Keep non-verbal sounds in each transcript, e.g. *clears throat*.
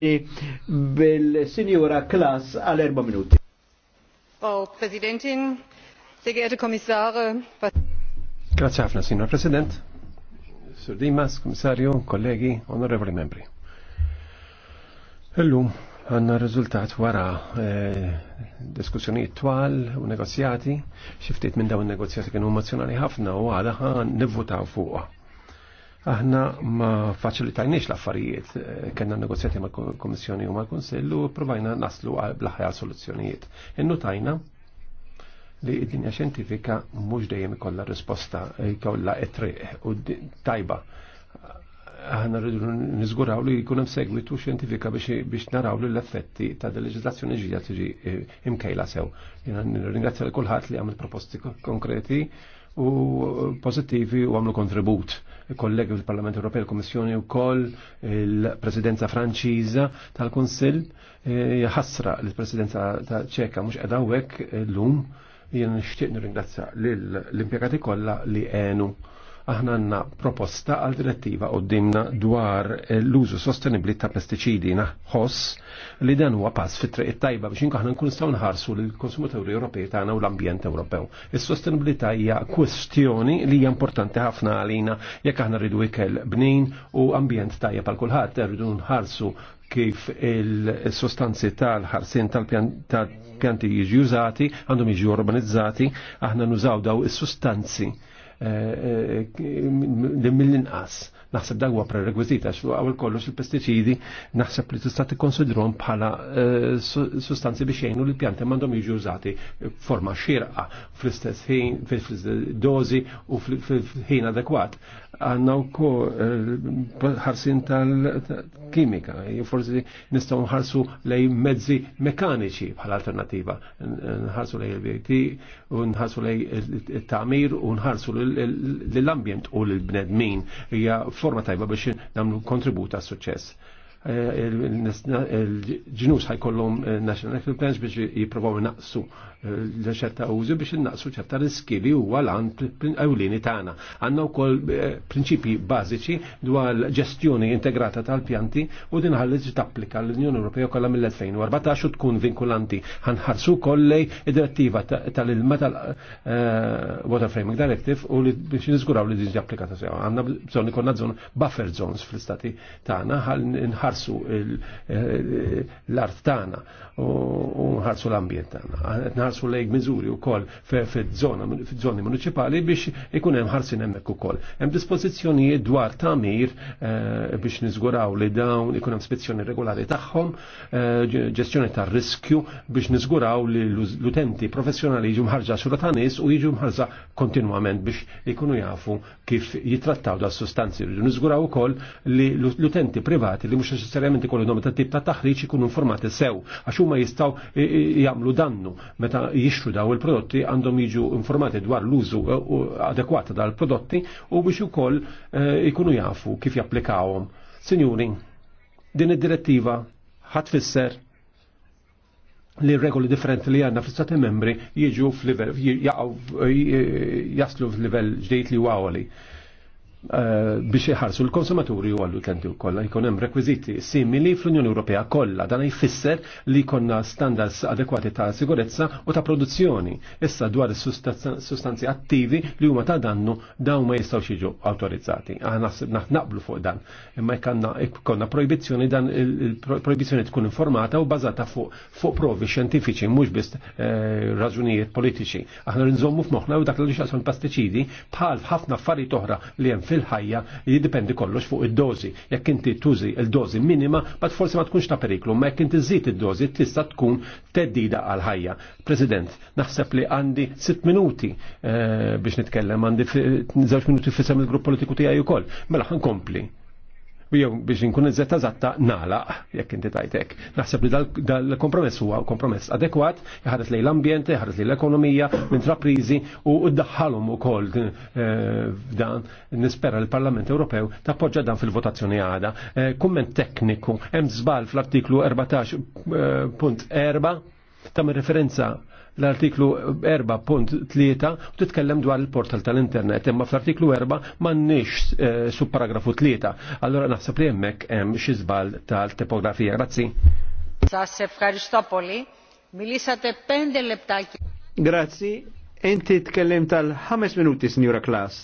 bil-Sinjura Klas għal erba minuti. Frau Präsidentin, sehr geehrte Kommissare. Grazie ħafna, Signor President. Sur Dimas, Kommissarju, kollegi, onorevoli membri. Illum għanna rizultat wara eh, diskussjonijiet twal u negozjati, xiftit minn dawn negozjati kienu emozjonali ħafna u għada nivvutaw fuqha Aħna ma faċilitajniex l-affarijiet, eh, kena negozjati ma' komissjoni u ma' konsillu, provajna naslu bl-ħajja soluzzjonijiet. tajna li id-dinja xjentifika mhux dejjem kolla risposta eh, kolla etri u tajba. Aħna rridu niżguraw li jkun hemm segwitu xjentifika biex naraw li l-effetti ta' leġiżlazzjoni ġija tiġi eh, imkejla sew. Jiena nirringrazzja l kulħadd li għamil proposti konkreti u pozittivi u għamlu kontribut. Kollegi fil-Parlament Ewropej, il-Kommissjoni u koll, il-Presidenza Franċiża tal-Konsil, e, ħasra l-Presidenza ċeka mux edawek e, l-lum, jien nishtiq nirringrazzja l-impjegati kollha li għenu aħna għandna proposta għal direttiva dimna dwar eh, l-użu sostenibbli ta' pestiċidi naħoss li dan huwa pass fit triq tajba biex inkaħna nkun staw nħarsu lill konsumaturi Ewropej tagħna u l-ambjent Ewropew. Is-sostenibilità hija kwestjoni li hija importanti ħafna għalina jekk aħna rridu ikel bnin u ambjent tajja għal kulħadd rridu nħarsu kif il-sostanzi tal-ħarsin tal-pjanti jiġi użati, għandhom jiġi urbanizzati, aħna nużaw daw il-sostanzi li eh, eh, mill-inqas. Naħseb dagwa prerekwizita għax għawel kollox il-pestiċidi naħseb li tista' tikkonsidrhom bħala eh, sustanzi biex jgħinu li pjanti m'għandhom jiġu użati forma xirqa fl-istess ħin, fil-dozi u fil-ħin adekwat għanna u ko ħarsin tal-kimika, forsi nistaw nħarsu lej mezzi mekaniċi bħal alternativa, nħarsu lej il u nħarsu lej il-tamir, u nħarsu l-ambjent u l-bnedmin, hija forma tajba biex namlu kontribut għas suċess il ġinus ħajkollhom national plans biex jiprovaw naqsu ċerta użu biex innaqsu ċerta riski li huwa lan ewlieni tagħna. Għandna wkoll eh, prinċipji bażiċi dwar ġestjoni integrata tal-pjanti u din ħalliġ tapplika l-Unjoni Ewropea kollha mill-2014 u tkun vinkulanti. Ħanħarsu kollej id-direttiva tal-ilma tal-Water eh, Framing Directive u li biex niżguraw li din applikata sew. Għandna bżonn ikollna żon buffer zones fl-istati tagħna ħal nħarsu eh, l-art tagħna u nħarsu l-ambjent tagħna lejk mizuri miżuri wkoll fil żoni municipali biex ikun hemm ħarsin hemmhekk ukoll. Hemm dispożizzjonijiet dwar tamir eh, biex niżguraw li dawn ikun hemm spezzjoni regolari tagħhom, eh, ġestjoni tar riskju biex niżguraw li l-utenti professjonali jiġu mħarġa xura ta' nies u jiġu mħarġa kontinwament biex ikunu jafu kif jitrattaw da' sostanzi sustanzi. Niżguraw ukoll li l-utenti privati li mhux necessarjament ikollu ta' tip ta' taħriġ ikunu informati sew għax huma jistgħu jagħmlu dannu meta meta jixtru daw il-prodotti għandhom jiġu informati dwar l-użu eh, adekwata dal prodotti u biex ukoll eh, ikunu jafu kif japplikawhom. Sinjuri, din id-direttiva ħatfisser li regoli differenti li għanna fl-istati membri jiġu f'livell, jaslu f'livell ġdejt li għawali. Eh, biex iħarsu l-konsumaturi u għall-utenti kolla jkun hemm rekwiżiti simili fl-Unjoni Ewropea kollha dan jfisser li jkollna standards adekwati ta' sigurezza u ta' produzzjoni. Issa dwar is-sustanzi attivi li huma ta' dannu dawn ma jistgħux jiġu awtorizzati. Aħna naqblu fuq dan. Imma jkollna jkollna projbizzjoni dan il-projbizzjoni tkun informata u bażata fuq provi xjentifiċi mhux biss eh, raġunijiet politiċi. Aħna rinżommu f'moħħna u dak li xaqsam pastiċidi bħal ħafna affarijiet oħra li hemm fil-ħajja jiddependi kollox fuq id-dozi. Jekk inti tużi il-dozi minima, bad forsi ma tkunx ta' periklu, ma jekk inti żid id-dozi tista' tkun teddida għal ħajja. President, naħseb li għandi 6 minuti eh, biex nitkellem, għandi żewġ minuti fissem il-grupp politiku tiegħi ukoll. Mela ħankompli jew biex inkun iżetta zatta nalaq jekk inti tajtek. Naħseb li dal-kompromess huwa kompromess adekwat, jħares lejn l-ambjent, jħares li l-ekonomija, l-intraprizi u ddaħħalhom ukoll eh, dan nispera l-Parlament Ewropew tappoġġa dan fil-votazzjoni għada. Eh, kumment tekniku, hemm żbal fl-artiklu 14.4 eh, ta' referenza l-artiklu 4.3 u titkellem dwar il-portal tal-internet, imma fl-artiklu 4 m'għandniex eh, subparagrafu 3. Allora naħseb li hemmhekk hemm xi żball tal-tipografija. Grazzi. Σας ευχαριστώ πολύ. Μιλήσατε πέντε λεπτά. Grazie. Enti tkellem tal-5 minuti, Signora Klas.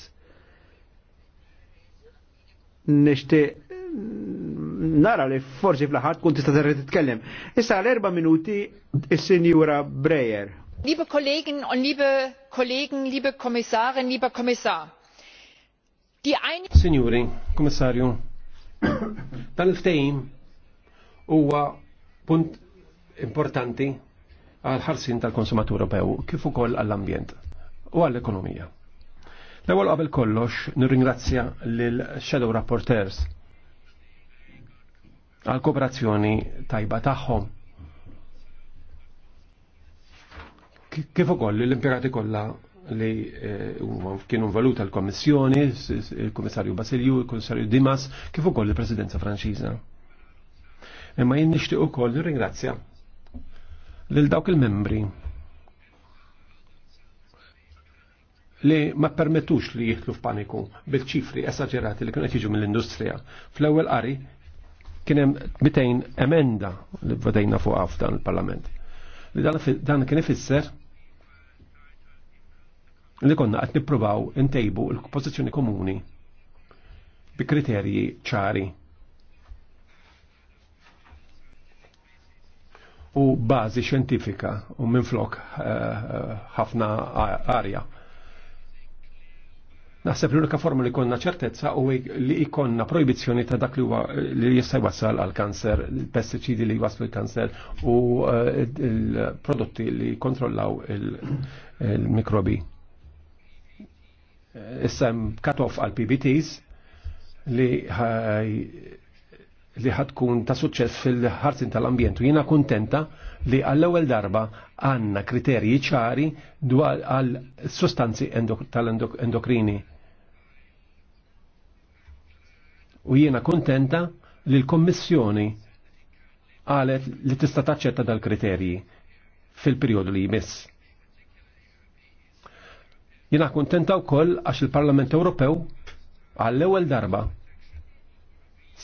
Nishti nara li forsi fl-ħat kun tista' titkellem. Issa l-erba' minuti is-Sinjura Breyer. Liebe Kolleginnen und liebe Kollegen, liebe Kommissarin, lieber Kommissar. Die Signori, Kommissarju, dan il-ftehim huwa punt importanti għal ħarsin tal-konsumatur Ewropew kif ukoll għall-ambjent u għall-ekonomija. L-ewwel qabel kollox nirringrazzja lil Shadow Rapporteurs għal kooperazzjoni tajba tagħhom kif ukoll l-impjegati kollha li eh, kienu valuta l-Kommissjoni, il-Kummissarju Basilju, il-Kummissarju Dimas, kif ukoll il-Presidenza Franċiża. Imma jien nixtieq ukoll nirringrazzja lil dawk il-membri li ma permettux li jieħdu f'paniku bil-ċifri esagerati li kienu qed jiġu mill-industrija. Fl-ewwel qari kien hemm 200 emenda li bdejna fuq f'dan il-Parlament. Li dan kien ifisser li konna qed nippruvaw intejbu l pozizjoni komuni bi kriterji ċari. U bażi xjentifika u minflok eh, eh, ħafna arja. Naħseb l-unika forma li konna ċertezza u li ikonna proibizjoni ta' dak li huwa li jista' jwassal għal kanser, pesticidi li jwaslu l-kanser u eh, l-prodotti li kontrollaw il-mikrobi issa cut-off għal PBTs li li ħatkun ta' suċċess fil-ħarsin tal-ambjent. Jiena kuntenta li għall-ewwel darba għandna kriterji ċari dwar għal sustanzi tal-endokrini. U jiena kuntenta li l-Kommissjoni qalet li tista' taċċetta dal-kriterji fil-perjodu li jmiss. Jina kontenta wkoll għax il-Parlament Ewropew għall-ewwel darba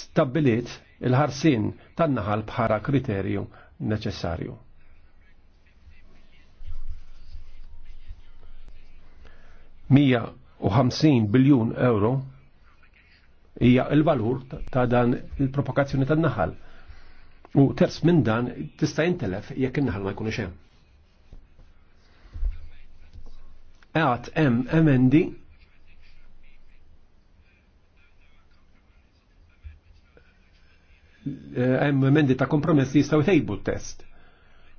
stabbiliet il-ħarsin tan-naħal bħala kriterju neċessarju. Mija u biljun euro hija l-valur ta' dan il-propagazzjoni tan-naħal. U terz minn dan tista' jintelef jekk in-naħal ma jkunx hemm. għat em emendi hemm emendi eh, ta' kompromessi li jistgħu tejbu t-test.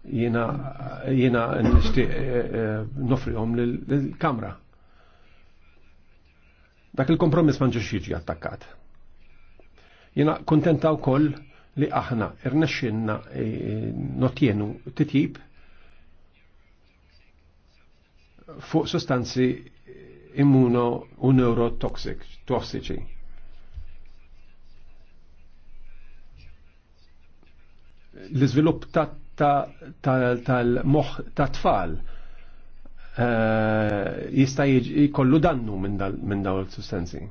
Jiena jiena nixtieq eh, eh, nofrihom lill-Kamra. Dak il-kompromiss ma ġiex jiġi attakkat. Jiena kuntenta wkoll li aħna irnexxinna notjenu titjib fuq sostanzi immuno u tossici. L-izvilupp tal-moħ ta' tfal eh, jista' jkollu dannu minn dawn il-sustanzi.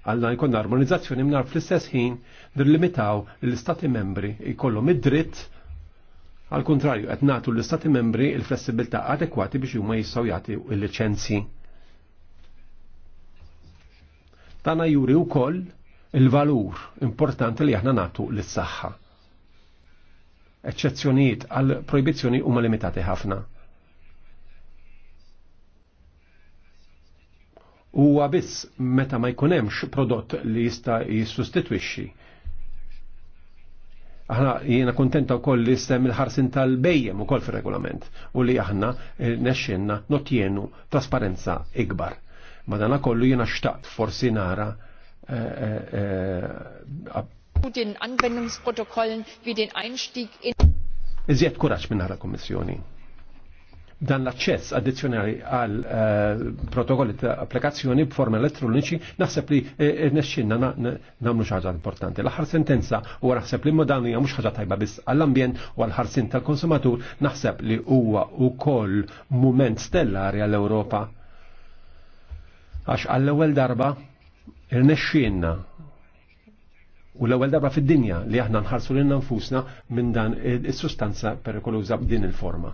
Għalna jkollna armonizzazzjoni minn fl-istess ħin nirlimitaw l-istati membri jkollhom id-dritt Al kontrarju, qed nagħtu l-Istati membri l-flessibilità adekwati biex huma jistgħu jagħti l-liċenzji. Tana juri wkoll il-valur importanti li aħna nagħtu lis-saħħa. Eċċezzjonijiet għal proibizzjoni huma limitati ħafna. Huwa biss meta ma jkun hemmx prodott li jista' jissustitwixxi Aħna jiena kontenta wkoll li sem il-ħarsin tal-bejjem ukoll fir-regolament u li aħna eh, nexxinna notjenu trasparenza ikbar. Madana kollu jiena xtaqt forsi nara eh, eh, den Anwendungsprotokollen wie den Einstieg in Iżjed kuraġġ minn ħara Kommissjoni dan l-aċċess addizzjonali għal eh, protokolli ta' applikazzjoni b'forma elettroniċi naħseb li eh, nesċinna nagħmlu xi ħaġa importanti. L-aħħar sentenza u naħseb li dan hija mhux ħaġa tajba biss għall-ambjent u għall ħarsin tal-konsumatur naħseb li huwa wkoll mument stellari għall-Ewropa. Għax għall-ewwel darba irnexxinna U l-ewwel darba fid-dinja li aħna nħarsu l nfusna minn dan eh, is-sustanza perikoluża b'din il-forma.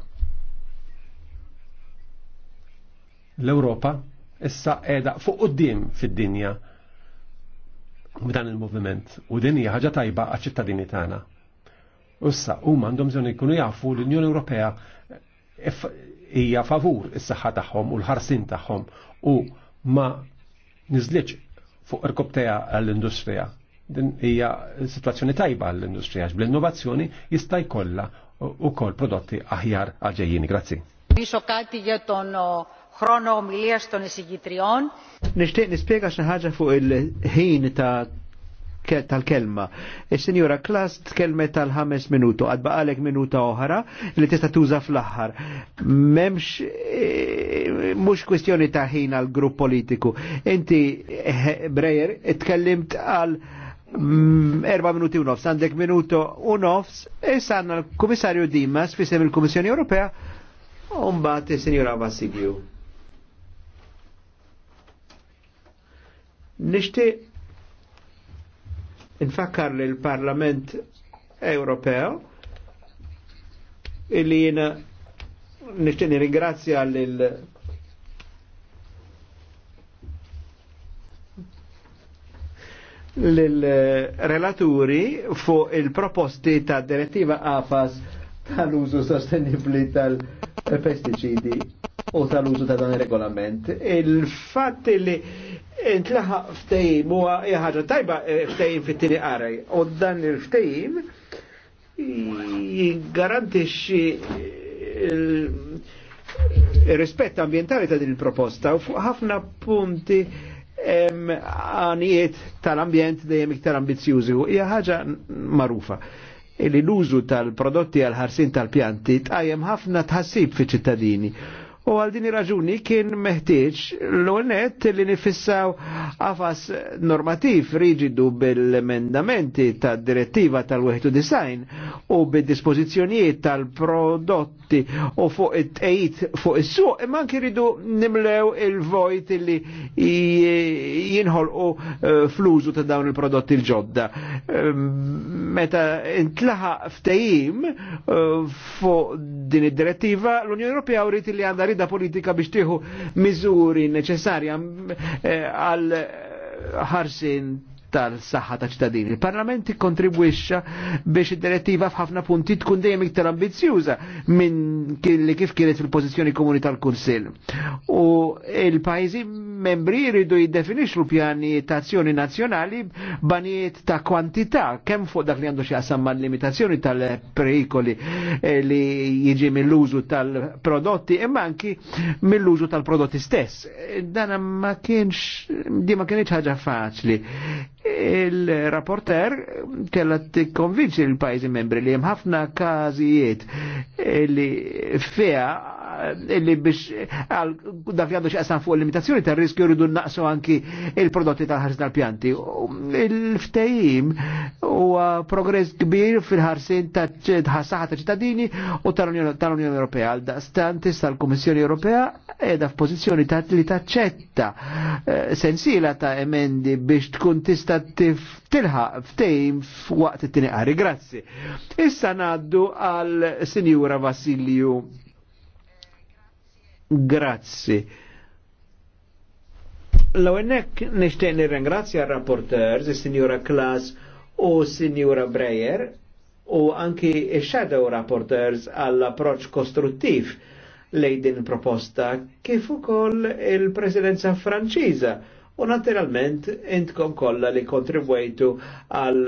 l-Ewropa issa qiegħda fuq quddiem fid-dinja b'dan il-moviment u din hija ħaġa tajba għaċ-ċittadini tagħna. Issa huma għandhom bżonn jkunu jafu l-Unjoni Ewropea hija favur is-saħħa tagħhom u l-ħarsin tagħhom u ma niżliċ fuq irkob għall-industrija. Din hija s-sitwazzjoni tajba għall-industrija bl-innovazzjoni jista' jkollha ukoll prodotti aħjar għal ġejjin. Grazzi χρόνο ομιλίας των εισηγητριών. Nishtiq nispjega xi ħaġa fuq il-ħin ta' tal-kelma. Is-Sinjura Klas tkellmet tal-ħames minuto, għad baqalek minuta oħra li tista' tuża fl-aħħar. M'hemmx eh, mhux kwestjoni ta' ħin għal grupp politiku. Inti eh, Brejer tkellimt għal mm, erba minuti u nofs, għandek minuto u nofs, issa għandna l-Kummissarju Dimas fisem il-Kummissjoni Ewropea Umbat, signora Vassilju. Nishti infakkar li l-Parlament Ewropew illi jina nishti ringrazzja li l-relaturi eh, l fu il-proposti ta' direttiva AFAS tal-użu sostenibli tal-pesticidi u tal-użu ta' dan il-regolament. il fatti li intlaħa ftejim u ħaġa tajba e, ftejim fit-tini qaraj. U dan il-ftejim jgarantixxi il-rispett ambientali ta' din il-proposta u fuq ħafna punti għanijiet tal-ambjent dejjem iktar ambizjużi u hija ħaġa marufa li l-użu tal-prodotti għal-ħarsin tal-pjanti tqajjem ħafna tħassib fi ċittadini U għal din raġuni kien meħtieġ l-onet li nifissaw għafas normativ riġidu bil-emendamenti tad direttiva tal-1 design u bil-dispozizjonijiet tal-prodotti u fuq it-tejt fuq is-suq imma anki ridu nimlew il-vojt li jinħolqu eh, flużu ta' dawn il-prodotti l-ġodda. Ehm, meta intlaħa ftejim eh, fuq din id-direttiva l-Unjoni Ewropea u li għandha rida politika biex tieħu miżuri neċessarja eh, għal ħarsin tal-saħħa ta' ċittadini. Il-Parlament kontribwixxa biex id-direttiva f'ħafna punti tkun dejjem iktar ambizjuża minn kif kienet fil-pożizzjoni komuni tal-Kunsill. U il-pajjiżi membri jridu jiddefinixxu pjani ta' azzjoni nazzjonali banijiet ta' kwantità kemm fuq dak li għandu x'jaqsam mal-limitazzjoni tal-perikoli eh, li jiġi mill-użu tal-prodotti imma anki mill-użu tal-prodotti stess. Dan ma kienx, di ma kienx ħaġa faċli il-rapporter kella t-konvinċi l-pajzi membri li jem ħafna kazijiet li fija illi biex dak li għandu xaqsan fuq limitazzjoni ta' riskju rridu naqsu anki il-prodotti tal-ħarsin tal-pjanti. Il-ftejim huwa progress kbir fil-ħarsin ta' ħassaħa ta' ċittadini u tal-Unjoni Ewropea. Għal-daqstant tal-Kummissjoni Ewropea edha f'pożizzjoni ta' li taċċetta eh, sensiela ta' emendi biex tkun tista' tilħa ftejim f'waqt it-tini Grazzi. Issa naddu għal Sinjura Vassilju Grazzi. L-għennek nishtiq nirrengrazzja rapporteurs, il-Sinjura Klas u Sinjura Breyer u anki il-Shadow Rapporteurs għall-approċ kostruttiv lej din proposta kif ukoll il-Presidenza Franċiża u naturalment intkom kollha li kontribwejtu għal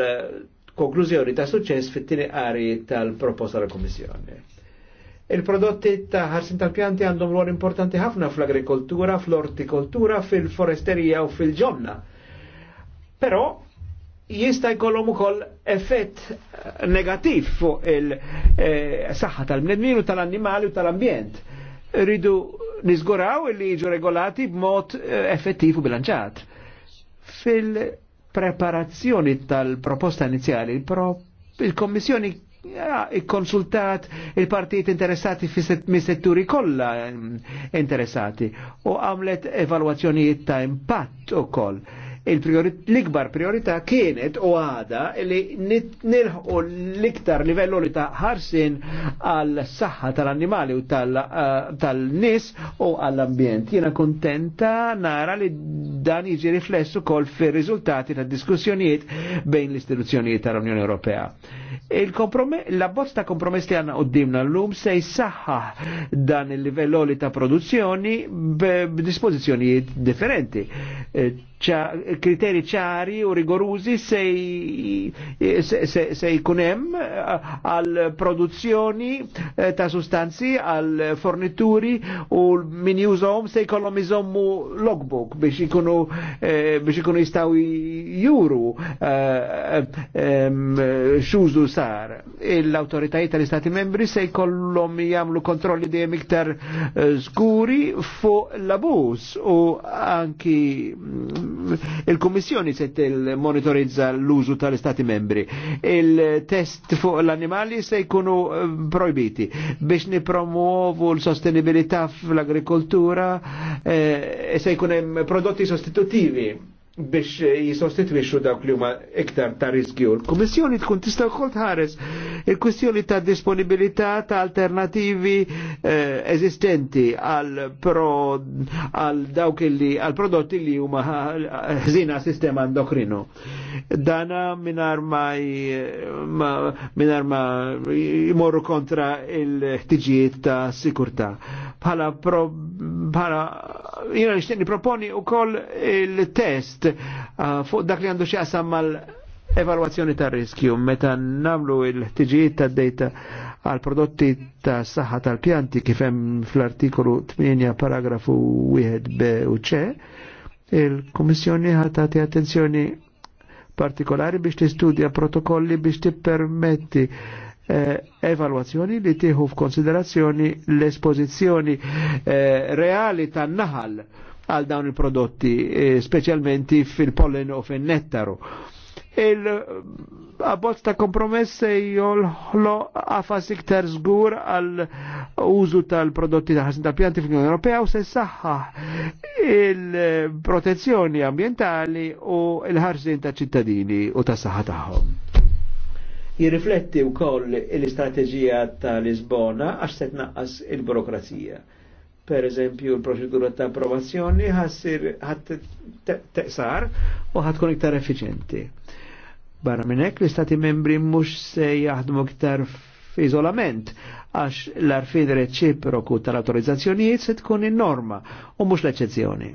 konklużjoni ta' suċċess fit-tieni qari tal-proposta tal-Kummissjoni. Il-prodotti ta' ħarsin tal-pjanti għandhom rol importanti ħafna fl-agrikoltura, fl-ortikoltura, fil-foresterija u fil-ġonna. Però jista' jkollhom ukoll effett eh, negattiv fuq il-saħħa eh, tal-bnedmin u tal-annimali u tal-ambjent. Ridu niżguraw li jiġu regolati b'mod eh, effettiv u bilanċat. Fil-preparazzjoni tal-proposta inizjali, il-Kommissjoni ja, ikkonsultat il-partijiet interessati mis-setturi kollha eh, interessati u għamlet evalwazzjonijiet ta' impatt ukoll l-ikbar priorità kienet u għada li nilħu l-iktar livello li ta' ħarsin għal saħħa tal animali eh, u tal-nis u għall-ambjent. Jena kontenta nara li dan jiġi riflessu kol fir rizultati ta' diskussjonijiet bejn l-istituzzjonijiet tal-Unjoni Ewropea. L-abbozz ta' kompromess li għanna u dimna l-lum se jisaxħaħ dan il-livell li ta' produzzjoni b'dispożizzjonijiet differenti eh, kriteri ċari u rigorużi se jkunem eh, għal produzzjoni eh, ta' sustanzi, għal fornituri u min jużom se jkollom jżommu logbook biex ikunu eh, biex ikunu jistaw juru xużu sar. L-autoritajiet tal-Istati membri se jkollom jgħamlu kontrolli dejjem iktar skuri fuq l-abus u anki il-Kommissjoni se monitorizza l-użu tal-Istati membri. Il-test fuq l-animali se jkunu eh, projbiti biex nipromuovu l-sostenibilità fl-agrikoltura eh, e se jkunem prodotti sostitutivi biex jisostitwixxu dawk li huma iktar ta' riskju. Il-Kummissjoni tkun tista' wkoll tħares il-kwistjoni ta' disponibilità ta' alternativi eh, eżistenti għal pro għal dawk li għal prodotti li huma ħżina sistema endokrino. Dana minar ma, minar ma jmorru kontra il-ħtiġijiet ta' sikurtà. Bħala pro bħala jiena nixtieq proponi ukoll il-test Eh, fuq dak li għandu xaqsam mal evalwazzjoni ta' riskju meta namlu il-ħtiġijiet ta' data għal prodotti ta' saħħa tal-pjanti kif hemm fl-artikolu 8 paragrafu 1 b u c, il-Kummissjoni ħatati attenzjoni partikolari biex tistudja protokolli biex tippermetti eh, evalwazzjoni li tieħu f'konsiderazzjoni l-espożizzjoni eh, reali tan-naħal għal dawn il-prodotti, e, specialmenti fil-pollen u fil-nettaru. Il-abbozz ta' kompromess se jolħlo għafas iktar zgur għal użu tal-prodotti ta' ħasin tal-pjanti fl-Unjoni Ewropea u se saħħa il-protezzjoni ambientali u il-ħarsin ta' ċittadini u ta' saħħa tagħhom. Jirrifletti wkoll l-istrateġija ta' Lisbona għax se tnaqqas il-burokrazija. il burokrazija per eżempju l-proċedura ta' approvazzjoni ħassir ħat teqsar u ħatkun iktar effiċenti. Barra minn hekk l-istati membri mhux se jaħdmu iktar f'iżolament għax l-arfin reċiproku tal-autorizzazzjonijiet se tkun in-norma u mhux l-eċezzjoni.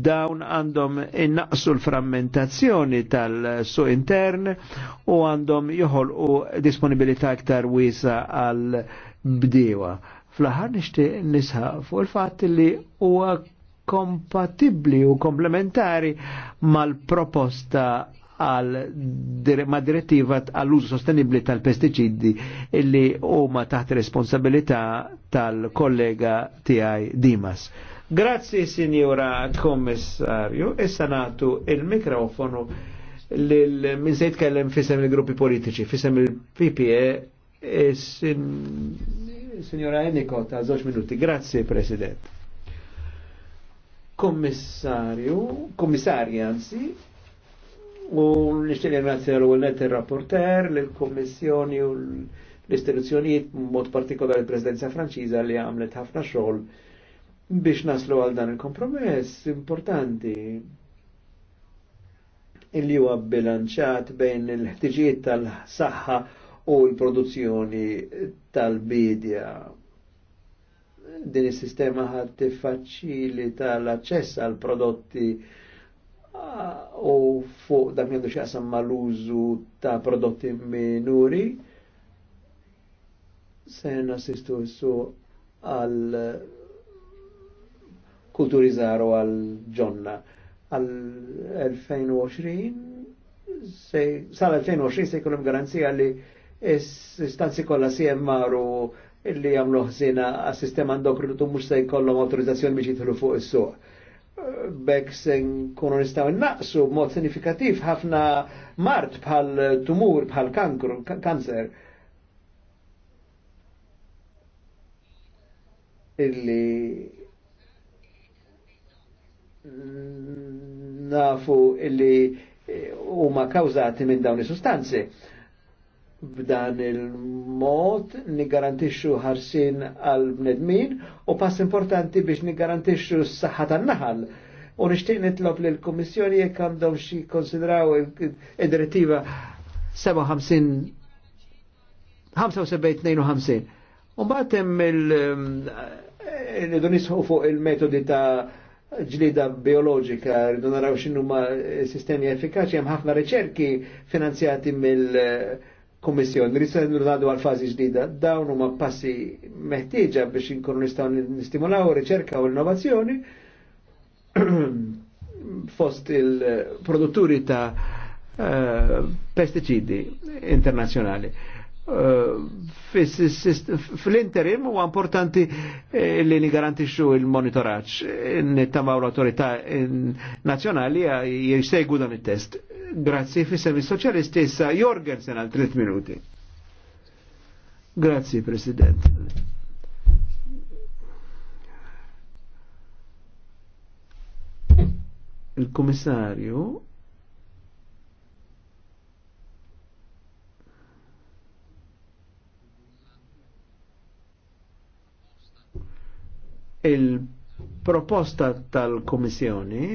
Dawn għandhom innaqsu l-frammentazzjoni tal-su intern u għandhom joħolqu disponibilità iktar wisa għal bdiewa fl ħar nixtieq nisħaq fuq il-fatt li huwa kompatibbli u komplementari mal-proposta għal ma direttiva għall-użu sostenibli tal-pestiċidi illi huma taħt responsabilità tal-kollega tiegħi Dimas. Grazzi Sinjura Kommissarju, issa natu il-mikrofonu lil min se jitkellem fisem il-gruppi politiċi, fisem il-PPE E signora Eniko, ta' zoċ minuti. Grazie, President. Kommissarju, kommissarji anzi, u nishtiq ringrazzja għal għolnet il-rapporter, l-Kommissjoni u l-istituzzjonijiet, mod partikolari l-Presidenza Franċiża li għamlet ħafna xogħol biex naslu għal dan il-kompromess importanti illi huwa bilanċat bejn il-ħtiġijiet tal-saħħa u l-produzzjoni tal-bidja. Din is-sistema ħad tiffaċilita l-aċċess għal prodotti uh, u fuq dak jendu xaqsam mal-użu ta' prodotti minuri sen assistu su għal kulturizzaru għal ġonna għal 2020 se, sal 2020 se jkun garanzija li istanzi kollha CMR u illi jagħmlu ħsina għas-sistema endokrinu tu mhux se jkollhom awtorizzazzjoni biex jidħlu fuq is-suq. Bek se nkunu nistgħu naqsu b'mod sinifikattiv ħafna mart bħal tumur, bħal kankru, kanzer. Illi nafu illi huma kawżati minn dawn is-sustanzi b'dan il-mod nigarantixxu ħarsin għal bnedmin u pass importanti biex nigarantixxu s-saħħa tan-naħal. U nixtieq nitlob lil kummissjoni jekk għandhom xi konsidraw id-direttiva 75-52. U mbagħad hemm il-nidu um, eh, nisħu fuq il-metodi ta' ġlida biologika, rridu naraw x'inhuma sistemi effikaċi, hemm ħafna riċerki finanzjati mill- kommissjon, li se għadu għal fazi ġdida dawn huma passi meħtieġa biex inkunu nistaw nistimulaw riċerka u innovazzjoni *clears throat* fost il-produtturi ta' eh, pesticidi internazjonali. Eh, Fl-interim u importanti li eh, li nigarantixxu il-monitoraċ. Nittamaw l autorita nazjonali jissegu dan il-test. Grazzi, fissem il-soċjalisti issa Jorgensen għal 3 minuti. Grazzi, President. Il-Komissarju il-proposta tal-Komissjoni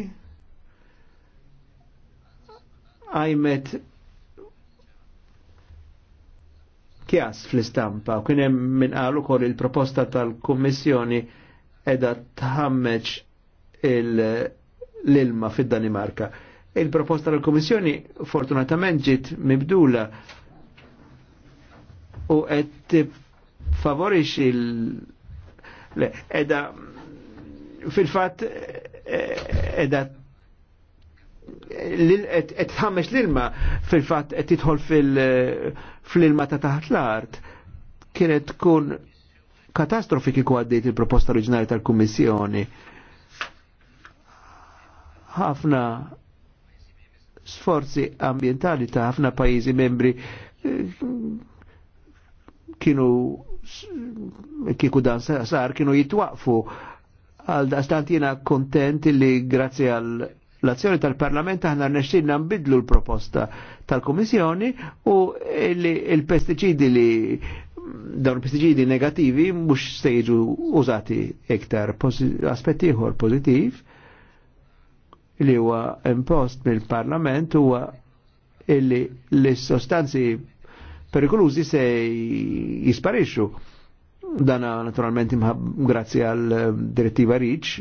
għajmet kjas fl-istampa u kienem minn għalu ukoll il-proposta tal-Kommissjoni edha tħammeċ l-ilma fid-Danimarka. Il-proposta tal-Kommissjoni fortunatament ġiet mibdula u qed favorix il- edha fil-fat eh, edha tħammex l-ilma fil-fatt qed tidħol fil-ilma ta' taħt l-art kienet tkun katastrofi kiku għaddejt il-proposta oriġinali tal-Kummissjoni. Ħafna sforzi ambientali ta' ħafna pajjiżi membri eh, kienu kiku dan sar kienu jitwaqfu għal da stantina kontent li grazzi għal l-azzjoni tal-Parlament aħna rnexxilna nbidlu l-proposta tal-Kummissjoni u il-pestiċidi li dawn pestiċidi negativi mhux se jiġu użati iktar aspetti ieħor pożittiv li huwa impost mill-Parlament huwa illi l-sostanzi perikolużi se jisparixxu. Dana naturalment imħab grazzi għal direttiva Reach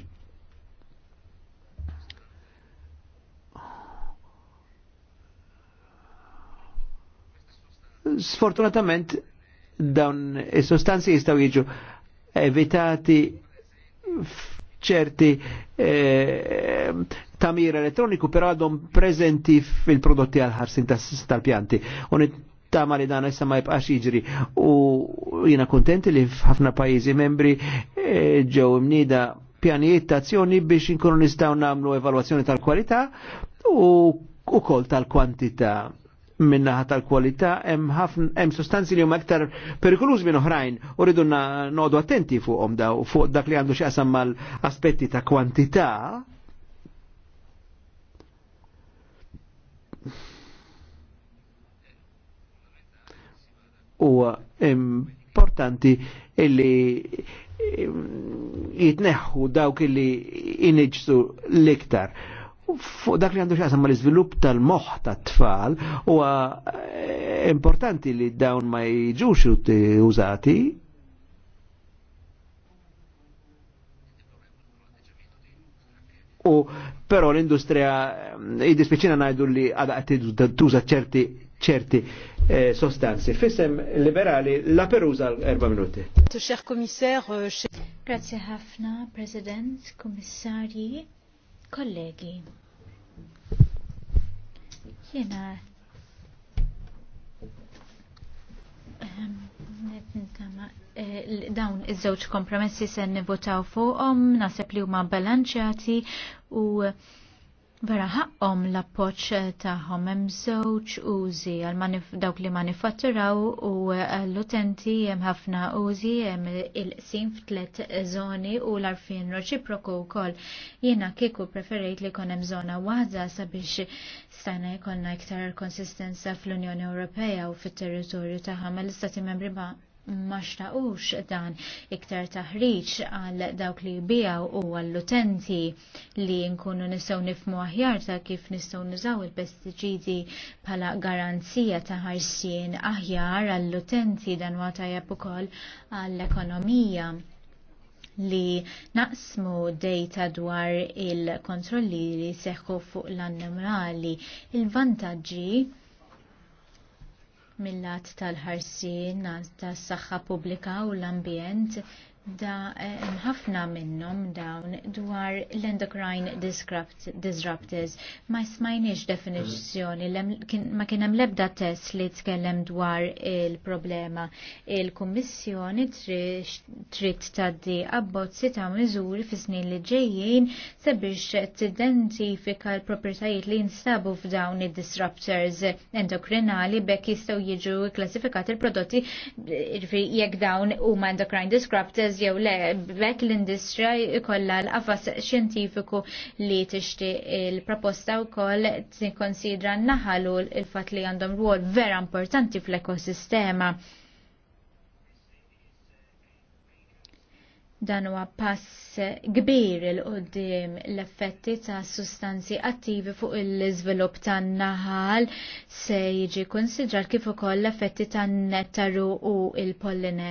Sfortunatament dawn is-sostanzi jistgħu jiġu evitati ċerti eh, tamir elettroniku però għadhom prezenti fil-prodotti għal-ħarsin tal-pjanti. Tama li dan issa ma jibqax jiġri u jina kontenti li f'ħafna pajjiżi membri eh, ġew imnida pjanijiet ta' azzjoni biex inkunu nistgħu nagħmlu evalwazzjoni tal-kwalità u ukoll tal-kwantità minnaħa tal-kwalità hemm ħafna hemm sostanzi li huma aktar perikolużi minn oħrajn u rridu noqogħdu attenti fuqhom da fuq dak li għandu x'qasam mal-aspetti ta' kwantità u importanti illi eh, jitneħħu dawk illi inġsu l-iktar fuq dak li għandu xaqsam ma l-izvilup tal-moħ tat-tfal u eh, importanti li dawn ma jġux użati u però l-industrija eh, id-dispiċina najdu li għada tuża ċerti ċerti eh, sostanzi. Fissem liberali la peruza l-erba minuti. Eh, Grazie ħafna, President, Komissari, Kollegi, jena ehm, eh, dawn iż-żewġ kompromessi se nivvotaw fuqhom, naħseb li huma balanċjati u Vera ħaqqom l poċ taħħom hemm żewġ użi għal dawk li manifatturaw u eh, l-utenti hemm ħafna użi hemm il sin f'tlet zoni u l-arfin u wkoll. Jiena kieku preferit li jkun hemm żona waħda sabiex stajna jkollna iktar konsistenza fl-Unjoni Ewropea u fit-territorju tagħha l istati Membri ba' ma xtaqux dan iktar taħriġ għal dawk li bijaw u għall-utenti li nkunu nistgħu nifmu aħjar ta' kif nistgħu nizaw il-pestiċidi bħala garanzija ta' ħarsien aħjar għall-utenti dan huwa tajjeb ukoll għall-ekonomija li naqsmu dejta dwar il-kontrolli li seħħu fuq l-annimali. Il-vantaġġi mill-lat tal-ħarsin tas-saħħa pubblika u l-ambjent da eh, ħafna minnhom dawn dwar l-endocrine disruptors ma smajniex definizzjoni ma kien hemm l-ebda test li tkellem dwar il-problema il-Kummissjoni trid taddi abbozzi ta' miżuri fis-snin li ġejjin sabiex tidentifika l propertajiet li jinstabu f'dawn id-disruptors endokrinali bekk jistgħu jiġu klassifikati l-prodotti jekk dawn huma endocrine disruptors jazz jew le bekk l-industrija jkollha l-qafas xjentifiku li tixti il-proposta wkoll konsidra naħalu il-fatt li għandhom ruol vera importanti fl-ekosistema. dan huwa pass kbir il qudiem l-effetti ta' sustanzi attivi fuq il-iżvilupp tan-naħal se jiġi konsidrat kif ukoll l-effetti tan-nettaru u il-polline.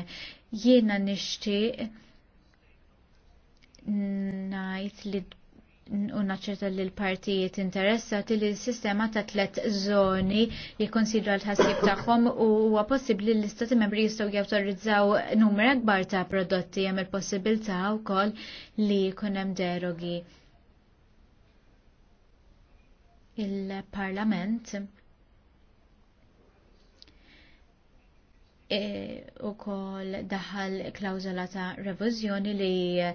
Jiena nixtieq ngħid li ċerta li l-partijiet interessati li s-sistema ta' tlet zoni jikkonsidra l-ħassib tagħhom u huwa possibbli li l-istati membri jistgħu jawtorizzaw numra akbar ta' prodotti hemm il-possibilità wkoll li jkun hemm derogi. Il-Parlament E, u kol daħal klawzola ta' revizjoni li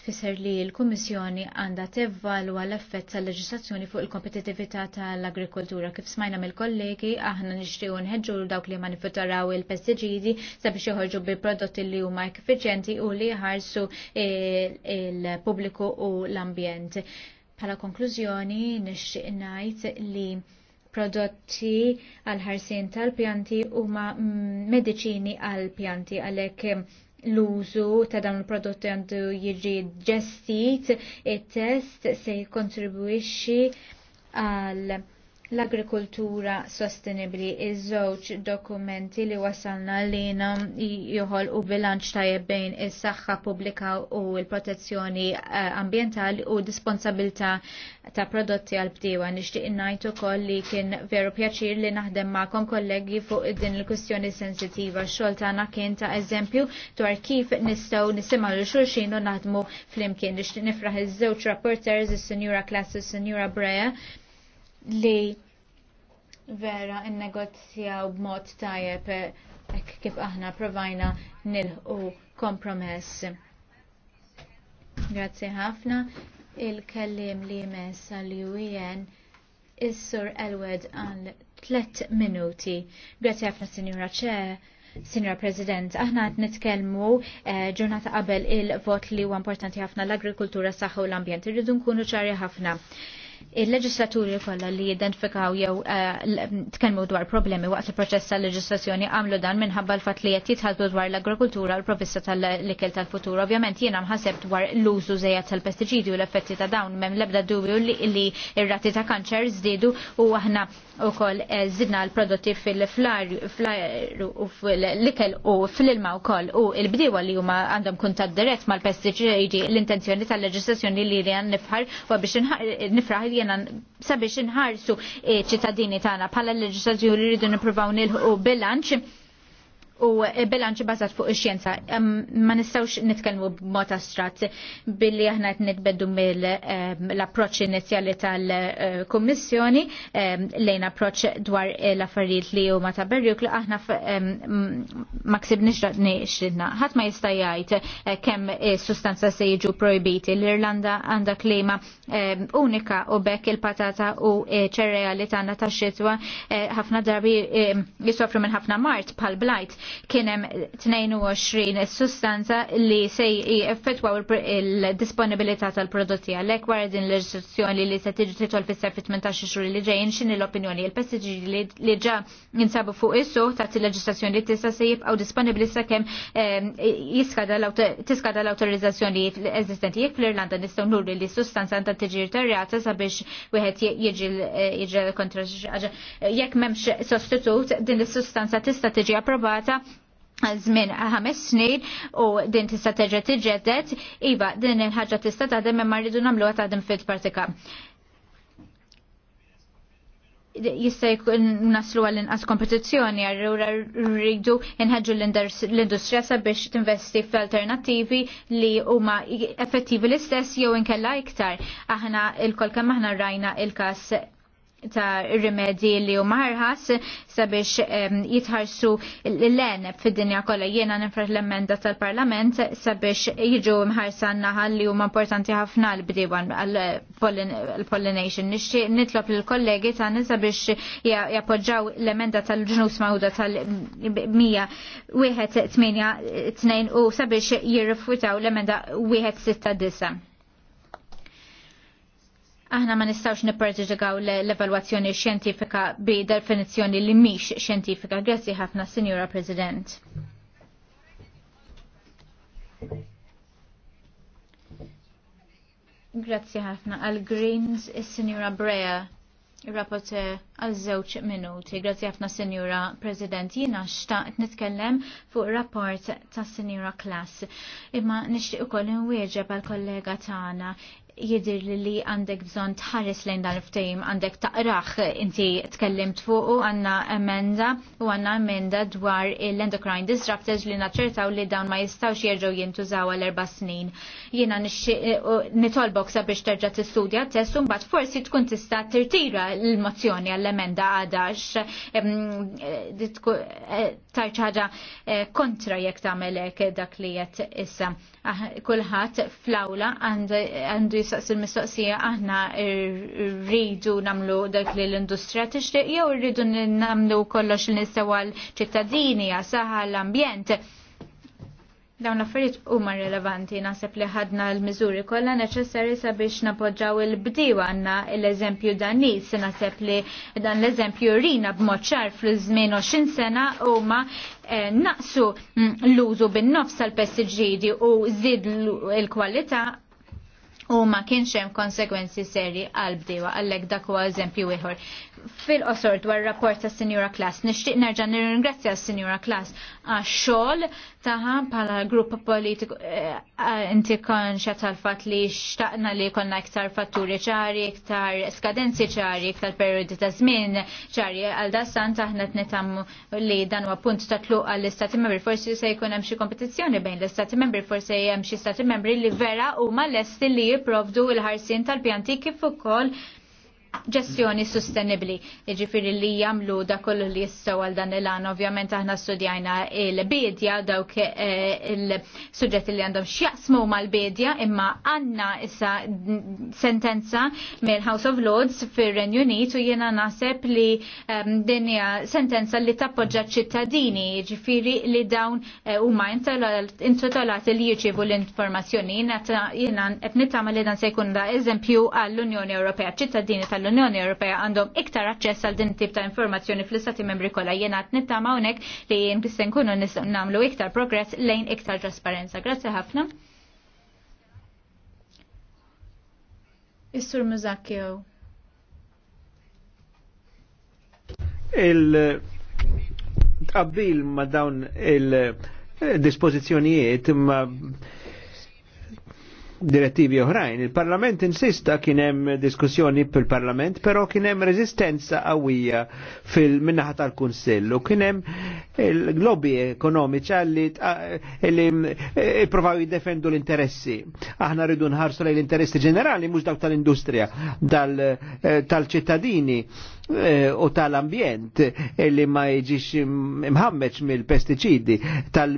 tfisser li l-Kummissjoni għandha tevvalwa l-effett tal-leġislazzjoni fuq il-kompetitività tal-agrikoltura. Kif smajna mill-kollegi, aħna nixtiequ nħedġu dawk li manifitturaw il pestiġidi sabiex joħorġu bi prodotti li huma effiċjenti u li ħarsu il-pubbliku u l-ambjent. Pala konklużjoni nixtieq ngħid li prodotti għal ħarsien tal-pjanti huma mm, mediċini għal pjanti għalhekk l-użu ta' dawn il-prodotti għandu jiġi ġestit, it-test se jikkontribwixxi għal l-agrikoltura sostenibli iż-żewġ dokumenti li wasalna lina joħol u bilanċ tajjeb bejn is-saħħa pubblika u l-protezzjoni eh, ambjentali u disponsabilta ta' prodotti għal bdiewa. Nixtieq ngħid ukoll li kien veru pjaċir li naħdem magħkom kollegi fuq din il-kwistjoni sensittiva. Xogħol tagħna kien ta' eżempju dwar kif nistgħu nisimgħu lil xulxin u naħdmu flimkien. Nixtieq nifraħ iż-żewġ rapporters, is-Sinjura Klass u s-Sinjura Brea li vera n b'mod tajjeb hekk eh, kif aħna provajna nilħu kompromess. Grazzi ħafna il-kellim li jmess għal-UN e is-sur Elwed għal tlet minuti. Grazzi ħafna Sinjura Ċe. Sinjor President, aħna għat nitkelmu eh, ġurnata qabel il-vot li huwa importanti ħafna l-agrikultura, saħħa u l-ambjent. Irridu nkunu ċari ħafna il-leġislaturi kollha li jidentifikaw jew eh, tkellmu dwar problemi waqt il-proċess tal-leġislazzjoni għamlu dan minħabba l-fatt li qed jitħaddu dwar l-agrikoltura l provvista tal-ikel tal-futur. Ovvjament jiena mħaseb dwar l-użu żejjed tal-pestiċidi u l-effetti ta' dawn m'hemm l-ebda dubju li r-rati ta' kanċer żdiedu u aħna wkoll eh, żidna l-prodotti fil-flar u fil-ikel u fil-ilma wkoll u l-bdiewa li huma għandhom kuntatt dirett mal-pestiċidi l-intenzjoni tal-leġislazzjoni li li nifħar u biex nifraħ jena sabiex inħarsu eh, ċittadini tagħna bħala l-leġislazzjoni rridu nippruvaw nilħu bilanċ u bilanċ bazat fuq ix-xjenza. Ma nistgħux nitkellmu b'mod astrat billi aħna qed nitbeddu mill-approċċ inizjali tal-Kummissjoni lejn approċċ dwar l-affarijiet li huma ta' berjuk li aħna ma ksibniex daqni xridna. Ħadd ma jista' jgħid eh, kemm sustanza se jiġu projbiti. L-Irlanda għandha klima unika u bekk il-patata u ċereali tagħna tax-xitwa eh, ħafna darbi jisofru minn ħafna mart bħal blajt kienem 22 sustanza li sej effettwaw il-disponibilità tal-prodotti għalek wara din l leġislazzjoni li se tiġi titol fissar fi 18 xhur li ġejjin x'in l-opinjoni il-pestiġi li ġa jinsabu fuq is ta' il-leġislazzjoni li tista' se jibqgħu disponibbli sakemm ehm, tiskada l-awtorizzazzjoni eżistenti jekk fl-Irlanda nistgħu nurri li sustanza għandha tiġi tarjata sabiex wieħed jiġi kontra xi ħaġa jekk m'hemmx sostitut din is-sustanza tista' tiġi approvata zmin ħames snin u din tista' teġa tiġedet, iva din il-ħaġa tista' taħdem imma rridu nagħmluha taħdem fil partika Jista' jkun naslu għall inqas kompetizzjoni għarru rridu nħeġġu l-industrija sabiex tinvesti f'alternativi li huma effettivi l-istess jew inkella iktar. Aħna il-kol kemm aħna rajna il-każ ta' rimedji li huma ħarħas sabiex jitħarsu l-len fid-dinja kollha jiena nifraħ l-emenda tal-Parlament sabiex jiġu mħarsa naħal li huma importanti ħafna l-bdiewan għall-pollination. Nixtieq nitlob lill-kollegi tagħna sabiex jappoġġaw l-emenda tal-ġnus mawda tal-100 wieħed tminja tnejn u sabiex jirrifutaw l-emenda wieħed sitta disa' aħna ma nistawx nipperġiġigaw l-evalwazzjoni xjentifika bi definizzjoni li mhix xjentifika. Grazzi ħafna, Signora President. Grazzi ħafna għal Greens Signora Brea Rapporte għal żewġ minuti. Grazzi ħafna Signora President. Jiena xtaqt nitkellem fuq rapport ta' Signora Klass. Imma nixtieq ukoll inwieġeb għal kollega tagħna jidir li li għandek bżon tħares lejn dan il-ftejm, għandek taqraħ inti tkellimt fuq u għanna emenda u għanna emenda dwar l-endocrine disruptors li naċertaw li dawn ma jistawx jirġaw jintużaw għal erba snin. Jena eh, nitolbok sabiex terġa t-studja t un bat forsi tkun tista tirtira l-mozzjoni għall-emenda għadax eh, eh, tarċaġa kontra jek tamelek dak li jett issa. Ah, Kulħat fl-awla għandu jisaqs il-mistoqsija aħna rridu namlu dak li l-industrija tixtieq jew rridu namlu kollox li nistawa l-ċittadini għasaħa l-ambjent. Dawn l-affarijiet huma rilevanti naħseb li ħadna l-miżuri kollha neċessarji sabiex napoġġaw il-bdiew għandna l-eżempju nies naħseb li dan l-eżempju rina b'mod ċar fl-żmien 20 sena huma eh, naqsu mm, l-użu bin-nofs tal-pestiġidi u żid l-kwalità u ma kienx hemm konsegwenzi serji għal bdewa għalhekk dak huwa eżempju ieħor fil-qosor dwar rapport ta' Sinjura Klas. Nixtieq nerġa' nirringrazzja Sinjura Klas għax xogħol taħħa bħala grupp politiku eh, inti konxja tal-fatt li xtaqna li konna iktar fatturi ċari, iktar skadenzi ċari, iktar periodi ta' żmien ċari għal san taħna t-nitamu li dan huwa punt ta' tluq għall istati membri. Forsi se jkun hemm xi kompetizzjoni bejn l-Istati membri, forsi hemm xi Stati membri li vera huma lesti li jipprovdu l-ħarsien tal-pjanti kif ukoll ġestjoni sostenibli. Iġifiri li jamlu da kollu li jistaw għal dan il-għan, ovvjament aħna studjajna il-bedja, dawk eh, il-sujġetti li għandhom xjaqsmu mal-bedja, imma għanna issa sentenza mill House of Lords fir renju Unit u jena naseb li ehm, dinja sentenza li tappoġġa ċittadini, iġifiri li dawn eh, u ma intitolati li jirċivu l-informazzjoni, jena etnitama li dan se jkun da eżempju għall-Unjoni Ewropea, ċittadini tal tal-Unjoni Ewropea għandhom iktar aċċess għal din tip ta' informazzjoni fl-istati membri kollha jiena qed nittama hawnhekk li jien se nkunu nagħmlu iktar progress lejn iktar trasparenza. Grazzi ħafna. Is-Sur Mużakkio. il qabbil ma dawn il-dispozizjonijiet eh, ma direttivi oħrajn. Il-Parlament insista kien hemm diskussjoni fil-Parlament, però kien hemm reżistenza qawwija fil-minnaħa tal-Kunsill u kien hemm il lobby ekonomiċa li ippruvaw eh, jiddefendu l-interessi. Aħna rridu nħarsu lejn l-interessi ġenerali mhux dawk tal-industrija, eh, tal-ċittadini eh, u tal-ambjent li ma jiġix imħammeċ mill-pestiċidi, tal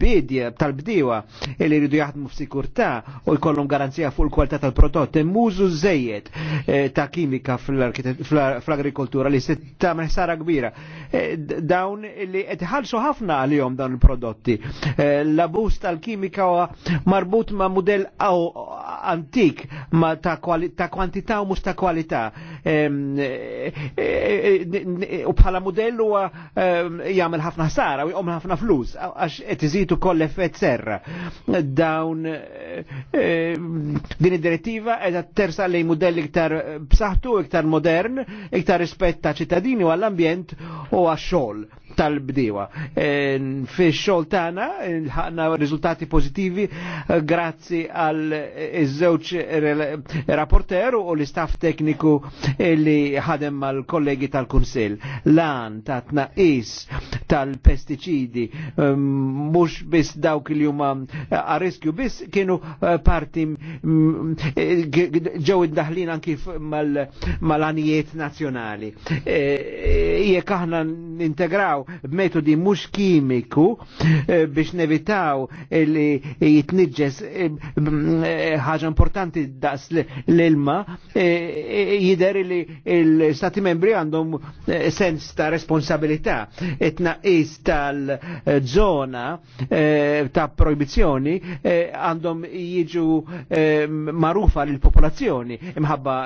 bidja tal bdiwa li jridu jaħdmu f'sikurtà u jkollhom garanzija fuq il-kwalità tal-prodott hemm użu żejjed eh, ta' kimika fl-agrikoltura li se tagħmel ħsara kbira. Eh, dawn li qed iħallsu ħafna għalihom dawn il-prodotti. Eh, l-abus tal-kimika marbut ma' mudell antik ma ta' kwantità u mhux ta' kwalità. U bħala mudell huwa jagħmel ħafna ħsara u jqom ħafna flus għax qed kienet ukoll effett ser Dawn eh, din id-direttiva qiegħda tersa li mudell iktar b'saħtu, iktar modern, iktar rispett ta' ċittadini u għall-ambjent u għax-xogħol tal-bdiewa. E, fi xogħol tagħna e, ħana riżultati pożittivi e, grazzi għal iż-żewġ rapporter u l-istaff tekniku li ħadem mal kollegi tal-Kunsill. Lan ta' tnaqis tal-pestiċidi mhux biss dawk li huma a riskju biss kienu parti ġew iddaħlin anki mal-anijiet nazzjonali. Jekk aħna integraw b'metodi mhux kimiku eh, biex nevitaw li jitniġġes eh, eh, ħaġa importanti daqs l-ilma jider li l-Stati membri għandhom sens ta' responsabilità it-naqis tal-żona ta' proibizjoni għandhom jiġu marufa l-popolazzjoni imħabba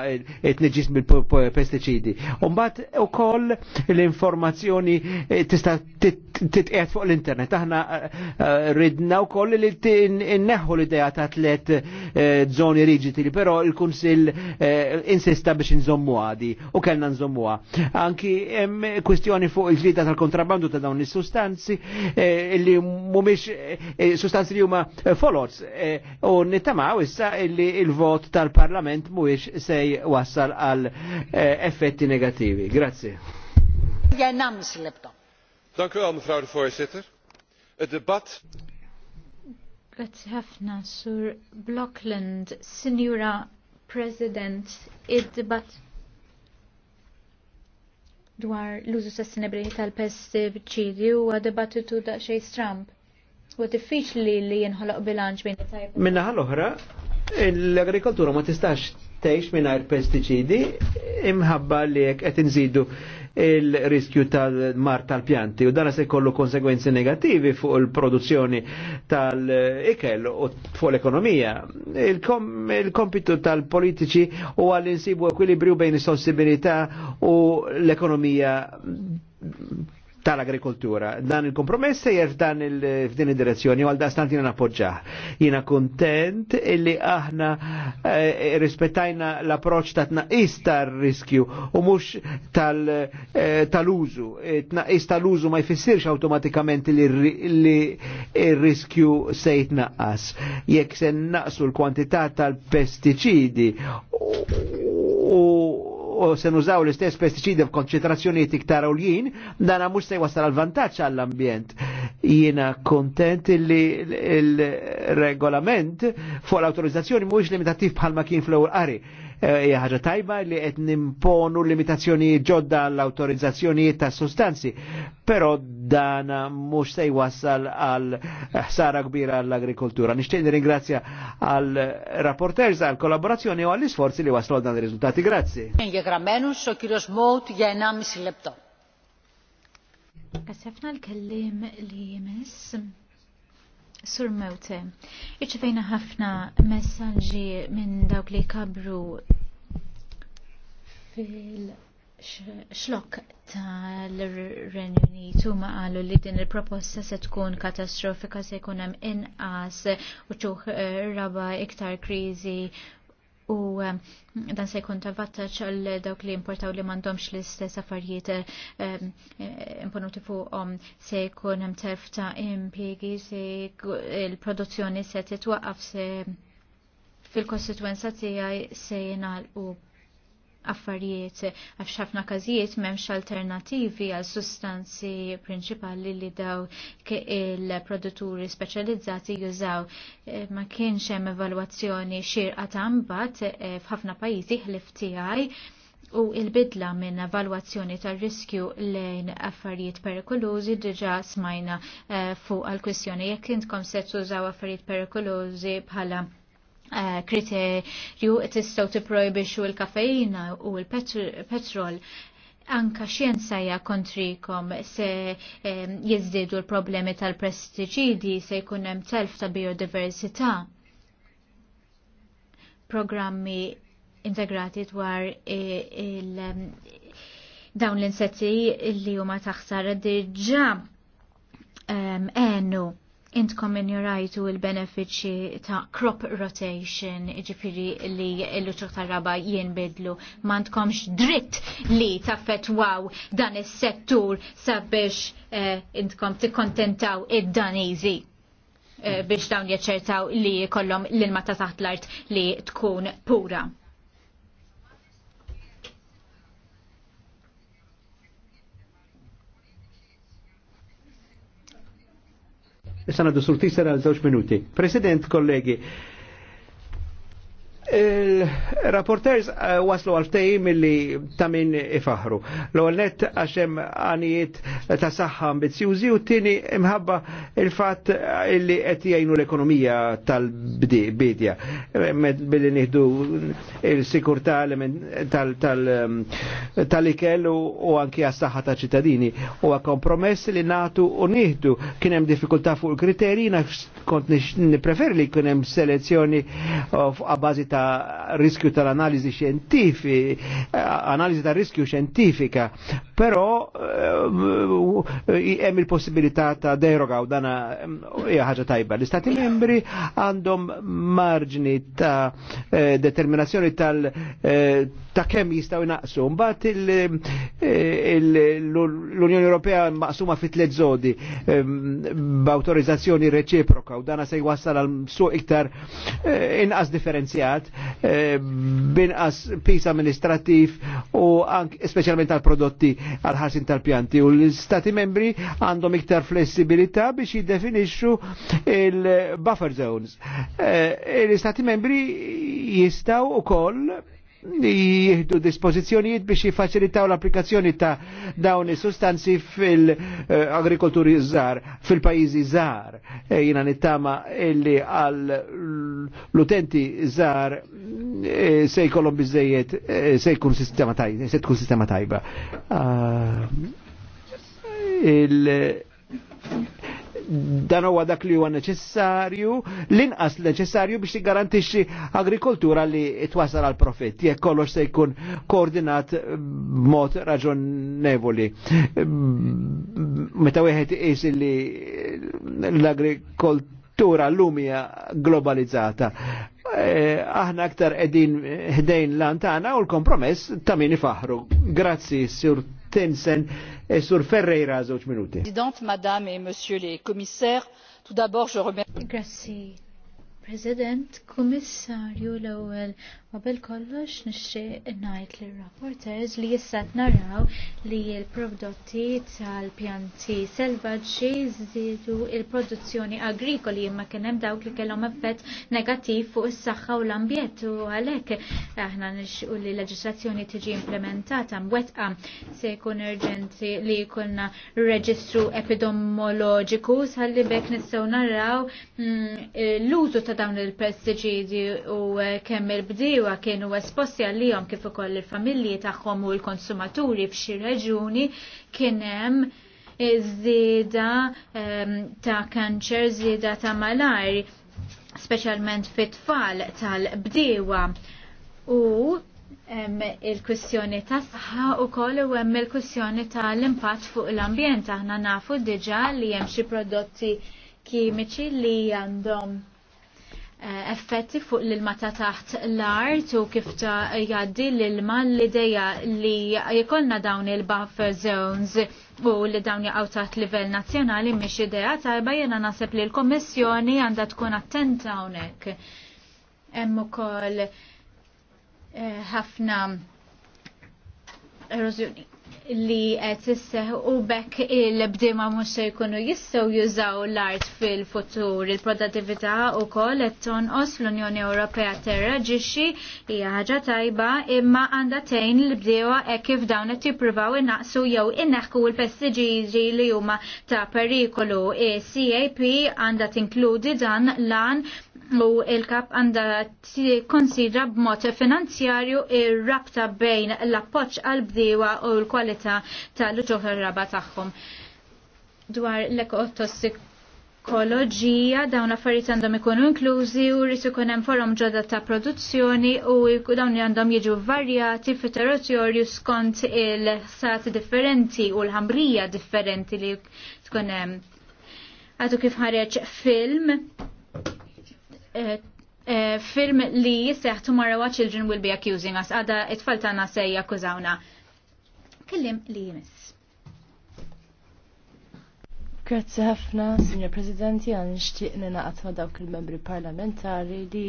it-nġis mill-pesticidi. Umbat u koll l-informazzjoni tista titqiet fuq l-internet. Aħna eh, eh, ridna koll li inneħħu l-idea ta' tliet eh, zoni riġiti li però il-Kunsill insista biex nżommu għadi u kellna nżommuha. Anki hemm fuq il-ġlida tal-kontrabbandu ta' dawn is-sustanzi li mhumiex sustanzi li huma folots u nittamaw issa li il-vot tal-Parlament mhuwiex sej wassal għal effetti negativi. Grazie. Jenna mis-laptop voorzitter debat. Grazzi ħafna sur Blockland, Signora President, id-dibat dwar l-użu sostenibili tal-pestiċidi huwa da daqsxejn Trump. Huwa diffiċli li jinħoloq bilanċ bejn it-tajb. Minna ħal-oħra, l-agrikoltura ma tistax tgħix mingħajr pestiċidi imħabba li jekk qed inżidu il-riskju tal-mar tal-pjanti u dana se kollu konsekwenzi negativi fuq il-produzzjoni tal-ikel u fuq l-ekonomija. Il-kompitu il tal-politiċi u għall-insibu ekwilibrju bejn is-sensibilità u l-ekonomija tal-agrikoltura. Dan il-kompromess se sejjer f'dan f'din id-direzzjoni u għal da stantina napoġġa. Jina kontent illi aħna eh, rispettajna l-approċ ta' tnaqis tal-riskju u mux eh, tal-użu. Eh, tnaqis tal-użu ma jfissirx automatikament li il-riskju se jitnaqqas. Jekk se naqsu l-kwantità tal-pesticidi u se nużaw l-istess pesticidi f'konċentrazzjonijiet iktar għoljien, dan mhux se jwassal għal vantaġġ għall-ambjent. Jiena kontent li l-regolament fuq l-autorizzazzjoni mhuwiex limitattiv bħalma kien fl-ewwel qari Eh, hija ħaġa tajba li qed nimponu limitazzjoni ġodda l-awtorizzazzjonijiet ta' sostanzi, però dan mhux se jwassal għal ħsara kbira l-agrikoltura. Nixtieq nirringrazzja għal rapporters għal kollaborazzjoni u għall isforzi li waslu dan ir-riżultati. Grazzi. Għasafna l-kellim li jemess. Sur Mewte, iċċevejna ħafna messaġġi minn dawk li kabru fil-xlok tal-Renju Unitu ma qalu li din il-proposta se tkun katastrofika se jkun hemm inqas u ċuħ eh, raba iktar kriżi u ehm, dan se jkun ta' għal dawk li importaw li m'għandhomx l-istess affarijiet ehm, eh, imponuti fuqhom se jkun hemm terf ta' impiegi se il-produzzjoni se titwaqqaf se fil-kostituenza tiegħi se jingħalqu affarijiet għax ħafna każijiet m'hemmx alternattivi għal sustanzi prinċipali li daw il-produtturi speċjalizzati jużaw. Eh, ma kienx hemm evalwazzjoni xirqa ta' mbagħad eh, f'ħafna pajjiżi ħlif tiegħi u il-bidla minn evalwazzjoni tal-riskju lejn affarijiet perikolużi diġa smajna eh, fuq għal-kwistjoni jekk intkom se tużaw affarijiet perikolużi bħala Eh, kriterju tistaw tipprojbixxu l-kafeina u l-petrol anka xienza ja kontrikom se jizdidu l-problemi tal-prestiġidi se jkun hemm telf ta' biodiversità. Programmi integrati dwar il dawn l-insetti li huma taħsar diġà għenu. Um, intkom injorajtu il-benefiċi ta' crop rotation, ġifiri li l-uċuq ta' raba Ma mantkomx dritt li taffetwaw dan is settur sabiex eh, intkom tikkontentaw id-danizi eh, biex dawn jaċċertaw li kollom l-ilma ta' taħt l-art li tkun pura. Issa għaddu sur tisar għal żewġ minuti. President, kollegi, Il-rapporters eh, waslu għal-ftejim mill-li tamin ifaħru. L-għolnet għaxem għanijiet ta' saħħa ambizjużi u t-tini imħabba il-fat li qed jgħinu l-ekonomija tal-bidja. Billi nieħdu il sikurta eh, tal-ikel u anki għas-saħħa ta' ċittadini. U kompromess li natu u nieħdu kien hemm diffikultà fuq il-kriterji, kont nipreferi li kien hemm selezzjoni ta' ta' riskju tal-analizi xjentifi, eh, analizi ta' riskju xjentifika, però eh, hemm il-possibilità ta' deroga u dana eh, hija ħaġa tajba. L-Istati membri għandhom marġni ta' determinazzjoni tal- ta' kem jistgħu jnaqsu. Mbagħad l-Unjoni Ewropea maqsuma fit tliet zodi ehm, b'awtorizzazzjoni reċiproka u dana se jwassal għal suq iktar eh, inqas differenzjat eh, binqas pis amministrattiv u speċjalment għal prodotti għal ħasin tal-pjanti u l-Stati membri għandhom iktar flessibilità biex jiddefinixxu il-buffer zones. Eh, L-Stati membri jistaw ukoll koll jihdu dispozizjonijiet biex jifaċilitaw l-applikazzjoni ta' dawn sustanzi fil-agrikolturi żgħar, fil-pajjiżi zar. E jina nittama illi għal l-utenti zar e se jkollhom biżejjed e se jkun sistema tajba, se tkun sistema tajba. Ah, il dan huwa dak li huwa neċessarju, l-inqas neċessarju biex tigarantixxi agrikoltura li twasal għal profitt, jekk kollox se jkun koordinat b'mod raġonevoli. Meta wieħed is li l-agrikoltura l-lumija globalizzata e, aħna aktar edin ħdejn lantana u l-kompromess ta' min ifaħru. Grazzi, Sur Tinsen. E sur Ferreira, zoċ minuti. Madame et Monsieur les Commissaires, tout d'abord je remercie. President, Kummissarju l-ewwel bel kollox nixtieq ngħid lir-rapporters li issa naraw li l-prodotti tal-pjanti selvaġġi zidu il-produzzjoni agrikoli imma kien hemm dawk li kellhom effett negattiv fuq is-saħħa u l-ambjent u għalhekk aħna nixqu li l-leġislazzjoni tiġi implementata mwettqa se jkun urġenti li jkollna reġistru epidemioloġiku salli bekk nistgħu naraw mm, l-użu ta' ta' dawn il-pestiċidi u eh, kemm il-bdiewa kienu esposti għalihom kif ukoll il-familji tagħhom u l-konsumaturi f'xi reġuni kien hemm eh, żieda ehm, ta' kanċer, żieda ta' malari, speċjalment fit-tfal tal-bdiewa. U il-kwistjoni ta' saħħa u koll u hemm il-kwistjoni tal impatt fuq l-ambjent aħna nafu diġà li hemm xi prodotti kimiċi li għandhom Eh, effetti fuq l-ilma ta' taħt l-art u kif ta' jaddi l-ilma l-ideja li jikolna dawn il-buffer zones u li dawn jaqaw taħt livell nazjonali miex ideja tajba jena nasib li l-Kommissjoni għanda tkun attenta għonek. Hemm ukoll eh, ħafna erożjoni li qed isseħ u bekk il-bdiema mhux se jkunu jistgħu jużaw l-art fil-futur. Il-produttività wkoll qed tonqos l-Unjoni Ewropea terraġixxi hija ħaġa tajba imma għandha tgħin l-bdiewa hekk kif dawn qed jippruvaw innaqsu jew inneħħku l-pestiġiġi li huma ta' perikolu. E CAP għandha tinkludi dan lan u il-kap għanda konsidra b'mod finanzjarju ir-rabta bejn l-appoċ għal-bdiewa u l-kwalità tal-ġoħra raba tagħhom. Dwar l-ekotoxikoloġija dawn affarijiet għandhom ikunu inklużi u rrid ikun hemm forom ġodda ta' produzzjoni u dawn għandhom jiġu varjati fit territorju skont il-sat differenti u l-ħamrija differenti li tkun hemm. Għadu kif ħareġ film Eh, eh, film li jisseħ Tomorrow Our Children Will Be Accusing Us, għada it-tfal tagħna se jakkużawna. Kellim li jmiss. Grazzi ħafna, Signor Presidenti, għan nixtieq ninaqat ma' dawk il-membri parlamentari li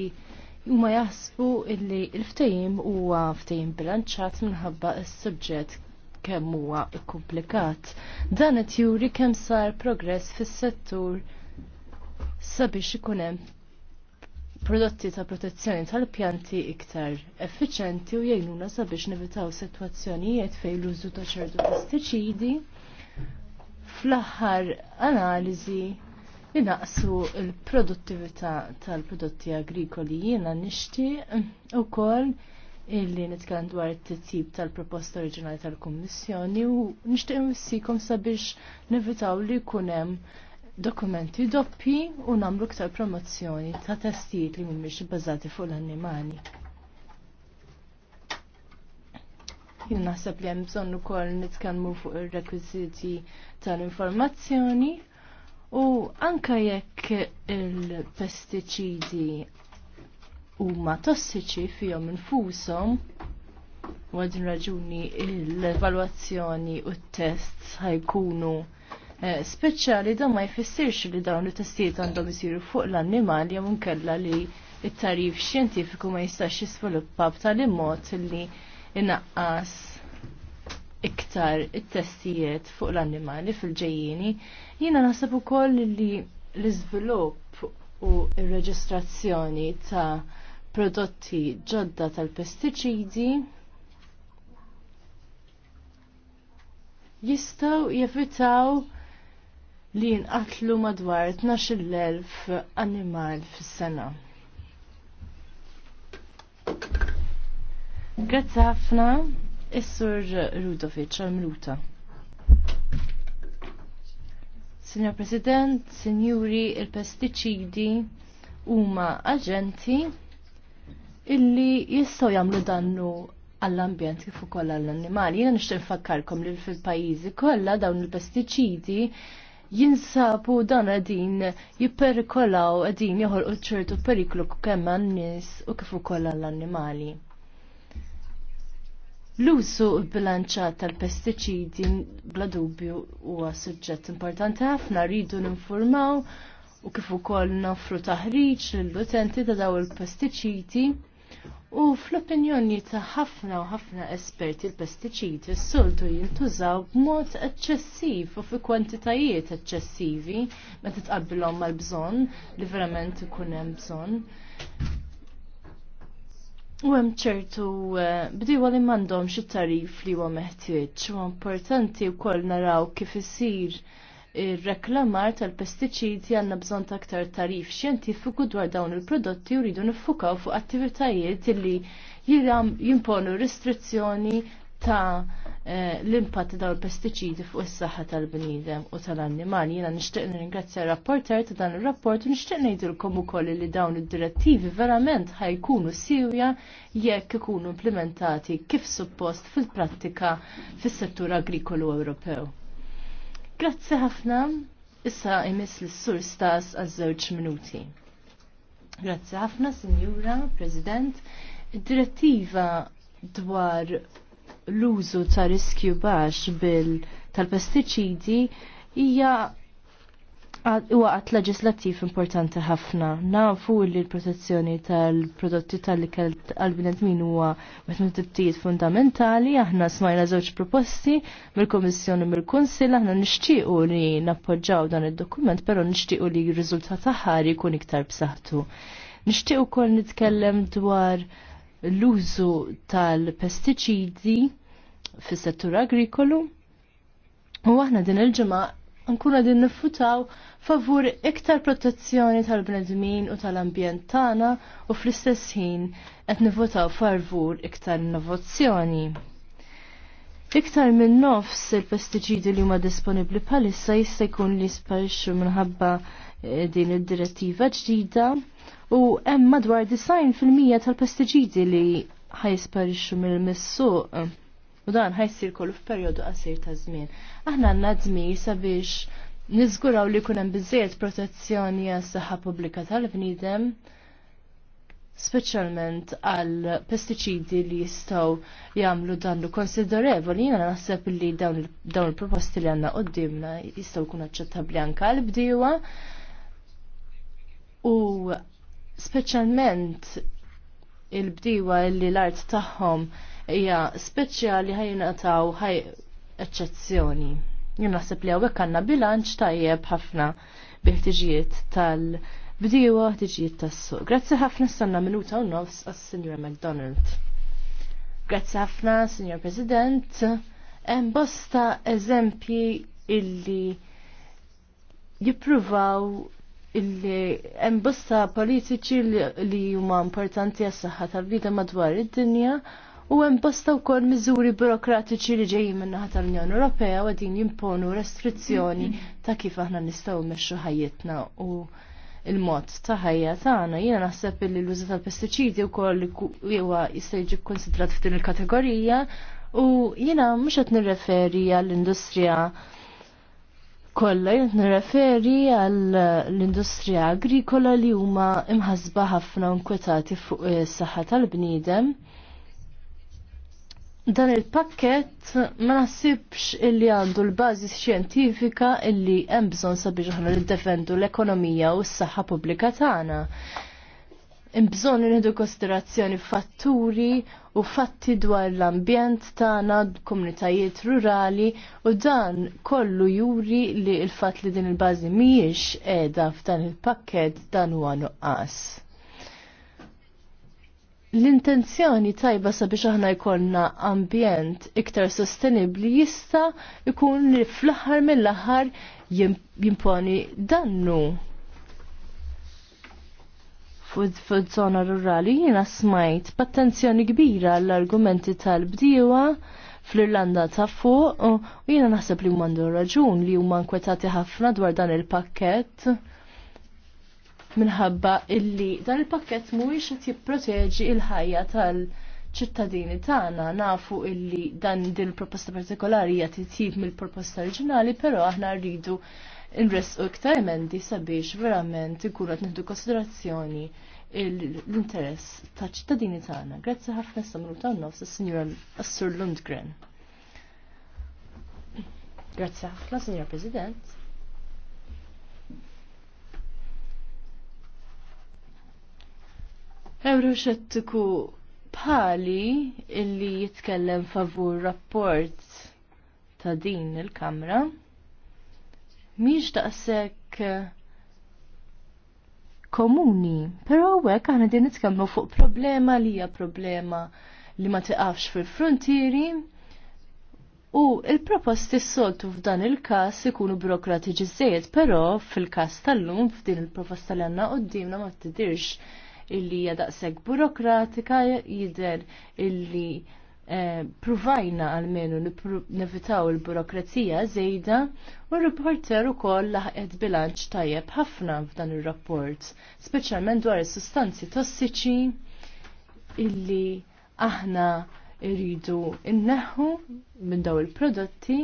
huma jasbu illi l-ftehim huwa ftehim bilanċat minħabba s-suġġett kemm huwa komplikat. Dan qed juri kemm sar progress fis-settur sabiex ikun hemm prodotti ta' protezzjoni tal-pjanti iktar effiċenti u jgħinuna sabiex nevitaw situazzjonijiet fej l-użu ta' ċertu pestiċidi fl-aħħar analiżi naqsu l-produttività tal-prodotti agrikoli jiena nixtieq ukoll illi nitkan dwar it-tip tal-proposta oriġinali tal-Kummissjoni u nixtieq missikom sabiex nevitaw li jkun hemm dokumenti doppi u namlu ktar promozzjoni ta' testijiet li mhumiex bbażati fuq l-annimali. Jien naħseb li hemm bżonn ukoll nitkellmu fuq ir-rekwiżiti tal-informazzjoni u anka jekk il-pestiċidi huma tossiċi fihom infushom u għadin raġuni l-evalwazzjoni u t-test ħajkunu Eh, speċjali da ma jfissirx li dawn it-testijiet għandhom isiru fuq l-annimali jew inkella li it-tarif xjentifiku ma jistax jisviluppa b'tali mod li inaqqas iktar it-testijiet fuq l-annimali fil-ġejjini. Jiena naħseb ukoll li l-iżvilupp u r-reġistrazzjoni ta' prodotti ġodda tal-pestiċidi jistaw jevitaw li jinqatlu madwar 12.000 animal fis-sena. Grazzi ħafna, Is-Sur Rudovic għal mluta Signor President, Signuri, il-pestiċidi huma aġenti illi jistgħu jagħmlu dannu għall-ambjent kif ukoll għall-annimali. Jiena nixtieq nfakkarkom li fil-pajjiżi kollha dawn il-pestiċidi jinsabu dan għadin jipperikolaw għadin joħolqu ċertu periklu kemm għan-nies u kif ukoll għall-annimali. L-użu bilanċa tal-pestiċidi bla dubju huwa suġġett importanti ħafna rridu n-informaw u kif ukoll nafru taħriġ lill-utenti ta' daw il-pestiċidi U fl-opinjoni ta' ħafna u ħafna esperti l-pestiċidi s-soltu jintużaw b'mod eċċessiv u fi kwantitajiet eċċessivi meta tqabbilhom mal-bżonn li verament ikun hemm bżonn. U hemm ċertu eh, bdiewa li m'għandhomx it-tarif li huwa meħtieġ u importanti wkoll naraw kif isir ir-reklamar tal-pestiċidi għandna bżonn ta' aktar tarif xjentifiku dwar dawn il-prodotti u rridu niffukaw fuq attivitajiet li jimponu restrizzjoni ta' eh, l-impatt ta' l pestiċidi fuq is-saħħa tal-bniedem u tal-annimali. Jiena nixtieq nirringrazzja r-rapporter ta' dan ir-rapport u nixtieq ngħidilkom ukoll li dawn id-direttivi verament ħajkunu siwja jekk ikunu implementati kif suppost fil-prattika fis-settur agrikolu Ewropew. Grazzi ħafna. Issa imis l-sur stas għazzewċ żewġ minuti. Grazzi ħafna, Sinjura, President. Direttiva dwar l-użu ta' riskju baxx bil tal-pestiċidi hija huwa qatt leġislattiv importanti ħafna. Nafu li l-protezzjoni tal-prodotti tal-ikel għal-bnedmin huwa wieħed mill fundamentali, aħna smajna żewġ proposti mill-Kummissjoni mill-Kunsill, aħna nixtiequ li nappoġġaw dan id-dokument, però nixtiequ li r-riżultat aħħar ikun iktar b'saħħtu. Nixtieq ukoll nitkellem dwar l-użu tal-pestiċidi fis-settur agrikolu. U aħna din il-ġimgħa nkunu din nifutaw favur iktar protezzjoni tal-bnedmin u tal-ambjent tagħna u fl-istess ħin qed nivutaw favur iktar innovazzjoni. Iktar minn nofs il-pestiċidi li huma disponibbli bħalissa jista' jkun li sparixxu minħabba eh, din id-direttiva ġdida u hemm madwar design fil-mija tal-pestiċidi li ħajsparixxu mill-missuq u dan ħajsir kollu f'perjodu qasir ta' żmien. Aħna għandna żmien sabiex niżguraw li jkun hemm biżejjed protezzjoni għas-saħħa pubblika tal-bniedem specialment għal pesticidi li jistaw jamlu lu konsiderevoli, jina naħseb li dawn il-proposti li għanna qoddimna jistaw kun aċċettabli anka għal bdiwa. U specialment il-bdiwa li l-art taħħom hija speċjali ħajnataw ħaj eċċezzjoni. Jien naħseb li hawnhekk għandna bilanċ tajjeb ħafna biħtiġijiet tal-bdiewa, ħtiġijiet tas-suq. Grazzi ħafna stanna minuta u nofs għas-Sinjura McDonald. Grazzi ħafna, Sinjur President. Hemm bosta eżempji illi jippruvaw illi hemm bosta politiċi li huma importanti għas-saħħa tal-vida madwar id-dinja u hemm bosta wkoll miżuri burokratiċi li ġejjin min naħa tal-Unjoni Ewropea u qegħdin jimponu restrizzjoni ta' kif aħna nistgħu mmexxu ħajjitna u il-mod ta' ħajja tagħna jiena naħseb li l-użu tal-pestiċidi wkoll huwa jista' jiġi kkunsidrat f'din il-kategorija u jiena mhux qed nirreferi għall-industrija kollha jien nirreferi għall-industrija agrikola li huma imħasba ħafna nkwetati fuq is-saħħa tal-bniedem dan il-pakket ma nasibx illi għandu l-bażi xjentifika illi hemm bżonn sabiex aħna niddefendu l-ekonomija u s-saħħa pubblika tagħna. Imbżon bżonn konsiderazzjoni fatturi u fatti dwar l-ambjent tagħna, komunitajiet rurali u dan kollu juri li l-fatt li din il-bażi mhijiex qiegħda f'dan il-pakket dan huwa nuqqas. L-intenzjoni tajba sabiex aħna jkollna ambjent iktar sostenibli jista' ikun li fl-aħħar mill-aħħar jimponi dannu. F'żona rurali jiena smajt b'attenzjoni kbira l-argumenti tal-bdiewa fl-Irlanda ta' fuq u jiena naħseb li huma għandu raġun li huma nkwetati ħafna dwar dan il-pakkett minħabba illi dan il-pakket mhuwiex qed jipproteġi l-ħajja tal-ċittadini tagħna nafu illi dan din il-proposta partikolari hija titjib mill-proposta oriġinali, però aħna rridu nresqu iktar emendi sabiex verament ikunu qed nieħdu konsiderazzjoni l-interess ta' ċittadini tagħna. Grazzi ħafna samru ta' nofs is-Sinjura Assur Lundgren. Grazzi ħafna, Sinjura President. Euroxettiku bħali illi jitkellem favur rapport ta' din il-kamra miex daqsek komuni, pero għek għana din jitkellem fuq problema li hija problema li ma tiqafx fil-frontieri u il-proposti soltu f'dan il-kas ikunu burokratiġi żejjed, però fil-kas tal-lum f'din il-proposta li għanna qoddimna ma tidirx illi hija daqshekk burokratika jidher illi eh, provajna għalmenu nevitaw il-burokrazija żejda u r-reporter ukoll laħqet bilanċ tajjeb ħafna f'dan ir-rapport, speċjalment dwar is-sustanzi tossiċi illi aħna rridu nneħħu minn daw il-prodotti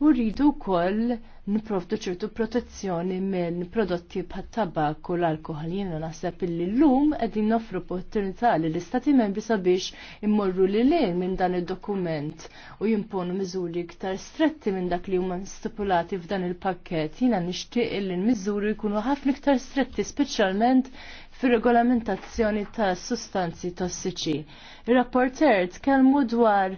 u rridu wkoll niprovdu ċertu protezzjoni minn prodotti bħat tabak u l-alkohol. Jena naħseb illi l-lum għedin nofru opportunità li l-istati membri sabiex immorru li l minn dan il-dokument u jimponu miżuri iktar stretti minn dak li huma stipulati f'dan il-pakket. Jena nixtieq illi l-miżuri jkunu ħafna iktar stretti, speċjalment fir-regolamentazzjoni ta' sustanzi tossiċi. Ir-rapporter tkellmu dwar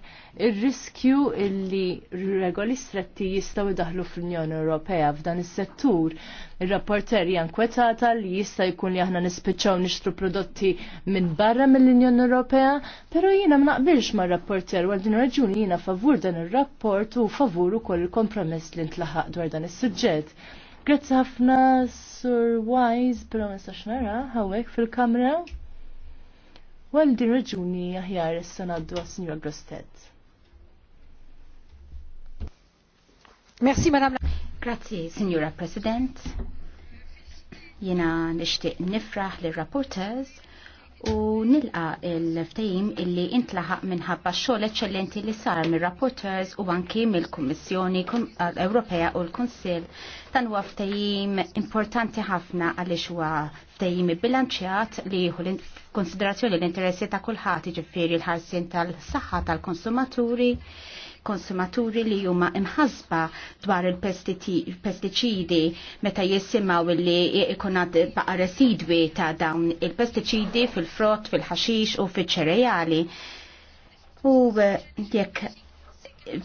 ir-riskju illi regoli stretti jistgħu jdaħlu fl-Unjoni Ewropea f'dan is-settur. Ir-rapporter hija nkwetata li jista' jkun li aħna nispiċċaw nixtru prodotti minn barra mill-Unjoni Ewropea, però jiena ma naqbilx mar-rapporter għal din raġuni jiena favur dan ir-rapport u favur ukoll il-kompromess li ntlaħaq dwar dan is-suġġett. Grazzi ħafna Sur Wise, però ma nistax nara hawnhekk fil-kamra. U għal din raġuni aħjar issa ngħaddu għas-Sinjura Grostet. Merci, Madame. Grazzi, Signora President. Jena nixtieq nifraħ li rapporters u nilqa il-ftajim illi intlaħaq minħabba xogħol eċċellenti li sar mir-rapporters u anki mill-Kummissjoni Ewropea u l-Kunsill dan huwa ftajim importanti ħafna għaliex huwa ftajim bilanċjat li jieħu konsiderazzjoni l-interessi ta' kulħadd jiġifieri l-ħarsien tal-saħħa tal-konsumaturi, tal saħħa tal konsumaturi konsumaturi li huma imħazba dwar il-pestiċidi meta jisimaw li ikunat baqa residwi ta' dawn il-pestiċidi fil-frott, fil-ħaxix u fil-ċerejali. U eh, jekk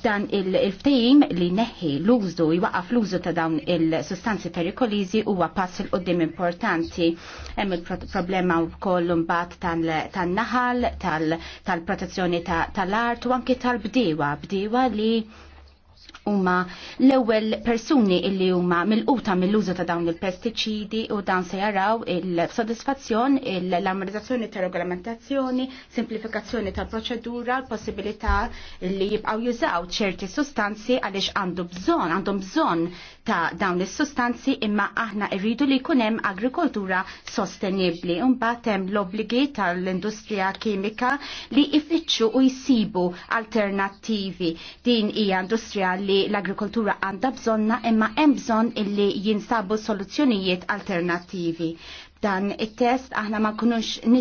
dan il-ftejim li neħi l-użu, jwaqaf l-użu ta' dawn il-sustanzi perikolizi huwa pass il qoddim importanti. Hemm il-problema wkoll imbagħad tan-naħal, tal-protezzjoni tal-art u anke tal bdiwa bdiwa li huma l-ewwel persuni illi huma mill-quta mill-użu ta' dawn il-pestiċidi u dan se jaraw il-sodisfazzjon l-armonizzazzjoni ta' regolamentazzjoni, simplifikazzjoni tal-proċedura, l-possibilità li jibqgħu jużaw ċerti sustanzi għaliex għandu bżonn, għandhom bżonn ta' dawn is-sustanzi imma aħna rridu li jkun hemm agrikoltura sostenibbli. Imbagħad hemm l-obbligi tal-industrija kimika li jfittxu u jsibu alternattivi. Din hija industrija li l-agrikoltura għandha bżonna imma hemm bżonn illi jinsabu soluzzjonijiet alternattivi dan it-test aħna ma kunux u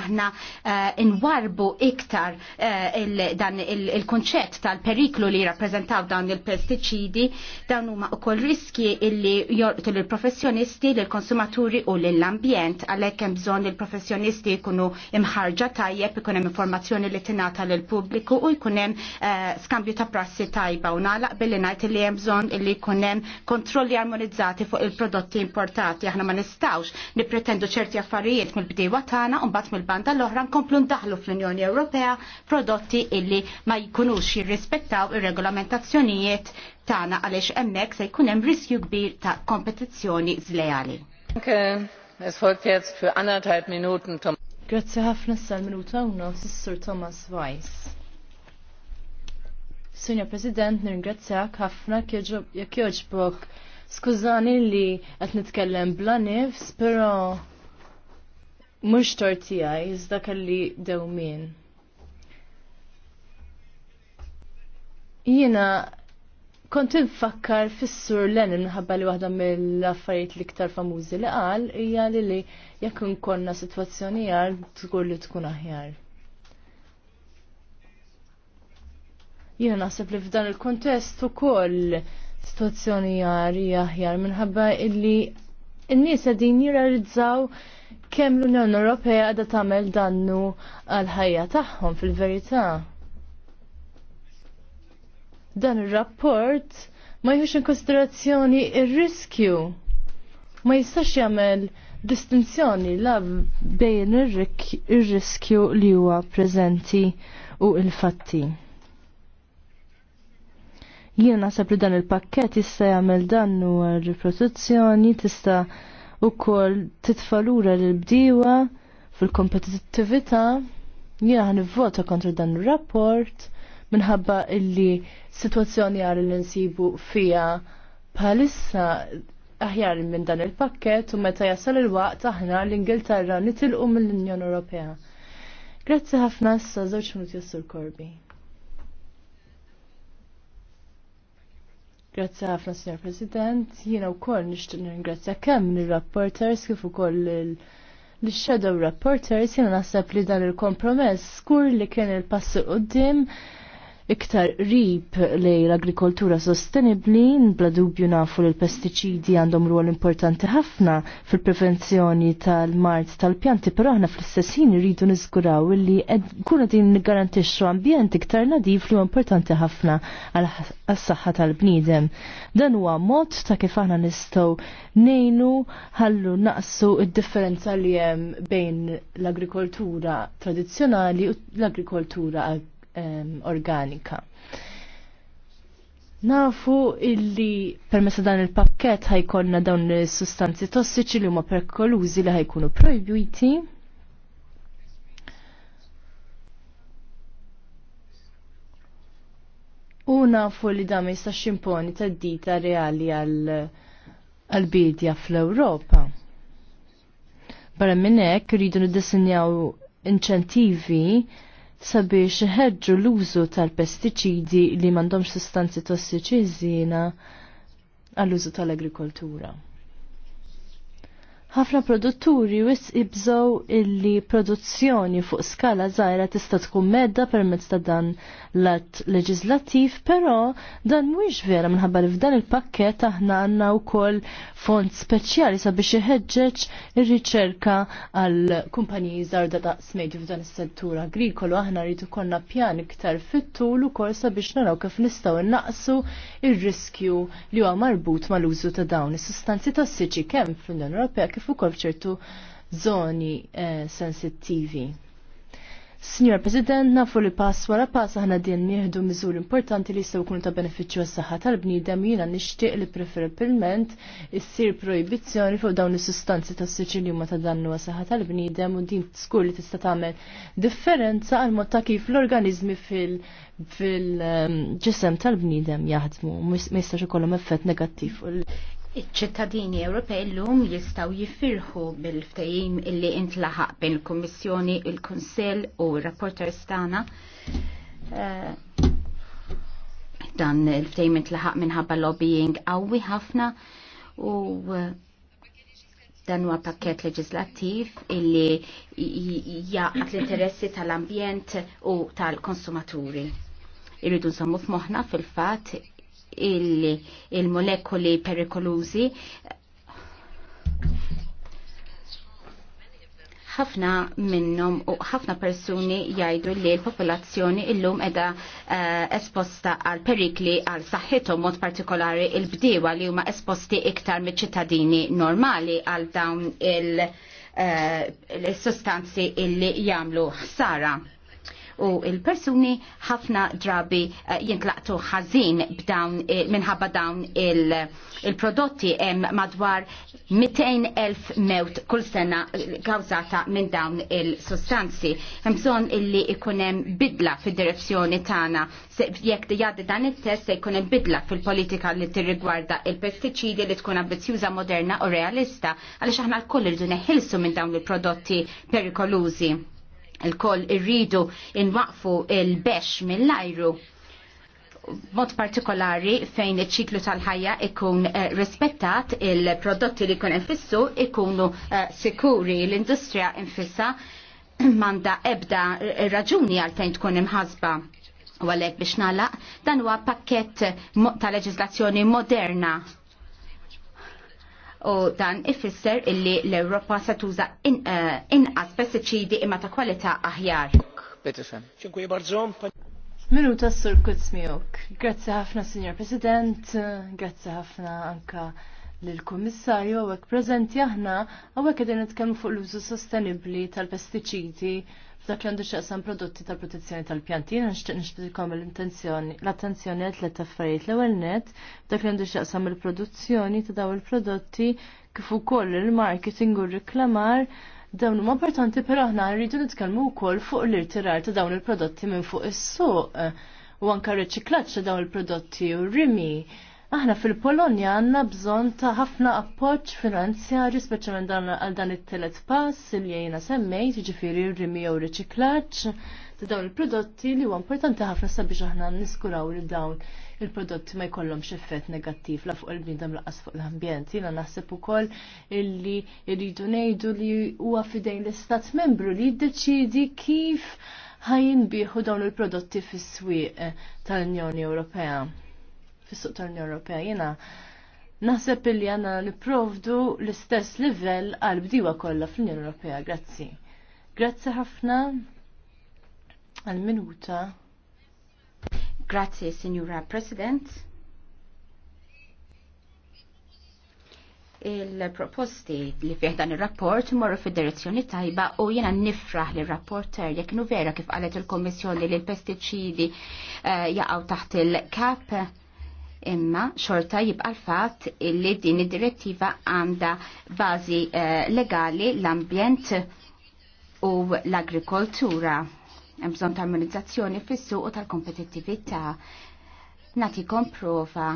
aħna uh, inwarbu iktar uh, il, dan il-konċett il tal-periklu li rappresentaw dawn il-pestiċidi dawn huma kol riski illi jorqtu lill-professjonisti lill-konsumaturi u lill-ambjent għalhekk hemm bżonn il-professjonisti jkunu imħarġa tajjeb ikun hemm informazzjoni li tingħata lill-pubbliku u jkun hemm uh, skambju ta' prassi tajba u nagħlaq billi ngħid li hemm bżonn illi jkun hemm kontrolli armonizzati fuq il-prodotti importati aħna ma nistgħux nirretendu ċerti affarijiet mill-bdiewa tagħna u mbagħad mill-banda l-oħra nkomplu ndaħlu fl-Unjoni Ewropea prodotti illi ma jkunux jirrispettaw ir-regolamentazzjonijiet tagħna għaliex hemmhekk se jkun hemm riskju kbir ta' kompetizzjoni żlejali. Grazzi ħafna sal-minuta u Sir Thomas Weiss. Sinja President, nirringrazzjak ħafna jekk joġbok Skużani li qed nitkellem bla nifs, però mhux tortijaj iżda kelli dewmin. Jiena kont infakkar fis-sur Lenin minħabba li waħda mill-affarijiet l-iktar famużi li qal hija li li jekk inkonna situazzjoni għal tgur li tkun aħjar. Jiena naħseb li f'dan il-kontest ukoll situazzjoni jari aħjar minħabba illi n-nies qegħdin jirrealizzaw kemm l-Unjoni Ewropea għadha tagħmel dannu għal ħajja tagħhom fil-verità. Dan ir-rapport ma jħux in konsiderazzjoni ir-riskju. Ma jistax jagħmel distinzjoni la bejn ir-riskju li huwa preżenti u l fatti Jiena nasab li dan il-pakket jista' jagħmel dannu għal riproduzzjoni, tista' ukoll titfalura l-bdiewa fil-kompetittività. Jiena ħanivvota kontra dan ir-rapport minħabba illi sitwazzjoni għar li nsibu fija bħalissa aħjar minn dan il-pakket u meta jasal il-waqt aħna l-Ingilterra nitilqu mill-Unjoni Ewropea. Grazzi ħafna issa żewġ minuti Sur Korbi. Grazzi ħafna, Sr. President. Jiena wkoll nixtieq ningrazzja kemm lir-rapporters kif ukoll l-shadow rapporters jiena naħseb li dan il-kompromess skur li kien il-passi qudiem iktar rib li l-agrikoltura sostenibli, bla dubju nafu li l-pestiċidi għandhom ruol importanti ħafna fil-prevenzjoni tal-mart tal-pjanti, pero aħna fl-istess ħin rridu niżguraw li kuna din garantixxu ambjent iktar nadif li importanti ħafna għal saħħa tal-bniedem. Dan huwa mod ta' kif aħna nistgħu nejnu ħallu naqsu id-differenza li hemm bejn l-agrikoltura tradizzjonali u l-agrikoltura organika. Nafu illi permessa dan il-pakket ħajkonna dawn il-sustanzi tossiċi li huma perkolużi li ħajkunu projbwiti. U nafu li dan ma jistax imponi tad-dita reali għal-bidja fl-Ewropa. Barra minn hekk rridu niddisinjaw inċentivi sabiex ħedġu l-użu tal-pestiċidi li mandomx sustanzi tossiċi żina għall-użu tal-agrikoltura ħafna produtturi wis ibżow illi produzzjoni fuq skala żgħira tista' tkun medda permezz ta' dan l-att leġislattiv, però dan mhuwiex vera minħabba li f'dan il-pakkett aħna għandna wkoll fond speċjali sabiex iħeġġeġ ir-riċerka għal kumpaniji żgħar da daqs f'dan is-settur agrikolu aħna rridu konna pjan iktar fit-tul ukoll sabiex naraw kif nistgħu innaqsu ir-riskju li huwa marbut mal-użu ta' dawn is-sustanzi tossiċi kemm fl-Unjoni Ewropea kif ukoll ċertu żoni eh, sensittivi. Signor President, nafu li pass wara pass aħna din nieħdu miżuri importanti li jistgħu jkunu ta' benefiċċju għas-saħħa tal-bniedem jiena nixtieq li preferibilment issir projbizzjoni fuq dawn is-sustanzi tossiċi li huma ta' dannu għas-saħħa tal-bniedem u din skur li tista' tagħmel differenza għal mod ta' kif l-organizmi fil-ġisem ehm, tal-bniedem jaħdmu ma jistax ikollhom effett negattiv. Iċ-ċittadini Ewropej l-lum jistaw jiffirħu bil ftajim illi intlaħaq bejn il-Kommissjoni, il-Kunsell u r-rapporter stana. Eh, dan il ftajim intlaħaq minħabba lobbying qawwi ħafna u eh, dan huwa pakket leġislattiv illi jaqat l-interessi tal-ambjent u tal-konsumaturi irridu nsammu f'moħna fil-fat il-molekoli il perikolużi ħafna minnhom u ħafna persuni jgħidu li l-popolazzjoni illum edha uh, esposta għal perikli għal saħħithom mod partikolari il-bdiewa li huma esposti iktar miċ ċittadini normali għal dawn eh, il-sostanzi uh, il illi jagħmlu ħsara u il-persuni ħafna drabi eh, jintlaqtu ħażin b'dawn eh, minħabba dawn il-prodotti hemm madwar 200,000 mewt kull sena kawzata eh, minn dawn il-sostanzi. Hemm bżonn illi ikun hemm bidla fid-direzzjoni tagħna jekk jgħaddi dan it-test se jkun hemm bidla fil-politika li tirrigwarda il-pestiċidi li tkun ambizzjuża moderna u realista għaliex aħna l-koll irridu neħilsu minn dawn il-prodotti perikolużi il-koll irridu inwaqfu il-bex mill-ajru mod partikolari fejn iċ-ċiklu tal-ħajja ikun eh, rispettat il-prodotti li kun infissu ikunu eh, sikuri l-industrija infissa *clears throat* manda ebda eh, raġuni għal tejn tkun imħazba. U għalek biex nalaq, dan huwa pakket ta' leġislazzjoni moderna u dan ifisser illi l-Europa se tuża eh, inqas pesticidi imma ta' kwalità aħjar. Dziękuję bardzo. Minuta s-sur Kutzmiuk. Grazzi ħafna, Signor President, grazzi ħafna anka l-Kummissarju għek prezenti aħna għawek għedin nitkellmu fuq l-użu sostenibli tal-pestiċidi F'dak li għandu xaqsam prodotti tal protezzjoni tal-pjantin, nixtieq nixtiqkom l-intenzjoni, l-attenzjoni għet let affarijiet l-ewwel net, f'dak li għandu xaqsam il-produzzjoni ta' daw il-prodotti kif ukoll il-marketing u r-reklamar dawn huma importanti però aħna rridu nitkellmu wkoll fuq l-irtirar ta' dawn il-prodotti minn fuq is-suq eh, u anke riċiklaġġ ta' dawn il-prodotti u rimi Aħna fil-Polonja għanna bżon ta' ħafna appoġġ finanzjarju speċjalment għal dan it-telet pass li jgħina semmejt, ġifiri rimi u riċiklaċ ta' dawn il-prodotti li huwa importanti ħafna sabiex aħna niskuraw li dawn il-prodotti ma jkollhomx effett negattiv la fuq il-bniedem laqas fuq l-ambjent. Jiena naħseb ukoll illi rridu ngħidu li huwa fidejn l-istat membru li jiddeċiedi kif ħajinbieħu dawn il-prodotti fis-swieq tal-Unjoni Ewropea fis-suq tal-Unjoni Ewropea jiena naħseb li għandna nipprovdu l-istess livell għal bdiewa kollha fl-Unjoni Ewropea. Grazzi. Grazzi ħafna għal minuta. Grazzi, Signora President. il-proposti li fih dan il-rapport morru fid-direzzjoni tajba u jena nifraħ li rapporter jekk nu vera kif qalet il-Kommissjoni li l-pestiċidi jaqaw eh, jaqgħu taħt il-kap imma xorta jibqa l-fat li din id-direttiva għanda bazi eh, legali l-ambjent u l-agrikoltura. Bżon ta' armonizzazzjoni fissu u tal-kompetittività. Natikom prova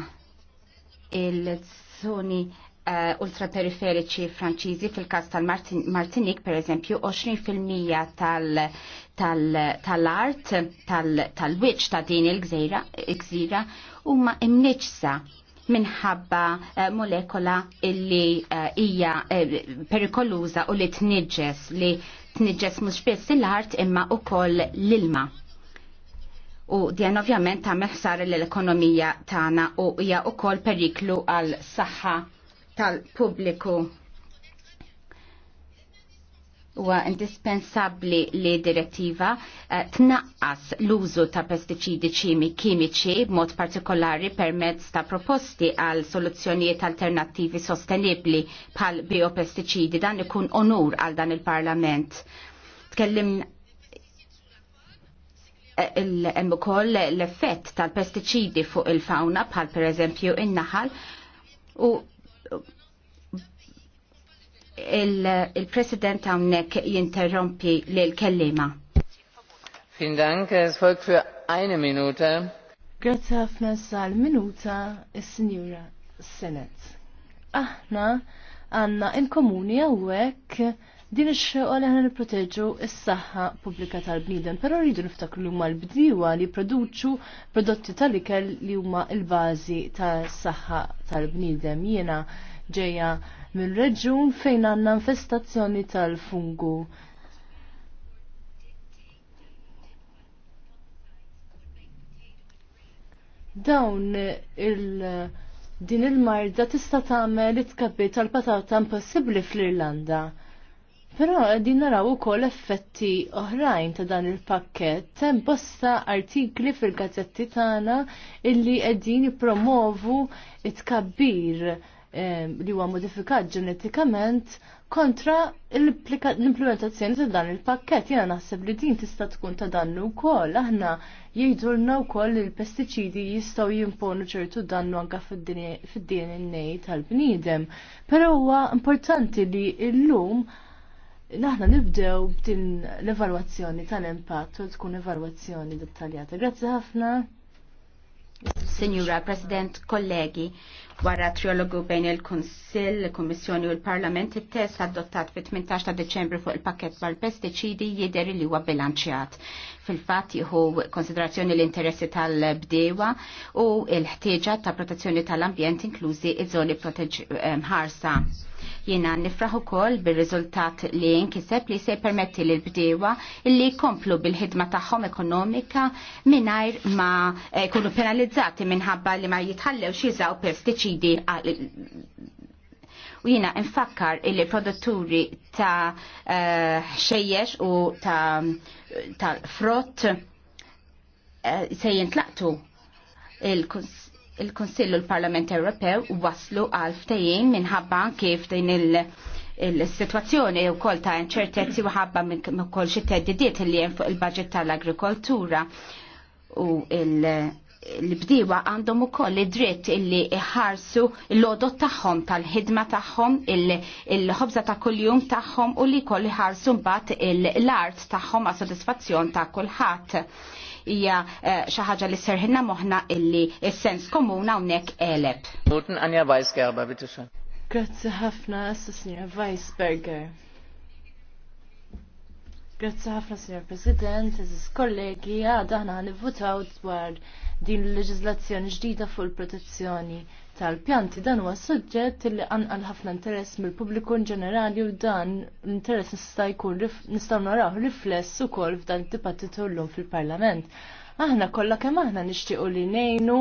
il-zoni uh, ultraperiferiċi franċiżi fil-kas tal-Martinik, per eżempju, 20% tal- tal-art, tal-wiċ ta' din il-gżira, huma imniċsa minħabba eh, molekola illi eh, hija eh, perikoluża u li tniġġes li tniġġes mhux biss l-art imma ukoll l-ilma. U din ovvjament ta' meħsar l-ekonomija tagħna u hija ukoll periklu għal saħħa tal-pubbliku huwa indispensabbli li direttiva eh, tnaqqas l-użu ta' pestiċidi kimiċi b'mod partikolari permezz ta' proposti għal soluzzjonijiet alternattivi sostenibbli bħal biopestiċidi dan ikun onur għal dan il-Parlament. Tkellim eh, hemm ukoll l-effett tal-pestiċidi fuq il-fawna bħal pereżempju in-naħal u il-President għamnek jinterrompi l-kellima. Fin dank, es folgt für eine Minute. Grazie ħafna sal-minuta is signora Senet. Aħna għanna in-komuni għawek Din ix-xewqa li ħana nipproteġu s-saħħa pubblika tal-bniedem, però rridu niftakru li huma l-bdiewa li jipproduċu prodotti tal-ikel li huma l-bażi tas-saħħa tal-bniedem. Jiena ġejja minn reġjun fejn għandna infestazzjoni tal-fungu dawn il- din il-marda tista' tagħmel it-tkabbi tal-patata impossibbli fl-Irlanda. Però din naraw ukoll effetti oħrajn ta' dan il-pakket. Hemm bosta artikli fil-gazzetti tagħna illi qegħdin jippromovu it-tkabbir ehm, li huwa modifikat ġenetikament kontra l-implementazzjoni ta' dan il-pakket. Jena naħseb li din tista' tkun ta' dannu wkoll. Aħna jgħidulna wkoll li l-pestiċidi jistgħu jimponu ċertu dannu anke fid-DNA tal-bniedem. Però huwa importanti li llum naħna nibdew b'din l-evalwazzjoni tal-impatt u tkun evalwazzjoni dettaljata. Grazzi ħafna. Signora President, kollegi, Wara triologu bejn il-Konsil, il-Kommissjoni u l-Parlament, it-test adottat fit-18 ta' Deċembru fuq il-pakket tal-pestiċidi jidher li huwa bilanċjat. Fil-fatt jieħu konsiderazzjoni l-interessi tal-bdewa u l-ħtieġa ta' protezzjoni tal-ambjent inklużi iż-żoni eh, ħarsa. Jiena nifraħu ukoll bir-riżultat li nkiseb li se permetti l bdewa li jkomplu bil-ħidma tagħhom ekonomika mingħajr ma eh, jkunu penalizzati minħabba li ma jitħallew xiżaw pestiċidi pestiċidi u jina infakkar illi produtturi ta' eh, xejjex u ta', ta frott eh, se jintlaqtu il-Konsillu il konsillu l parlament Ewropew waslu għal ftejjin minħabba kif din il- il-situazzjoni u kol ta' inċertezzi u ħabba minn kol xi teddidiet li jen fuq il-budget tal-agrikoltura u il- l bdiwa għandhom ukoll id-dritt illi iħarsu l-odot tagħhom tal-ħidma tagħhom, il-ħobza ta' kuljum tagħhom u li koll iħarsu mbagħad l-art tagħhom għas sodisfazzjon ta' kulħadd. Hija eh, xi ħaġa li serħinna moħħna illi s-sens komun hawnhekk eleb. Grazzi ħafna, Signora Weisberger. Grazzi ħafna, Signor President, eżis kollegi, għada ħna nivvutaw dwar din l-leġizlazzjoni ġdida fuq il-protezzjoni tal-pjanti. Dan huwa suġġett li anqal ħafna interess mill-pubbliku in ġenerali u dan l-interess nista' jkun nistgħu naraw rifless ukoll f'dan id-dibattitu llum fil-Parlament. Aħna kollha kemm aħna nixtiequ li ngħinu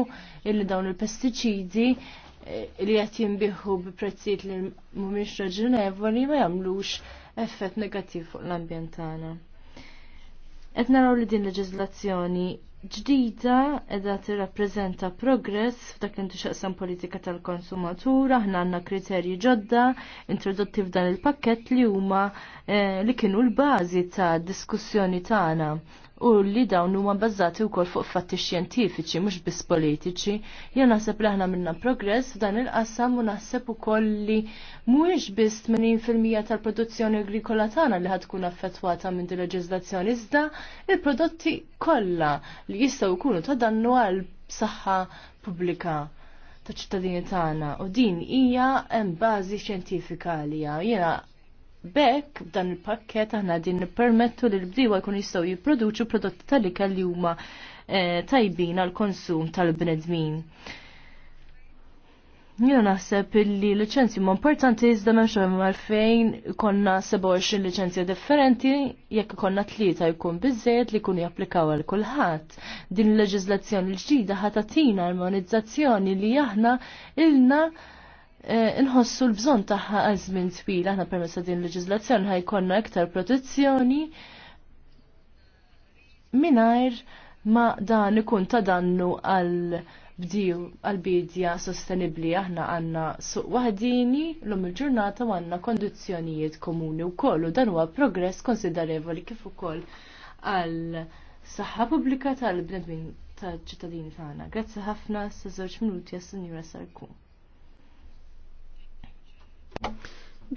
illi dawn il-pestiċidi eh, li qed jinbiħu bi prezzijiet li mhumiex raġunevoli ma jagħmlux effett negattiv fuq l-ambjent tagħna. Qed naraw li din leġiżlazzjoni ġdida edha tirrappreżenta progress f'dak li xaqsam politika tal-konsumatur, aħna għandna kriterji ġodda introdotti f'dan il-pakket li huma eh, li kienu l-bażi ta' diskussjoni tagħna u li dawn huma bbażati wkoll fuq fatti xjentifiċi mhux biss politiċi. Jien naħseb li aħna minna progress f'dan il-qasam u naħseb ukoll li mhuwiex biss 80% tal-produzzjoni agrikola tagħna li ħadkun affettwata minn din leġiżlazzjoni iżda il-prodotti kollha li jistgħu jkunu ta' dannu għal saħħa pubblika ta' ċittadini tagħna u din hija hemm bażi xjentifika għalija. Jiena Bek b'dan il-pakket aħna din nippermettu li l bdiwa jkun jistgħu jipproduċu prodotti tal-ikel li huma eh, tajbin għal konsum tal-bnedmin. Jena naħseb li licenzi ma importanti iżda m'hemmx għalfejn konna 27 licenzi differenti jekk konna tlieta jkun biżejjed li kun japplikaw għal kulħadd. Din il leġizlazzjoni l-ġdida ħatatina armonizzazzjoni li aħna ilna Eh, inħossu l-bżon taħħa għazmin twil, aħna permessa din l leġizlazzjoni ħajkonna iktar protezzjoni minajr ma dan ikun ta' dannu għal bdiju għal-bidja sostenibli aħna għanna suq wahdini l-lum il-ġurnata għanna kondizjonijiet komuni u kollu dan huwa progress konsiderevoli kif ukoll għal saħħa pubblika tal-bnedmin tal-ċittadini tagħna. Grazzi ħafna sa' żewġ minuti għas-Sinjura Sarkun.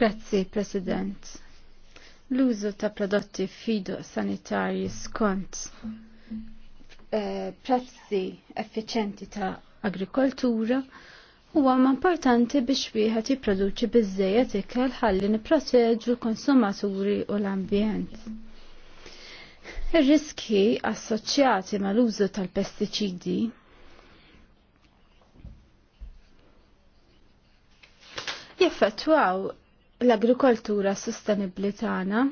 Grazzi, President. L-użu ta' prodotti fido sanitarji skont eh, prezzi effiċenti ta' agrikoltura huwa importanti biex wieħed jipproduċi biżejjed ikel ħalli nipproteġu l-konsumaturi u l-ambjent. Ir-riski assoċjati mal-użu tal-pestiċidi jaffettwaw l-agrikoltura sostenibli tagħna,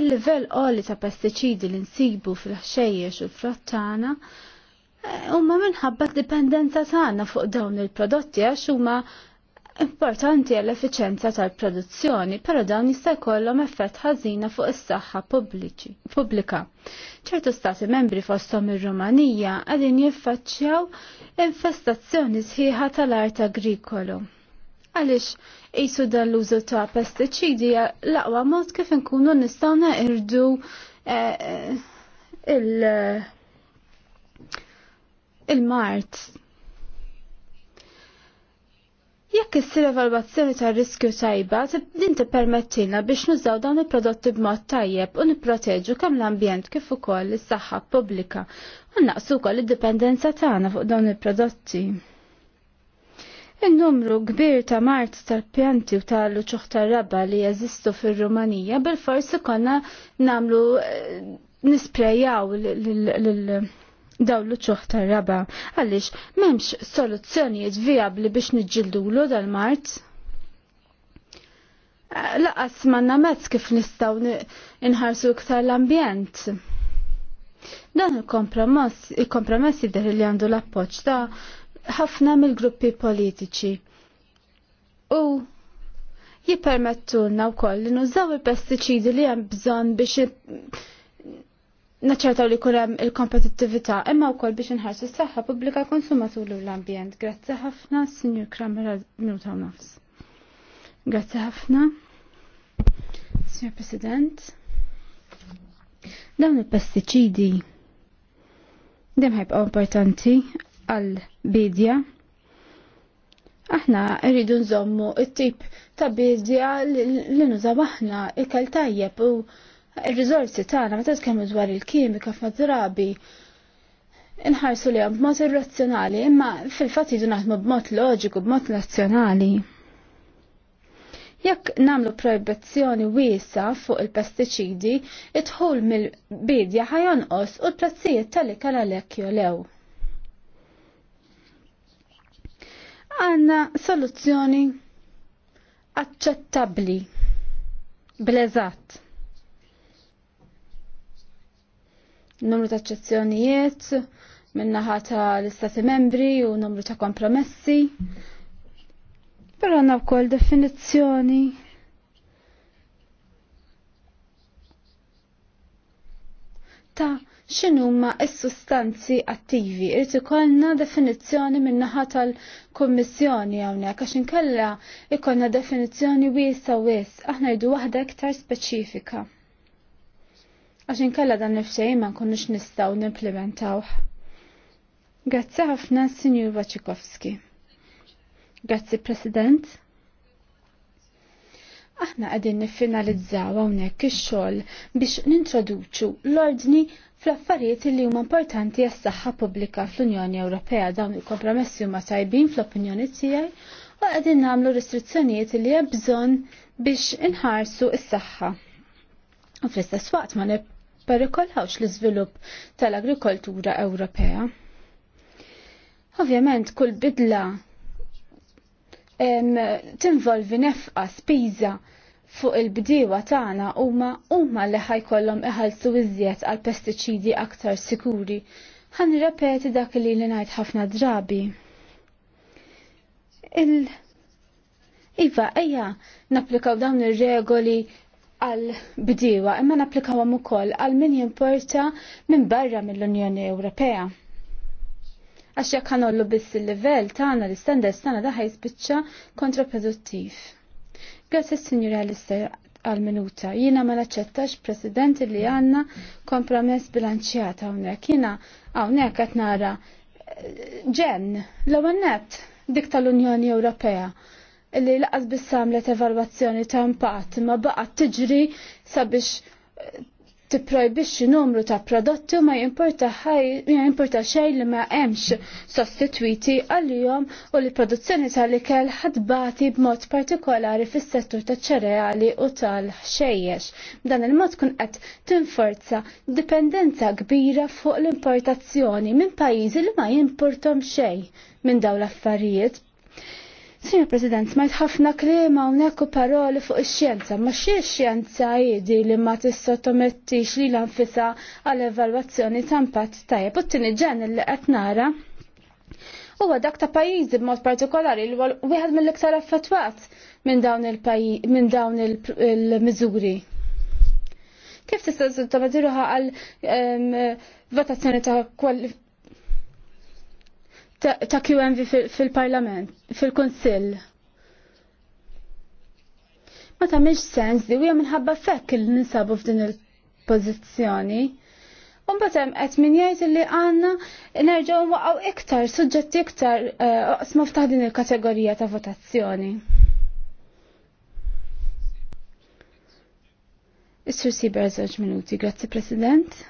il-livell qoli ta' pestiċidi li nsibu fil-ħxejjex u l-frott tagħna eh, huma minħabba dipendenza tagħna fuq dawn il-prodotti għax huma importanti għall efficienza tal-produzzjoni, però dawn jista' jkollhom effett ħażina fuq is-saħħa pubblika. ċertu stati membri fosthom ir-Rumanija qegħdin jiffaċċjaw infestazzjoni sħiħa tal-art agrikolu għaliex qisu dan l-użu ta' pestiċidi l-aqwa mod kif inkunu nistgħu neqirdu eh, eh, il- eh, mart Jekk issir evalwazzjoni ta' riskju tajba, din tippermettilna biex nużaw dawn il-prodotti b'mod tajjeb u nipproteġu kemm l-ambjent kif ukoll is-saħħa pubblika u naqsu wkoll id-dipendenza tagħna fuq dawn il-prodotti. Il-numru kbir ta' mart tal-pjanti u tal-luċuħ tal-rabba li jazistu fil-Rumanija bil-forsi konna namlu eh, nisprejaw daw l-ċuħ tal raba għalix memx soluzzjonijiet viabli biex nġildulu dal-mart? Eh, laqas manna mezz kif nistaw inħarsu iktar l-ambjent. Dan il-kompromess, il-kompromess jidher li għandu l-appoċ ta' ħafna mill-gruppi politiċi. U jippermettulna wkoll li nużaw il-pestiċidi li hemm bżonn biex naċċertaw li kunem il-kompetittività imma wkoll biex inħarsu s-saħħa pubblika konsumatur u l-ambjent. Grazzi ħafna, Sinjur Kramer minuta u nofs. Grazzi ħafna, Sinjur President. Dawn il-pestiċidi dem ħajbqgħu importanti għal-bidja. Aħna rridu nżommu it-tip ta' bidja li nużaw aħna l-kel tajjeb u r rizorsi tagħna meta tkellmu dwar il-kimika f'madrabi inħarsu li b'mod irrazzjonali, imma fil-fatt jidu naħdmu b'mod loġiku, b'mod razzjonali. Jekk namlu proibizzjoni wiesa fuq il-pestiċidi, idħul mill-bidja ħajonqos u l-prezzijiet tal-ikel għalhekk jolew. għanna soluzzjoni accettabli blezat. eżatt Numru ta' eccezzjonijiet minnaħa ta' l-Istati membri u numru ta' kompromessi. Però għanna wkoll definizzjoni ta' x'inhuma s-sustanzi attivi. Irid ikollna definizzjoni min-naħa tal-Kummissjoni hawnhekk għax inkella ikollna definizzjoni wiesa wis, aħna jdu waħda iktar speċifika. Għax inkella dan nifxejn ma nkunux nistgħu nimplementawh. Grazzi ħafna Sinjur Waċikowski. Grazzi President aħna għadin nifinalizzaw hawnhekk ix-xogħol biex nintroduċu l-ordni fl-affarijiet li huma importanti għas saħħa pubblika fl-Unjoni Ewropea dawn il-kompromessi huma tajbin fl-opinjoni tiegħi u qegħdin nagħmlu restrizzjonijiet li hemm bżonn biex inħarsu s-saħħa. U fl-istess waqt ma nipperikolawx l-iżvilupp tal-agrikoltura Ewropea. Ovvjament kull bidla tinvolvi nefqa spiża fuq il-bdiewa tagħna huma huma li ħajkollhom iħallsu iżjed għal pestiċidi aktar sikuri. Ħan repeti dak li li ngħid ħafna drabi. Il Iva, ejja, napplikaw dawn ir-regoli għal bdiewa imma napplikawhom ukoll għal min jimporta minn barra mill-Unjoni Ewropea għax jekk ħanollu biss il-livell tagħna l-istandards tagħna daħaj spiċċa kontraproduttiv. Grazie signora Alistair għal-minuta. Jina ma naċċettax president li għanna kompromess bilanċjat għawnek. Jina għawnek għat nara eh, ġen l-għannet dik tal-Unjoni Ewropea li laqas bis samlet evalwazzjoni ta' impatt ma baqgħet tiġri sabiex eh, tipprojbixxi numru ta' prodotti u ma jimporta xejn li ma hemmx sostitwiti għalihom u li produzzjoni tal-ikel ħadbati b'mod partikolari fis-settur ta' ċereali u tal-ħxejjex. Dan il-mod tkun qed tinforza dipendenza kbira fuq l-importazzjoni minn pajjiżi li ma jimportom xejn minn dawn l-affarijiet Signor President, ma ħafna klima u u paroli fuq ix-xjenza, ma xie xjenza jidi li ma tissottomettix li l-anfisa għal evaluazzjoni tampat tajab. U t-tini ġen li għetnara huwa dak ta' pajjiżi b'mod partikolari li wieħed mill-iktar affettwat minn dawn il-pajjiż dawn il-miżuri. Kif tista' tiżottama tiruħa għal ehm, votazzjoni ta' ta' QMV fil-parlament, fil-konsill. Ma ta' miex sens di u minħabba fekk il ninsabu f'din il-pozizjoni. Un batem qed min jgħid li għandna nerġgħu waqgħu iktar suġġetti iktar eh, oqsma f'taħ din il-kategorija ta' votazzjoni. Is-Sur Siber żewġ minuti, grazzi President.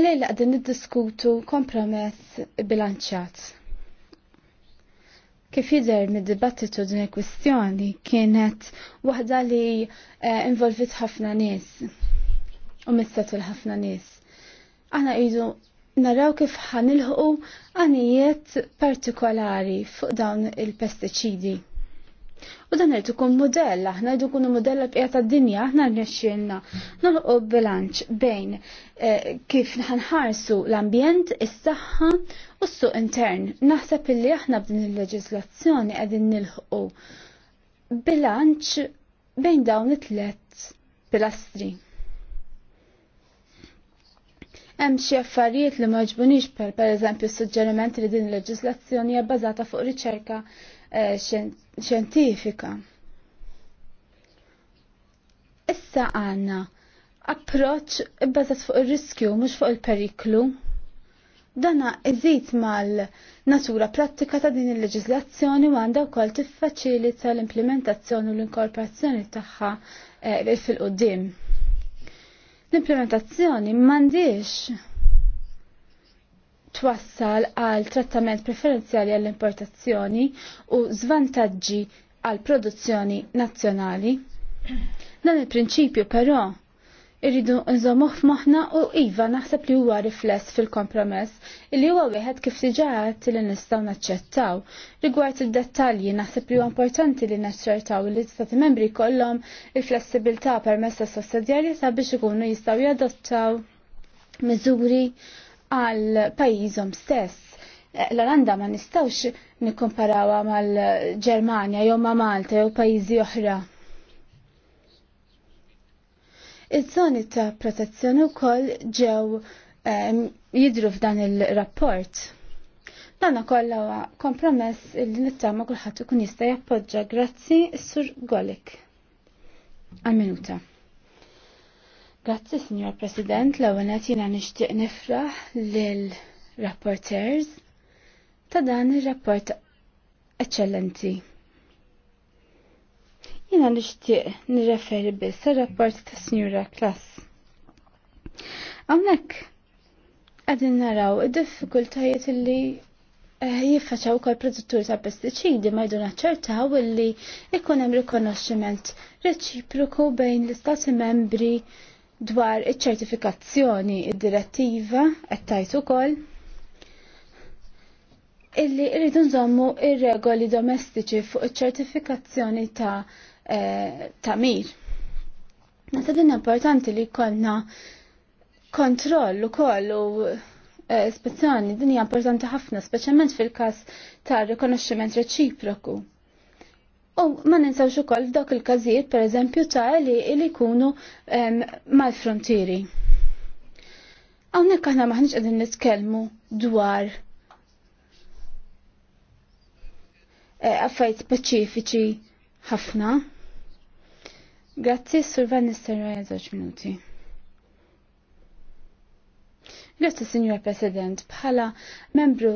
Lejla għadin niddiskutu kompromess bilanċat. Kif jidher mid-dibattitu din il-kwistjoni kienet waħda li eh, involvit ħafna nies u misset ħafna nies. Aħna jidu naraw kif ħanilħu għanijiet partikolari fuq dawn il-pestiċidi. U dan irid ikun modell, aħna jdu ikunu modell b'qija qiegħed tad-dinja, aħna rnexxielna nolqu bilanċ bejn eh, kif nħanħarsu l-ambjent, is-saħħa u s-suq intern. Naħseb illi aħna b'din il-leġiżlazzjoni qegħdin nilħqu bilanċ bejn dawn it-tlet pilastri hemm xi affarijiet li ma ġbunix per pereżempju suġġerimenti li din il-leġislazzjoni hija bbażata fuq riċerka Eh, xjentifika. Issa għanna approċ bbażat fuq ir-riskju mhux fuq il-periklu. Dana iżid mal-natura prattika ta' din il-leġiżlazzjoni u għandha wkoll tiffaċilita l-implementazzjoni u l-inkorporazzjoni tagħha eh, fil-qudiem. L-implementazzjoni m'għandix twassal għal trattament preferenzjali għall-importazzjoni u zvantaġġi għal produzzjoni nazzjonali. Dan il-prinċipju però irridu nżomuh f'moħħna u iva naħseb li huwa rifless fil-kompromess li huwa wieħed kif tiġaħat li nistgħu naċċettaw. Rigward id-dettalji naħseb li huwa importanti li naċċertaw li l-istati membri kollhom il-flessibilità permessa tas sabiex biex ikunu jistgħu jadottaw miżuri għal pajjiżhom stess. Eh, L-Olanda ma nistawx nikkomparawha mal ġermania jew ma' Malta jew pajjiżi oħra. Iż-żoni ta' protezzjoni wkoll ġew jidru f'dan il-rapport. Dan ukoll huwa kompromess li nittama kulħadd ikun jista' jappoġġa grazzi sur Golik. Għal minuta. Grazzi, Signor President, la għanet jina nishtiq nifra l-rapporters ta' dan il-rapport eccellenti. Jina nishtiq nirreferi biss il-rapport ta' Signora Klas. Għamnek, għadin naraw id-diffikultajiet li eh, jiffaċaw kol produttur ta' pesticidi ma jdun ċertaw illi ikun hemm rikonoxximent reċipruku bejn l-istati membri dwar iċ-ċertifikazzjoni id-direttiva qed tajt ukoll illi rridu nżommu ir-regoli domestiċi fuq iċ-ċertifikazzjoni ta' eh, ta' mir. Nasa din importanti li kollna kontroll ukoll u ispezzjoni eh, din hija importanti ħafna, speċjalment fil-każ ta' rikonoxximent reċiproku. U ma ninsawx ukoll f'dawk il-każijiet pereżempju ta' li li jkunu mal-frontieri. Hawnhekk aħna maħniex qegħdin nitkellmu dwar e, affajt speċifiċi ħafna. Grazzi, Sur Van Nistelrooy, żewġ minuti. Grazzi, Signor President, bħala membru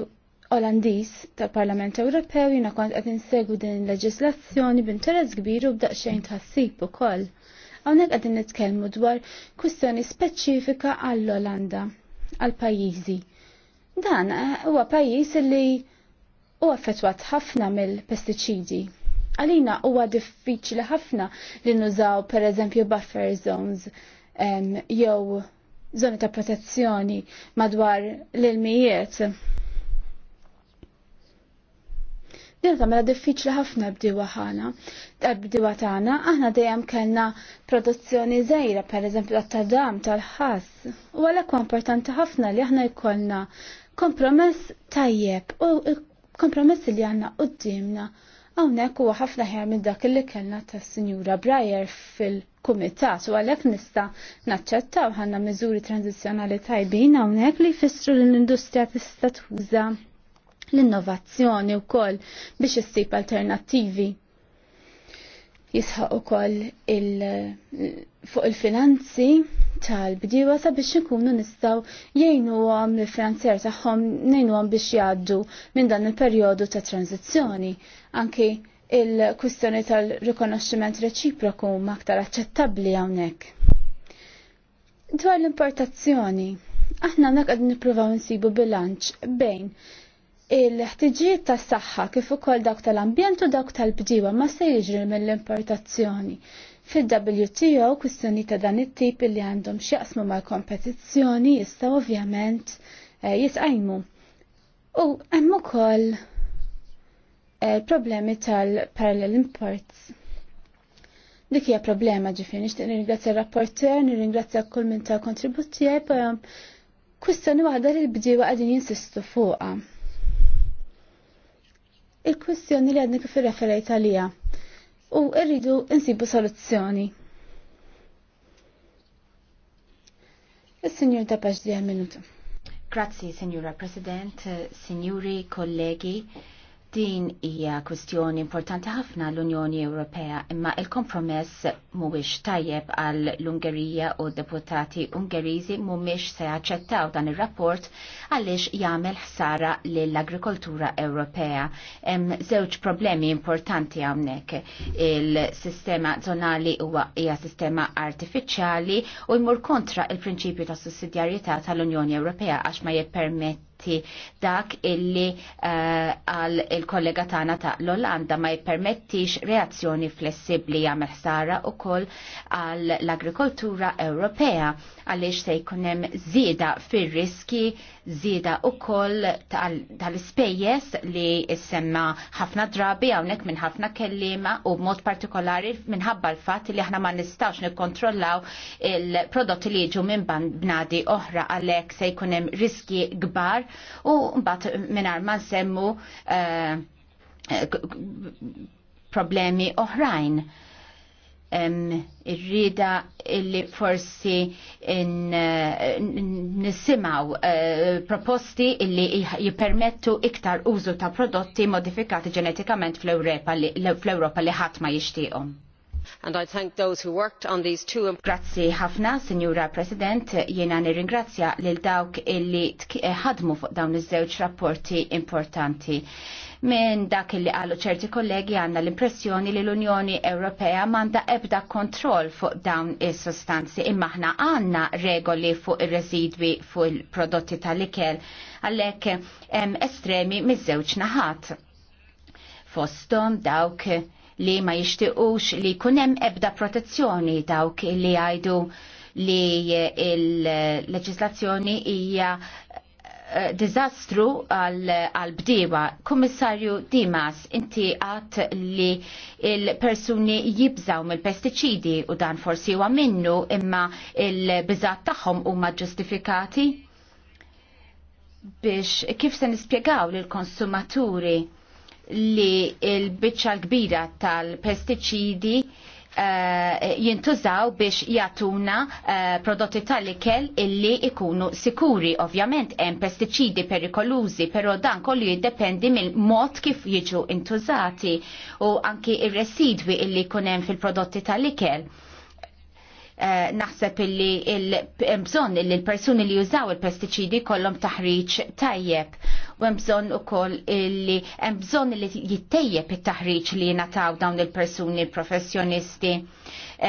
Olandiż tal-Parlament Ewropew jiena kont qed insegwu din il-leġislazzjoni b'interess kbir u b'daqsxejn tħassib ukoll. Hawnhekk qegħdin nitkellmu dwar kwistjoni speċifika għall-Olanda, għall-pajjiżi. Dan eh, huwa pajjiż li huwa affettwat ħafna mill-pestiċidi. Għalina huwa diffiċli ħafna li nużaw pereżempju buffer zones jew zoni ta' protezzjoni madwar l-ilmijiet Din tagħmilha diffiċli ħafna bdiewa ħana. Eh, Bdiwa tagħna aħna dejjem kellna produzzjoni żejra eżempju tat-tadam tal-ħass. U għalhekk importanti ħafna li aħna jkollna kompromess tajjeb u kompromess li għandna dimna Hawnhekk huwa ħafna ħjar minn dak li kellna tas-Sinjura Brajer fil-Kumitat u għalhekk nista' naċċettaw ħanna miżuri tranzizjonali tajbin hawnhekk li jfissru l-industrija tista' tuża l-innovazzjoni wkoll biex issib alternattivi. Jisħaq ukoll il fuq il-finanzi tal-bdiewa sabiex ikunu nistgħu jgħinuhom l taħħom tagħhom ngħinuhom biex jgħaddu minn dan il-perjodu ta' tranzizjoni. Anki il-kwistjoni tal-rikonoxximent reċiproku huma aktar aċċettabbli hawnhekk. Dwar l-importazzjoni, aħna naqgħod nippruvaw nsibu bilanċ bejn il-ħtiġijiet tas saħħa kif ukoll dawk tal-ambjent u dawk tal-bdiewa ma se jiġri mill-importazzjoni. Fil-WTO kwistjoni ta' dan it-tip li għandhom x'jaqsmu mal-kompetizzjoni jista' ovvjament eh, jitqajmu. U hemm ukoll eh, problemi tal-parallel imports. Dik hija problema ġifieri nixtieq nirringrazzja r-rapporter, nirringrazzja kull min ta' kontributi kwistjoni waħda li l-bdiewa qegħdin jinsistu fuqha il-kwestjoni li għadni kifir irreferejt għalija u rridu insibu soluzzjoni. il senjur ta' paċdija minuta. Grazzi, Signora President, Signori, kollegi. Din hija kwestjoni importanti ħafna l-Unjoni Ewropea imma il-kompromess mhuwiex tajjeb għal l-Ungerija u deputati Ungeriżi mhumiex se jaċċettaw dan ir-rapport għaliex jagħmel ħsara lill agrikoltura Ewropea. Hemm żewġ problemi importanti hawnhekk. Il-sistema zonali huwa hija sistema artifiċjali u jmur kontra il-prinċipju ta' sussidjarjetà tal-Unjoni Ewropea għax ma jippermetti jippermetti dak illi eh, għal uh, il-kollega tagħna ta' l-Olanda ma jippermettix reazzjoni flessibli jagħmel ħsara wkoll għall l-agrikoltura Ewropea għaliex se jkun hemm żieda fir-riski zieda u koll tal-spejjes li semma ħafna drabi għawnek minn ħafna kellima u mod partikolari minħabba l-fat li ħna ma nistax nikkontrollaw il-prodotti li ġu minn bnadi oħra għalek se jkunem riski gbar u mbagħad minn ma nsemmu eh, problemi oħrajn. Uh, irrida illi forsi nisimaw eh, proposti illi jipermettu iktar użu ta' prodotti modifikati ġenetikament fl-Europa li ħatma jishtiqom and I thank those who worked on these two Grazzi ħafna, Signora President, jiena nirringrazzja lil dawk illi ħadmu fuq dawn iż-żewġ rapporti importanti. Minn dak li qalu ċerti kollegi għandna l-impressjoni li l-Unjoni Ewropea m'għandha ebda kontroll fuq dawn is sustanzi imma aħna għandna regoli fuq ir-residwi fuq il-prodotti tal-ikel għalhekk hemm estremi miż-żewġ naħat. Fostom dawk li ma jishtiqux li kunem ebda protezzjoni dawk li għajdu li il-leġislazzjoni hija Eh, dizastru għal-bdiewa. Kommissarju Dimas, inti għat li il-persuni jibżaw mill-pesticidi u dan forsi huwa minnu imma il-biżat tagħhom huma ġustifikati? Biex kif se nispjegaw lill-konsumaturi li l-biċċa l-kbira tal-pesticidi Eh, jintużaw biex jatuna eh, prodotti tal-ikel illi ikunu sikuri. Ovvjament hemm pestiċidi perikolużi, però dan kollu jiddependi mill-mod kif jiġu intużati u anki ir-residwi illi kunem fil-prodotti tal-ikel. Eh, naħseb illi il bżonn illi l-persuni li jużaw il-pestiċidi kollom taħriġ tajjeb u hemm bżonn ukoll illi hemm bżonn li jittejjeb it-taħriġ li jingħataw dawn il-persuni professjonisti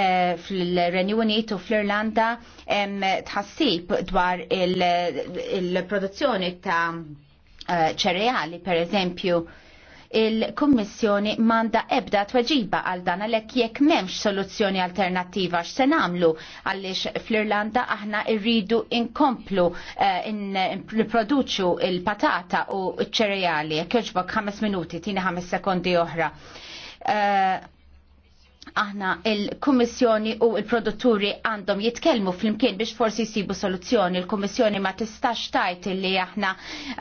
eh, fil-Renju u fl-Irlanda hemm tħassib dwar il-produzzjoni ta' eh, ċereali per eżempju il-Kummissjoni manda ebda tweġiba għal dan għalhekk jekk m'hemmx soluzzjoni alternattiva x'se nagħmlu għaliex fl-Irlanda aħna rridu inkomplu eh, nipproduċu il-patata u ċ-ċereali. Jekk joġbok ħames minuti, tina ħames sekondi oħra. Eh, aħna il-Kummissjoni u il-produtturi għandhom jitkellmu fl-imkien biex forsi jisibu soluzzjoni. Il-Kummissjoni ma tistax tajt li aħna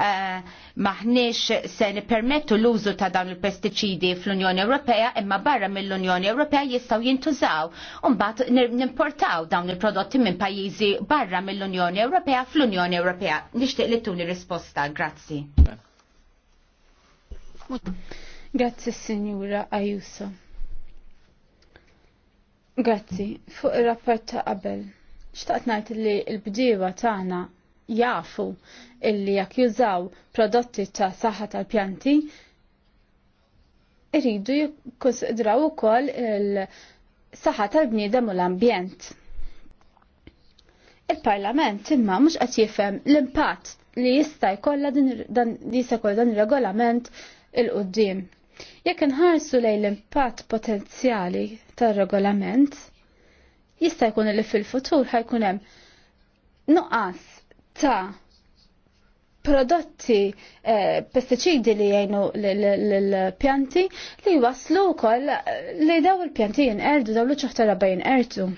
eh, maħniex se nipermettu l-użu ta' dawn il-pestiċidi fl-Unjoni Ewropea imma barra mill-Unjoni Ewropea jistaw jintużaw. Umbat nimportaw dawn il-prodotti minn pajjiżi barra mill-Unjoni Ewropea fl-Unjoni Ewropea. Nixtieq li tuni risposta. Grazzi. Grazie signora Ayuso. Grazzi, fuq ir-rapport ta' qabel. Xtaqt ngħid li l-bdiewa tagħna jafu illi jekk jużaw prodotti ta' saħħa tal-pjanti iridu jikkonsidraw ukoll il-saħħa tal-bniedem u l-ambjent il-Parlament imma mhux qed jifhem l-impatt li jista' jkollha dan jista' jkollha dan ir-regolament il qudiem Jekk nħarsu lejn l-impatt potenzjali tar-regolament, jista' jkun li fil-futur ħajkun hemm nuqqas ta' prodotti eh, pesticidi li jgħinu l-pjanti li waslu kol li daw il-pjanti jinqerdu, daw l-ċoħtara bejn erdu.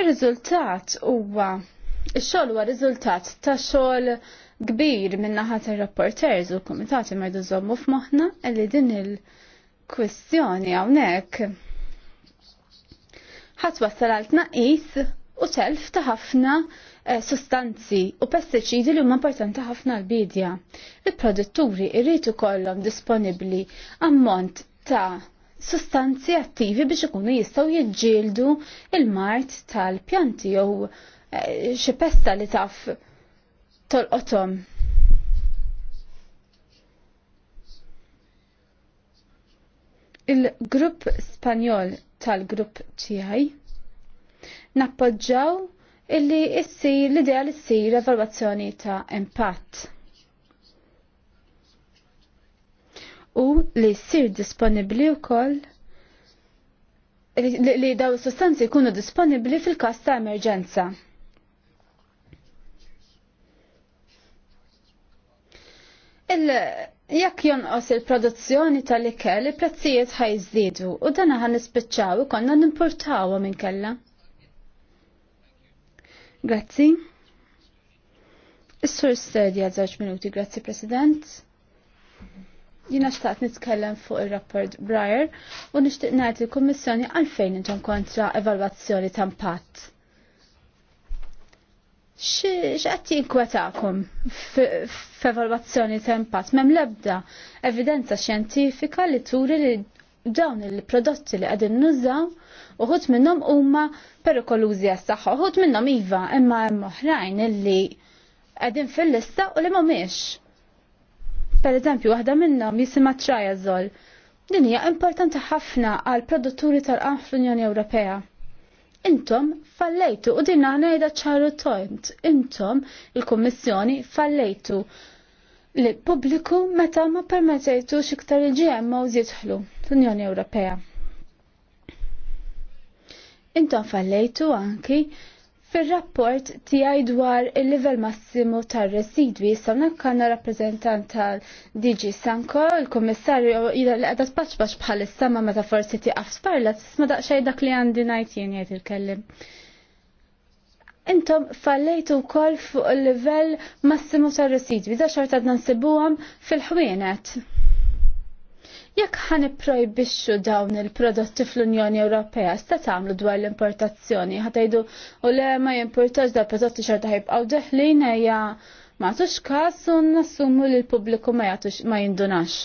Ir-riżultat huwa Ix-xogħol huwa riżultat ta' xogħol kbir minn naħa tar-rapporters u l-kumitati ma jdu żommu f'moħħna li din il-kwistjoni hawnhekk ħadd wassal għal tnaqqis u telf ta' ħafna eh, sustanzi u pestiċidi li huma importanti ħafna l-bidja. Il-produtturi irrid ikollhom disponibbli ammont ta' sustanzi attivi biex ikunu jistgħu jiġġieldu il-mart tal-pjanti jew eh, xi pesta li taf tolqothom. Il-grupp Spanjol tal-grupp tiegħi nappoġġaw illi issir l-idea li ssir evalwazzjoni ta' impatt. u li disponibli disponibbli wkoll li, li daw sostanzi jkunu disponibbli fil-każ ta' emerġenza. Il jekk jonqos il-produzzjoni tal-ikel, il-prezzijiet ħajżdiedu u dan ħan nispiċċaw konna nimpurtawa minn kella. Grazzi. Is-sur Stedja żewġ minuti, grazzi President. Jina xtaqt nitkellem fuq il-rapport Breyer u nixtieq ngħid il-Kummissjoni għalfejn intom kontra evalwazzjoni ta' impatt. X'qed jinkwetakom f'evalwazzjoni ta' impatt m'hemm l-ebda evidenza xjentifika li turi li dawn il-prodotti li għadin nużaw uħut minnhom umma perikolużi għas-saħħa, uħut minnhom iva, imma hemm oħrajn illi għadin fil-lista u li mhumiex. Per eżempju, waħda minnhom jisimha triazol. Din hija importanti ħafna għal produtturi tal-qan fl-Unjoni Ewropea. Intom fallejtu u din ngħidha ċaru tojnt. Intom il-Kummissjoni fallejtu li pubbliku meta ma permettejtu iktar il ma jidħlu fl-Unjoni Ewropea. Intom fallejtu anki Fil-rapport tiegħi dwar il-livell massimu tar-residwi sa kanna rappreżentant tal-DG Sanko, il-Kummissarju ila li qiegħda tpaċbax bħalissa ma meta forsi tieqaf sparla tisma' daqsxejn dak li għandi ngħid jien jgħid il-kellim. Intom fallejtu wkoll fuq il-livell massimu tar-residwi, da xorta nsibuhom fil-ħwienet. Jekk ħan ipprojbixxu dawn il-prodotti fl-Unjoni Ewropea, sta tagħmlu dwar l-importazzjoni, ħatejdu u le ma jimportax dal prodotti xorta ħibqgħu deħlin hija m'għadux każ u nassumu li l-pubbliku ma jagħtux ma jindunax.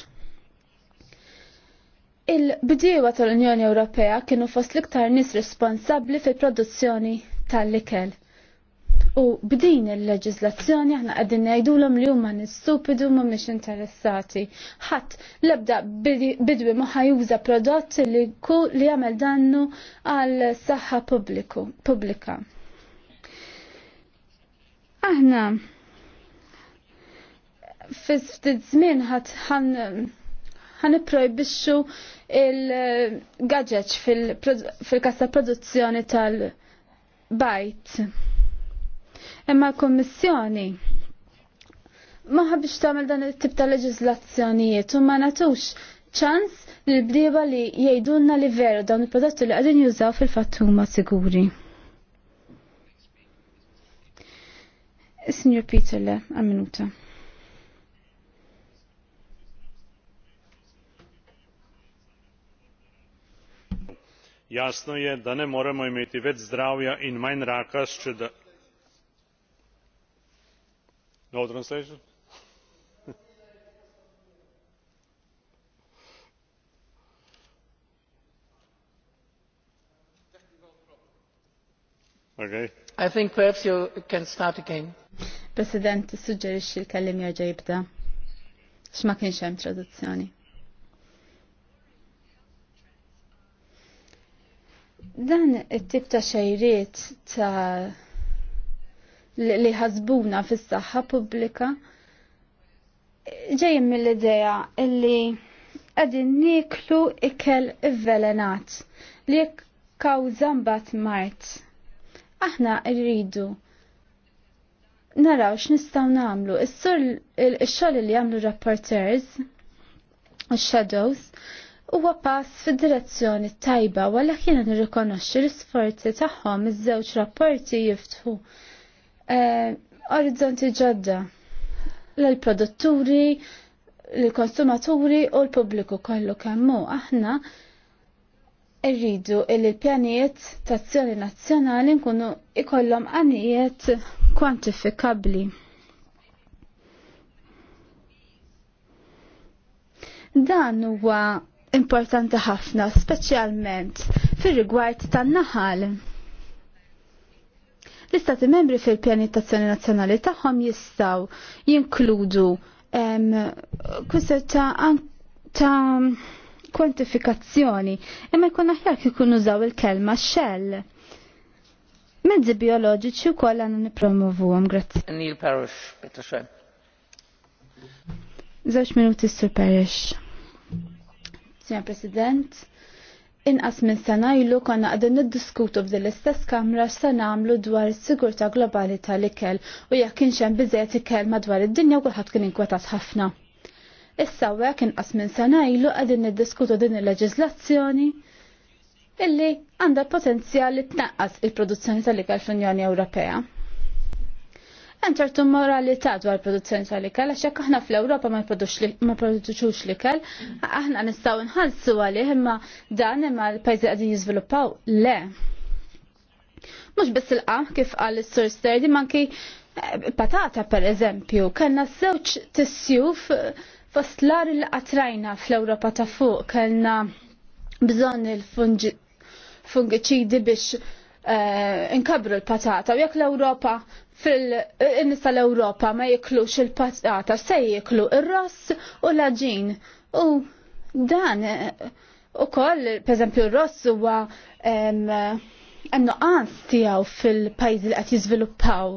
Il-bdiewa tal-Unjoni Ewropea kienu fost l-iktar nies responsabbli fil-produzzjoni tal-ikel. U b'din il-leġizlazzjoni aħna qegħdin ngħidulhom li huma nistupidu ma mhix interessati. Ħadd l-ebda bidwi ma juża prodott li ku li jagħmel dannu għal saħħa pubbliku pubblika. Aħna ftit żmien ħadd ħaniprojbixxu il-gadgets fil-kassa produzzjoni tal-bajt. Imma l-Kommissjoni ma biex tagħmel dan it-tip ta' leġiżlazzjonijiet u ma nagħtux ċans li bdieba li jgħidulna li veru dawn il-prodotti li qegħdin jużaw fil-fatt huma siguri. Signor Peterle, għal minuta. Jasno je, da ne moremo imeti več zdravja in manj raka, če da No translation? *laughs* okay. I think perhaps you can start again. President, suġġerixxi l-kellim jerġa' jibda. X'ma kienx hemm traduzzjoni. Dan it-tip ta' xejriet ta' li ħasbuna fis-saħħa pubblika ġejjin mill-idea illi qegħdin niklu ikel ivvelenat li kkawża mbagħad mart. Aħna rridu naraw x'nistgħu nagħmlu. Is-sur ix-xogħol li jagħmlu rapporters shadows huwa pass fid-direzzjoni tajba walla kien nirrikonoxxi l-isforzi tagħhom iż-żewġ rapporti jiftħu Eh, orizzonti ġodda l-produtturi, l-konsumaturi u l-pubbliku kollu kemmu. Aħna irridu il l-pjanijiet tazzjoni nazzjonali nkunu ikollhom għanijiet kwantifikabbli. Dan huwa importanti ħafna, speċjalment fir-rigward tan-naħal. L-istati membri fil-pjanitazzjoni nazjonali tagħhom jistgħu jinkludu kwista ta', ta kwantifikazzjoni imma jkun aħjar kikun użaw il-kelma xell. Mezzi bioloġiċi wkoll nipromovu nippromovuhom, grazzi. Neil Parish, Petra Żewġ minuti Sur Parish. Signor President, Inqas minn sena ilu konna għadin niddiskutu f'din l-istess kamra se nagħmlu dwar is-sigurtà globali tal-ikel u jekk kienx hemm biżejjed ikel madwar id-dinja u kulħadd kien inkwetat ħafna. Issa jekk inqas minn sena ilu qegħdin niddiskutu din il-leġiżlazzjoni illi għandha potenzjali tnaqqas il-produzzjoni tal-ikel fl-Unjoni Ewropea. Hemm ċertu moralità dwar produzzjoni tal-ikel għax jekk aħna fl-Ewropa ma jproduċux l-ikel, aħna nistgħu nħallsu għalih imma dan imma l-pajjiżi qegħdin jiżviluppaw le. Mhux biss il-qam kif qal is-Sur Sterdi manki eh, patata per eżempju, kellna żewġ tissjuf eh, fost l-ar li qatrajna fl-Ewropa ta' fuq kellna bżonn il-fungiċidi biex eh, inkabru l-patata u jekk l-Ewropa fil-nisa l-Ewropa ma jiklux il patata se jiklu il-ross u l-ġin. U dan eh, u koll, per esempio, il-ross għannu għans tijaw fil-pajzi li għat jizviluppaw.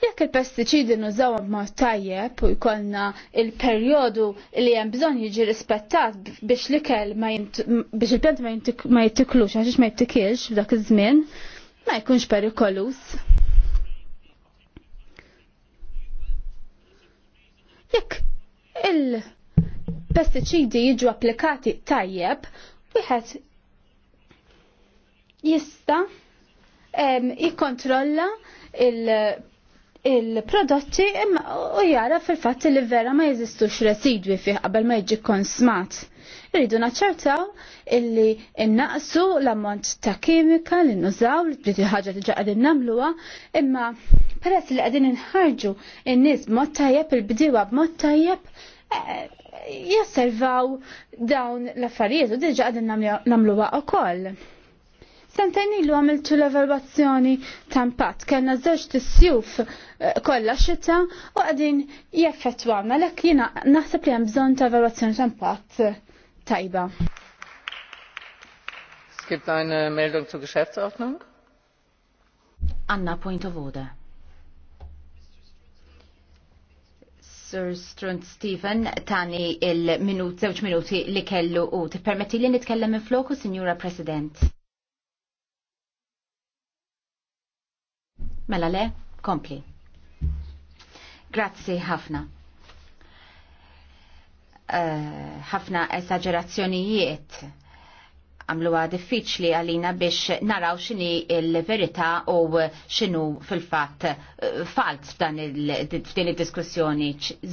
Jekk il-pestiċidi nużaw b'mod tajjeb u jkollna il-perjodu li hemm bżonn jiġi rispettat biex l-ikel biex il-pjant ma jittiklux għax ma jittikilx f'dak iż-żmien, ma jkunx perikolus. Jekk il-pestiċidi jiġu applikati tajjeb, wieħed jista jikkontrolla il- il-prodotti u jara fil-fatt li vera ma jeżistux residwi fih qabel ma jiġi konsmat. Rridu naċċertaw illi innaqsu l-ammont ta' kimika li nużaw li ħaġa li ġaqad nagħmluha imma Peress li qegħdin inħarġu n nies mod tajjeb il-bdiewa b'mod tajjeb eh, jasservaw dawn l-affarijiet u diġa qegħdin nagħmluha wkoll. Sentajn ilu għamiltu l-evalwazzjoni ta' impatt, kellna żewġ sjuf eh, kollha xita u qegħdin jaffettwana lek jiena naħseb li hemm bżonn ta' evalwazzjoni ta' impatt tajba. Es gibt eine Meldung zur Geschäftsordnung? Anna, point of order. Sir Strunt Stephen tani il-minut, zewċ minuti li kellu u t-permetti li nitkellem minn floku, Signora President. Mela le, kompli. Grazzi ħafna. Eh, ħafna uh, esagerazzjonijiet għamluwa diffiċli għalina biex naraw xini il-verita u xinu fil-fat eh, falz f'dan il-diskussjoni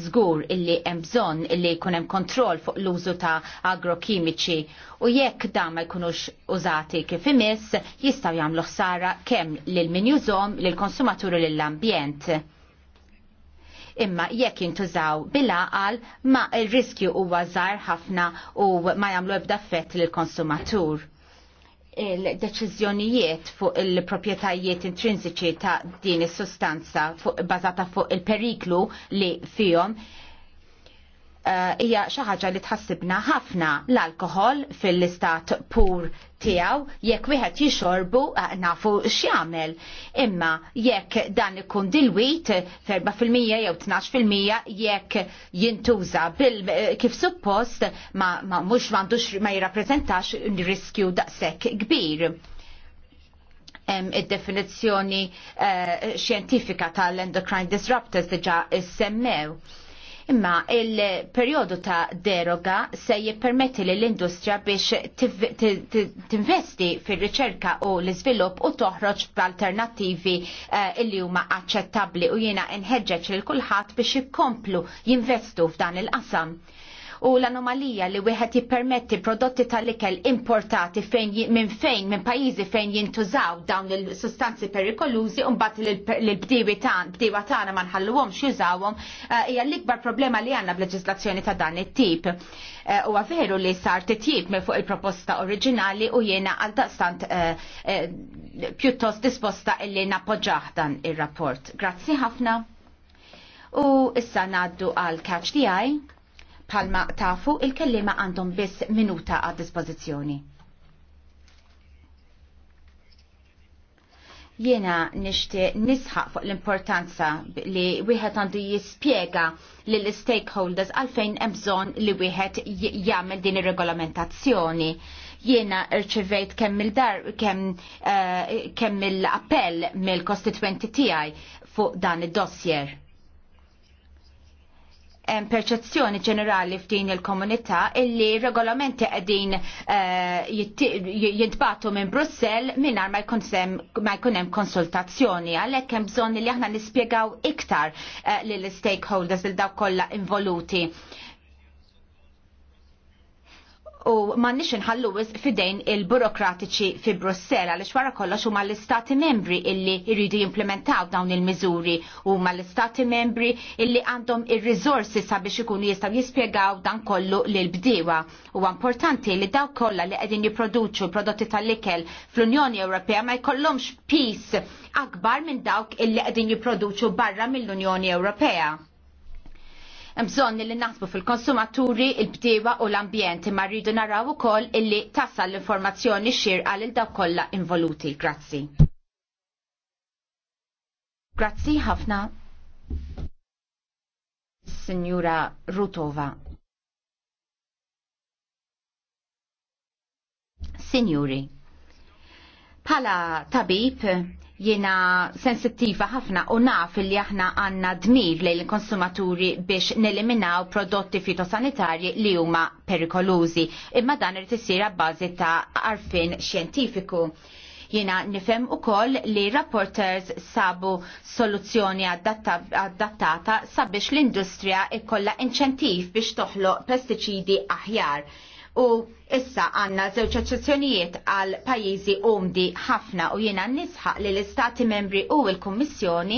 zgur illi jembżon illi kunem kontrol fuq l-użu ta' agrokimiċi u jekk dan ma jkunux użati kif imiss jistaw jagħmlu ħsara kemm lil min jużhom lil konsumaturi lill-ambjent imma jekk jintużaw bil-għal ma il-riskju huwa żgħar ħafna u ma jagħmlu ebda fett lill konsumatur il-deċiżjonijiet fuq il-propietajiet intrinsiċi ta' din is-sustanza bazata fuq il-periklu li fihom Eh, hija xi ħaġa li tħassibna ħafna l-alkohol fil-istat pur tiegħu jekk wieħed jixorbu eh, nafu x'jagħmel. Imma jekk dan ikun dilwit ferba fil-mija jew tnax fil-mija jekk jintuża bil eh, kif suppost ma, ma mhux m'għandux ma jirrappreżentax riskju daqshekk kbir id-definizzjoni uh, xjentifika tal-endocrine disruptors diġa issemmew. semmew Imma il-periodu ta' deroga se jippermetti li l-industrija biex tinvesti fil-riċerka u l iżvilupp u toħroġ b'alternattivi eh, illi huma aċċettabbli u jiena nħeġġeġ lil kulħadd biex jikkomplu jinvestu f'dan il-qasam u l-anomalija li wieħed jippermetti prodotti tal-ikel importati fejn minn fejn minn pajjiżi fejn jintużaw dawn il-sustanzi perikolużi u mbagħad l bdiwi tan bdiewa tagħna ma nħalluhomx jużawhom eh, hija l-ikbar problema li għandna b'leġislazzjoni ta' dan it-tip. Eh, u veru li sar titjib minn fuq il-proposta oriġinali u jiena għal daqstant eh, pjuttost disposta illi nappoġġaħ dan ir-rapport. Grazzi ħafna. U issa naddu għal catch the eye. Palma tafu il-kellima għandhom biss minuta għad dispożizzjoni. Jiena nishti nisħaq fuq l-importanza li wieħed għandu jispjega lill stakeholders għalfejn hemm bżonn li wieħed jagħmel din ir-regolamentazzjoni. Jiena rċivejt kemm il-dar kemm uh, kemm il-appell mill-kostitwenti tiegħi fuq dan id-dossier perċezzjoni ġenerali f'din il-komunità illi regolamenti qegħdin eh, jintbatu minn Brussell mingħajr ma jkun hemm konsultazzjoni għalhekk hemm bżonn li aħna nispjegaw iktar eh, lill stakeholders il dawk kollha involuti u nix nħallu fidejn il-burokratiċi fi Brussela għalix wara kollox u mal-istati membri illi jridu jimplementaw dawn il-mizuri u mal-istati membri illi għandhom il-rizorsi sabiex ikunu jistaw jispiegaw dan kollu l-bdiwa. U importanti li daw kolla li għedin jiproduċu prodotti tal likel fl-Unjoni Ewropea ma jkollomx pis akbar minn dawk illi għedin jiproduċu barra mill-Unjoni Ewropea Mżonni li naħsbu fil-konsumaturi, il-bdewa u l-ambjent imma rridu naraw ukoll illi tassal l-informazzjoni għal il daw kollha involuti. Grazzi. Grazzi ħafna. Signora Rutova. Signori, pala tabib, Jiena sensittiva ħafna u naf li aħna għanna dmir lejn l konsumaturi biex neliminaw prodotti fitosanitarji li huma perikolużi. Imma dan irid isir bażi ta' arfin xjentifiku. Jiena nifhem koll li rapporters sabu soluzzjoni adattata sabiex l-industrija ikolla inċentiv biex toħloq pestiċidi aħjar u issa għanna żewġ eċċezzjonijiet għal pajjiżi omdi ħafna u jiena nisħaq li l-Istati membri u l-Kummissjoni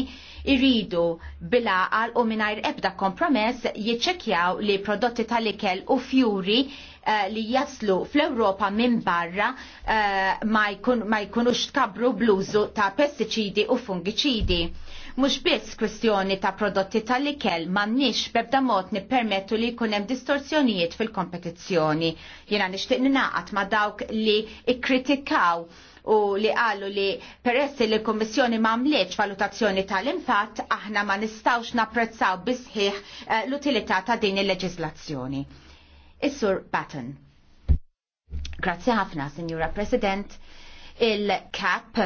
irridu għal u mingħajr ebda kompromess jiċċekjaw li prodotti tal-ikel u fjuri eh, li jaslu fl-Ewropa minn barra eh, ma jkunux tkabru bluzu ta' pestiċidi u fungiċidi Mhux biss kwestjoni ta' prodotti tal-ikel m'għandniex b'ebda mod nippermettu li jkun hemm distorsjonijiet fil-kompetizzjoni. Jiena nixtieq ninaqat ma' dawk li ikkritikaw u li qalu li peressi li l-Kommissjoni ma mleċ valutazzjoni tal-impatt, aħna ma nistawx napprezzaw bisħiħ eh, l-utilità ta' din il leġizlazzjoni Is-Sur Batten. Grazzi ħafna, Signora President il-CAP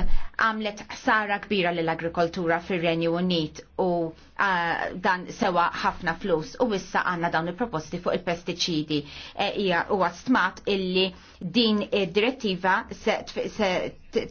għamlet ħsara kbira l-agrikoltura fir-Renju Unit u uh, dan sewa ħafna flus u issa għanna dawn il-proposti fuq il-pestiċidi e, u għastmat illi din id-direttiva se, se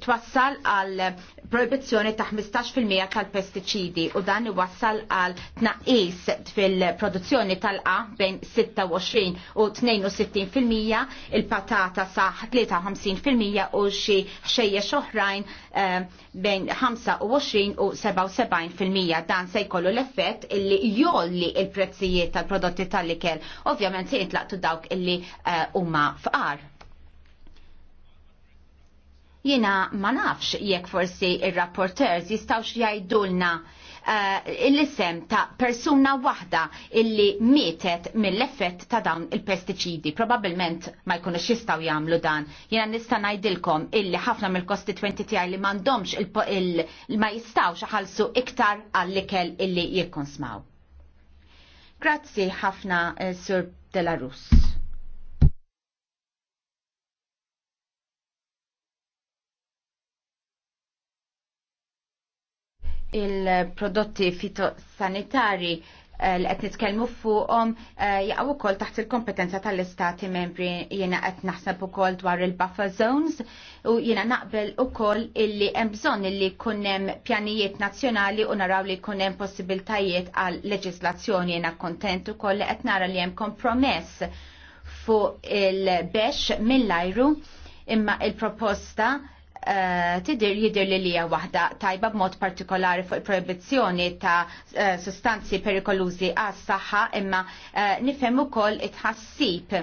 twassal għal proibizzjoni ta' 15% tal-pestiċidi u dan iwassal għal tnaqis fil-produzzjoni tal-qa bejn 26 u 62% il-patata sa' 53% u xi xejjex oħrajn eh, bejn 25 u 77% dan se jkollu l-effett illi jolli il-prezzijiet tal-prodotti tal-ikel. Ovvjament se jintlaqtu dawk illi eh, huma fqar. Jina ma nafx jekk forsi il rapporters jistawx jgħidulna uh, eh, l-isem ta' persuna waħda illi mietet mill-effett ta' dawn il-pestiċidi. Probabilment ma jkunux jistaw jagħmlu dan. Jiena nista' ngħidilkom illi ħafna mill-kostituenti tiegħi li m'għandhomx ma jistawx ħalsu iktar għall-ikel illi jikkonsmaw. Grazzi ħafna eh, Sur Delarus. il-prodotti fitosanitari eh, li qed nitkellmu fuqhom eh, jaqgħu wkoll taħt il-kompetenza tal-istati membri jiena qed naħseb ukoll dwar il-buffer zones u jiena naqbel ukoll illi hemm bżonn illi jkun hemm pjanijiet nazzjonali u naraw li jkun hemm possibiltajiet għal leġislazzjoni jiena kontent ukoll li qed nara li hemm kompromess fuq il-bex mill-ajru imma il-proposta Eh, tidir jidir li lija wahda tajba b'mod partikolari fuq il-proibizzjoni ta' eh, sustanzi perikolużi għas saħħa imma eh, nifhem ukoll it-ħassib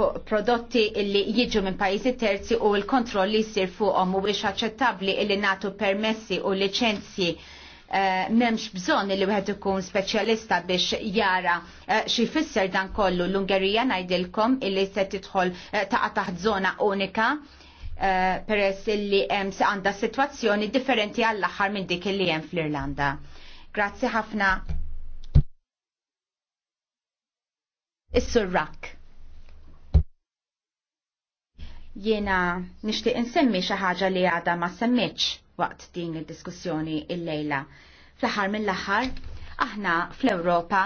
fuq prodotti li jiġu minn pajjiżi terzi u l-kontroll li jsir fuqhom mhuwiex aċċettabbli li nagħtu permessi u liċenzji memx bżonn li wieħed ikun speċjalista biex jara xi jfisser dan kollu l-Ungerija ngħidilkom illi se tidħol taqa' taħt żona unika Eh, peress illi hemm se għandha sitwazzjoni differenti għall-aħħar minn dik illi hemm fl-Irlanda. Grazzi ħafna. Is-surrak. Jiena nixtieq insemmi xi ħaġa li għadha ma semmitx waqt din id-diskussjoni il lejla Fl-aħħar mill-aħħar, aħna fl-Ewropa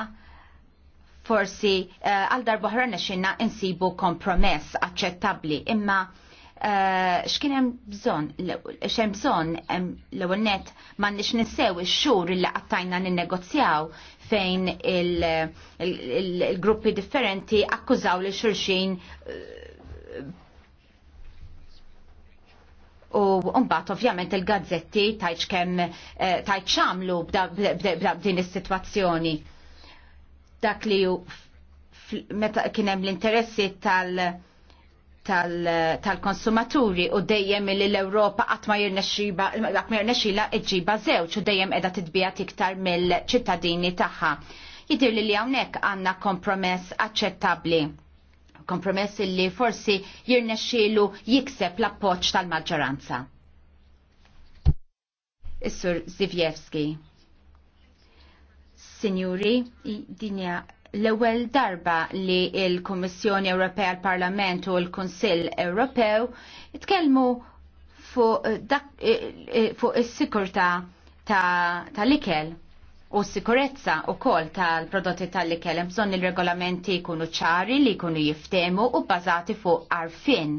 forsi eh, għal darba ħra nexinna insibu kompromess aċċettabli imma Eh, x'kien hemm bżonn, x'hemm bżonn l-ewwel net m'għandniex nissew ix-xhur li qattajna ninnegozjaw fejn il-gruppi differenti akkużaw li xulxin eh, U mbagħad ovvjament il-gazzetti tajt kemm eh, tajt xamlu b'din is-sitwazzjoni. Dak li meta kien hemm l-interessi tal- tal-konsumaturi u dejjem li l-Europa għatma jirnexila iġiba zewċ u dejjem edha titbija tiktar mill-ċittadini taħħa. Jidir li li għawnek għanna kompromess accettabli. Kompromess li forsi jirnexilu jikseb l-appoċ tal-maġġoranza. Issur Zivjevski. Signori, dinja l-ewwel darba li l-Kummissjoni Ewropea l-Parlament u l-Kunsill Ewropew itkellmu fuq eh, eh, is-sikurtà tal-ikel u s-sikurezza u kol tal-prodotti tal-ikel. Bżonn il-regolamenti jkunu ċari li jkunu jiftemu u bbażati fuq arfin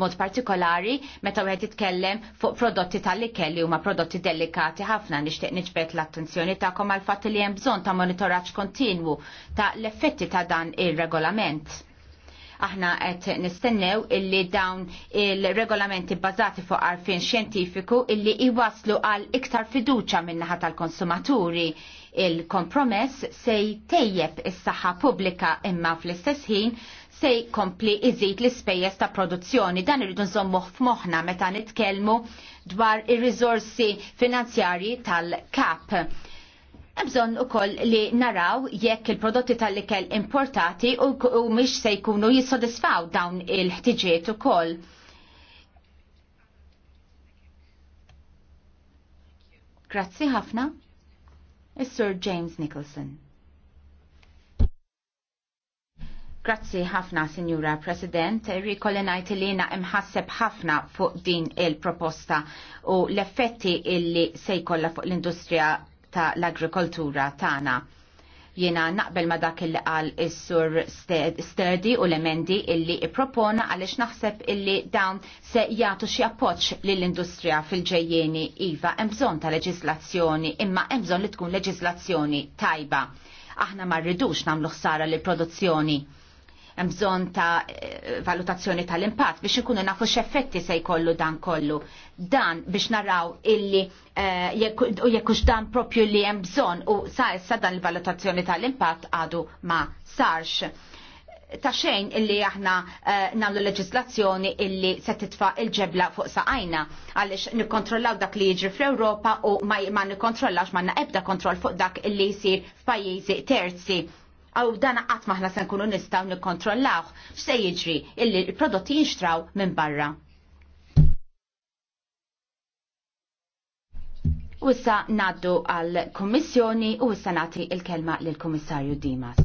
mod partikolari meta wieħed jitkellem fuq prodotti tal-ikel li huma prodotti delikati ħafna nixtieq niġbed l-attenzjoni tagħkom għal fatt li hemm bżonn ta' monitoraġġ kontinwu ta' l-effetti ta' dan ir-regolament aħna qed nistennew illi dawn il-regolamenti bbażati fuq arfin xjentifiku illi iwaslu għal iktar fiduċa min-naħa tal-konsumaturi. Il-kompromess se jtejjeb is-saħħa pubblika imma fl-istess ħin se jkompli iżid l-ispejjeż ta' produzzjoni. Dan irridu nżommu f'moħħna meta nitkellmu dwar ir-riżorsi finanzjarji tal-kap. Hemm u koll li naraw jekk il-prodotti tal-ikel importati u, u se jkunu jissodisfaw dawn il-ħtiġiet u koll. Grazzi ħafna. Is-Sir James Nicholson. Grazzi ħafna, Signora President. Rikolli najt li na imħasseb ħafna fuq din il-proposta u l-effetti illi se jkollha fuq l-industrija ta' l-agrikoltura tagħna. Jiena naqbel ma dak il qal is-sur Sterdi u l-emendi illi propona għaliex naħseb illi dawn se jagħtu xi appoġġ lill-industrija fil-ġejjeni iva hemm bżonn ta' leġislazzjoni imma hemm li tkun leġislazzjoni tajba. Aħna ma rridux nagħmlu ħsara lill produzzjoni hemm bżonn ta' eh, valutazzjoni tal-impatt biex ikunu nafu x'effetti se jkollu dan kollu. Dan biex naraw illi eh, u jekkux dan propju li hemm bżonn u sa issa dan il-valutazzjoni tal-impatt għadu ma sarx ta' xejn illi aħna eh, nagħmlu leġislazzjoni illi se titfa' il-ġebla fuq saqajna għaliex nikkontrollaw dak li jiġri fl-Ewropa u ma, ma nikkontrollax ma ebda kontroll fuq dak illi jsir f'pajjiżi terzi għaw dan qatt maħna se nkunu nistgħu nikkontrollaw x'se jiġri illi l-prodotti jinxtraw minn barra. U issa naddu għal kummissjoni u issa nagħti l kelma lill kummissarju Dimas.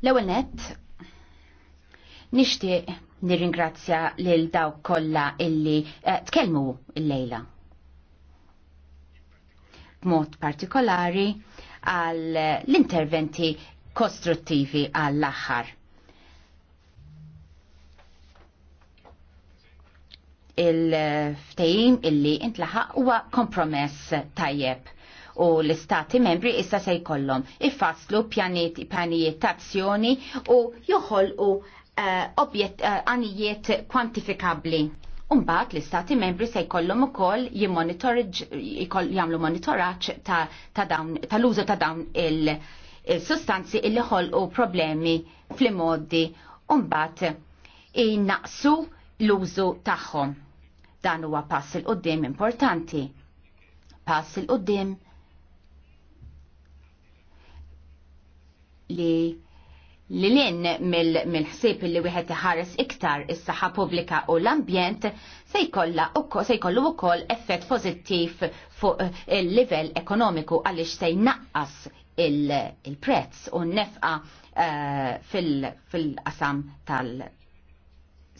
L-ewwel nett nixtieq Nirringrazzja lil dawk kollha illi eh, tkellmu l-lejla. B'mod partikolari għal l-interventi kostruttivi għall-aħħar. il-ftejim illi intlaħaq huwa kompromess tajjeb u l-istati membri issa se jkollhom ifasslu pjanijiet ta' azzjoni u joħolqu Eh, eh, għanijiet uh, kwantifikabli. Umbat l-istati membri se jkollhom ukoll jagħmlu monitoraġġ ta', dawn tal-użu ta' dawn il-sustanzi il illi ħolqu problemi fl immodi umbat innaqsu l-użu tagħhom. Dan huwa pass il qudiem importanti. Pass il qudiem li li l-in mill-ħsieb li wieħed iħares iktar is-saħħa pubblika u l-ambjent se jkollha se jkollu wkoll effett pożittiv fuq eh, il-livell ekonomiku għaliex se jnaqqas il-prezz u nnefqa eh, fil-qasam tal-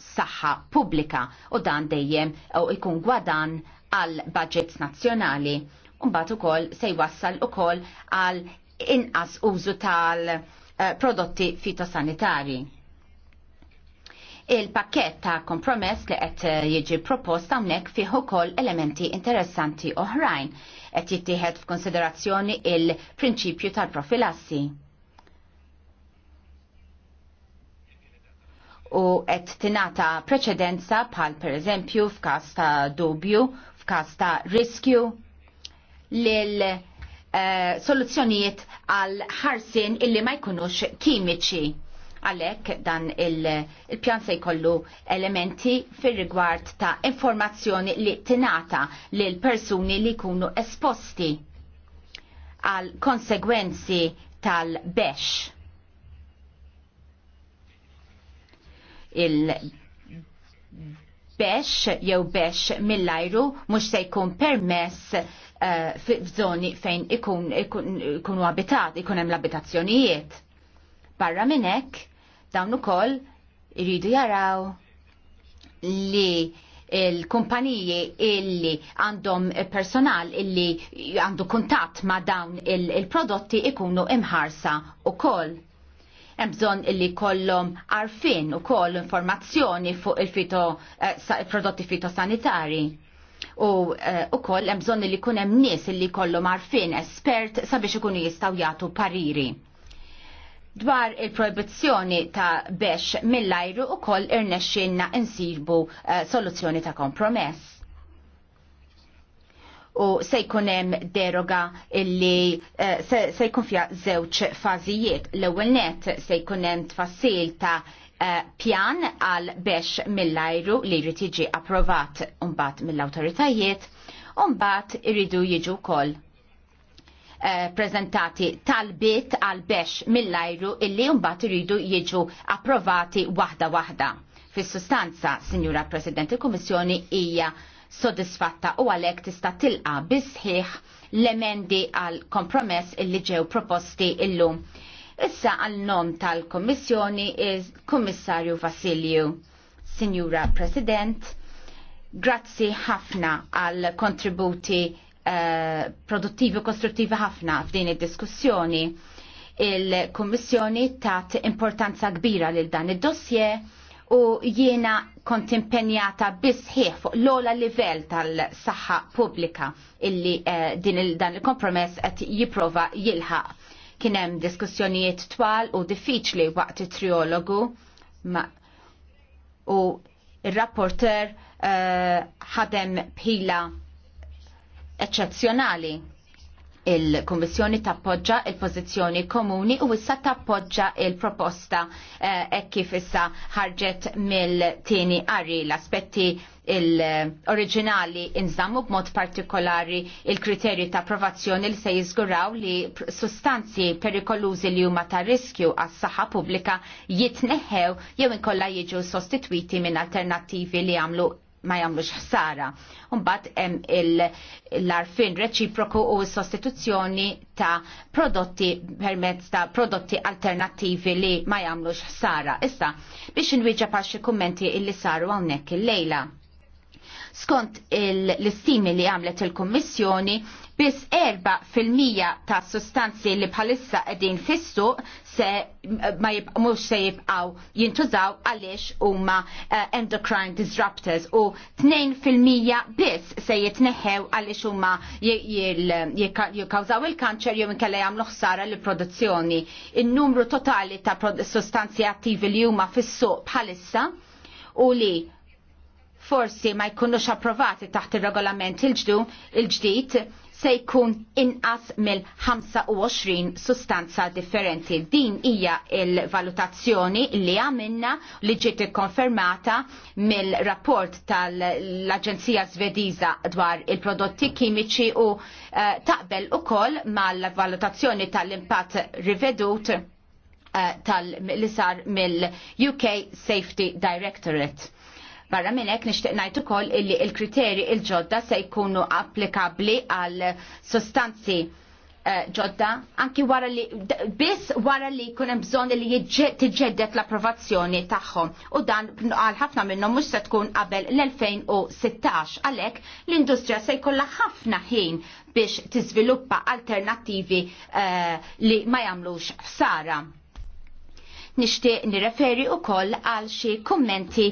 saħħa pubblika u dan dejjem u jkun gwadan għal budgets nazzjonali. Mbagħad ukoll se jwassal ukoll għal inqas użu tal- Eh, prodotti fitosanitari. Il-pakket ta' kompromess li qed eh, jiġi proposta hawnhekk fih ukoll elementi interessanti oħrajn qed jittieħed f'konsiderazzjoni il-prinċipju tal-profilassi. U qed tingħata preċedenza bħal pereżempju f'każ ta' dubju, f'każ ta' riskju lil Eh, soluzzjonijiet għal ħarsin illi ma jkunux kimiċi. Għalek dan il-pjan il se jkollu elementi fir rigward ta' informazzjoni li tinata lil persuni li jkunu esposti għal konsegwenzi tal-bex. Il-bex jew bex mill-ajru mux se jkun permess Eh, f'żoni fejn ikunu abitat, ikun hemm l-abitazzjonijiet. Barra minn hekk dawn ukoll iridu jaraw li il-kumpaniji illi għandhom personal illi għandu kuntatt ma dawn il-prodotti il ikunu imħarsa u koll. Emżon illi kollom arfin u koll informazzjoni fuq il-fito, eh, prodotti fitosanitari. sanitari u eh, ukoll hemm bżonn li jkun hemm nies li jkollhom marfin espert sabiex ikunu jistgħu jagħtu pariri. Dwar il-proibizzjoni ta' bex mill-ajru u koll irnexxinna insirbu eh, soluzzjoni ta' kompromess. U se jkunem deroga illi eh, se jkun fija żewġ fażijiet. L-ewwel net se jkunem tfassil ta' Eh, pjan għal biex mill-ajru li jrid jiġi approvat mbagħad mill-awtoritajiet u iridu jiġu wkoll eh, prezentati talbiet għal bex mill-ajru illi mbagħad iridu jiġu approvati waħda waħda. Fis-sustanza, Sinjura President, il-Kummissjoni hija sodisfatta u għalhekk tista' tilqa bisħiħ l-emendi għal kompromess illi ġew proposti illum Issa għal-nom tal-Kommissjoni is Kommissarju Vasilju. Signora President, grazzi ħafna għal kontributi uh, produttivi u kostruttivi ħafna f'din id-diskussjoni. Il-Kommissjoni tat importanza kbira lil dan id-dossier u jiena kont impenjata bisħieħ fuq l-ola livell tal-saħħa pubblika illi uh, din il dan il-kompromess qed jipprova jilħaq Kien hemm diskussjonijiet twal u diffiċli waqt it-triologu ma u il-rapporter eh, ħadem uh, bħila eccezzjonali il-Kommissjoni tappoġġa il-pożizzjoni komuni u issa tappoġġa il-proposta e kif issa ħarġet mill-tieni qari l-aspetti l-oriġinali inżammu b'mod partikolari il-kriterji ta' approvazzjoni li se jiżguraw li sustanzi perikolużi li huma ta' riskju għas saħħa pubblika jitneħħew jew inkolla jiġu sostitwiti minn alternattivi li għamlu ma jagħmlux ħsara. Mbagħad hemm l-arfin reċiproku u s-sostituzzjoni ta' prodotti permezz ta' prodotti alternattivi li ma jagħmlux ħsara. Issa biex inwieġa pa' xi kummenti illi saru hawnhekk il-lejla. Skont l-istimi li għamlet il-Kommissjoni, biss 4% ta' sustanzi li bħalissa qegħdin fis-suq se ma mhux se jibqgħu jintużaw għaliex huma eh, endocrine disruptors u 2% biss se jitneħew għaliex huma jikkawżaw il-kanċer jew inkella jagħmlu ħsara li produzzjoni. In-numru totali ta' sostanzi attivi li huma fis-suq bħalissa u li forsi ma jkunux approvati taħt il-regolament il-ġdid se jkun inqas mill-25 sustanza differenti. Din hija il-valutazzjoni li għamilna li ġiet ikkonfermata mill-rapport tal-Aġenzija Svediża dwar il-prodotti kimiċi u uh, taqbel ukoll mal-valutazzjoni tal-impatt rivedut eh, tal-li sar mill-UK Safety Directorate. Barra minn hekk nixtieq ngħid ukoll illi l-kriterji il ġodda se jkunu applikabbli għal sostanzi eh, ġodda anki wara li biss wara li jkun hemm bżonn li tiġġedded l-approvazzjoni tagħhom u dan għal ħafna minnhom mhux se tkun qabel l-2016 għalhekk l-industrija se jkollha ħafna ħin biex tiżviluppa alternattivi eh, li ma jagħmlux ħsara Nixtieq nirreferi wkoll għal xi kummenti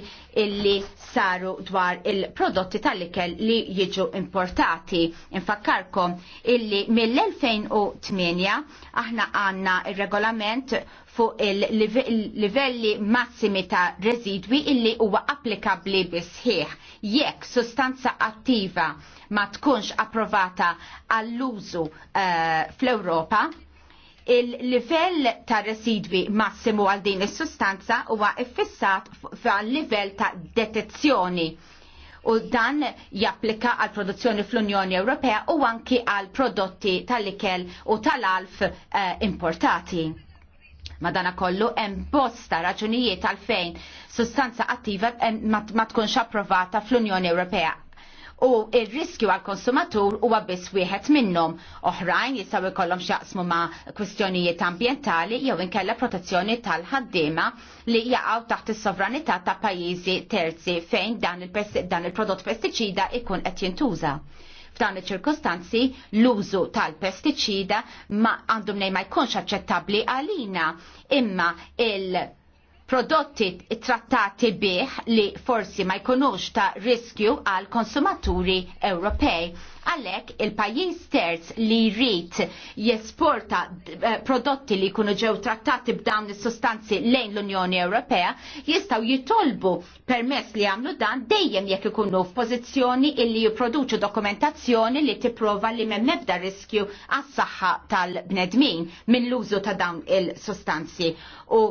illi saru dwar il-prodotti tal-ikel li jiġu importati. Infakkarkom illi mill-2008 aħna għandna il regolament fuq il-livelli massimi ta' residwi illi huwa applikabli bisħiħ. Jekk sustanza attiva ma tkunx approvata għall-użu uh, eh, fl-Europa, il-livell ta' residwi massimu għal din is-sustanza huwa iffissat għal livell ta' detezzjoni u dan japplika għal produzzjoni fl-Unjoni Ewropea u anki għal prodotti tal-ikel u tal-alf uh, importati. Madana kollu hemm bosta raġunijiet għalfejn sustanza attiva eh, ma tkunx approvata fl-Unjoni Ewropea u il-riskju għal konsumatur huwa biss wieħed minnhom. Oħrajn jistgħu jkollhom xaqsmu ma' kwistjonijiet ambjentali jew inkella protezzjoni tal-ħaddiema li jaqgħu taħt is-sovranità ta' pajjiżi terzi fejn dan il-prodott pestiċida ikun qed jintuża. F'dawn iċ-ċirkostanzi l-użu tal-pestiċida ma għandhom ma jkunx aċċettabbli għalina imma il- prodotti trattati bih li forsi ma jkunux ta' riskju għal konsumaturi Ewropej. Għalek il-pajis terz li jrid jesporta eh, prodotti li kunu ġew trattati b'dawn is-sustanzi lejn l-Unjoni Ewropea jistaw jitolbu permess li għamlu dan dejjem jekk ikunu f'pożizzjoni illi jipproduċu dokumentazzjoni li tipprova li memm ebda riskju għas-saħħa tal-bnedmin minn l użu ta' dawn il-sustanzi. U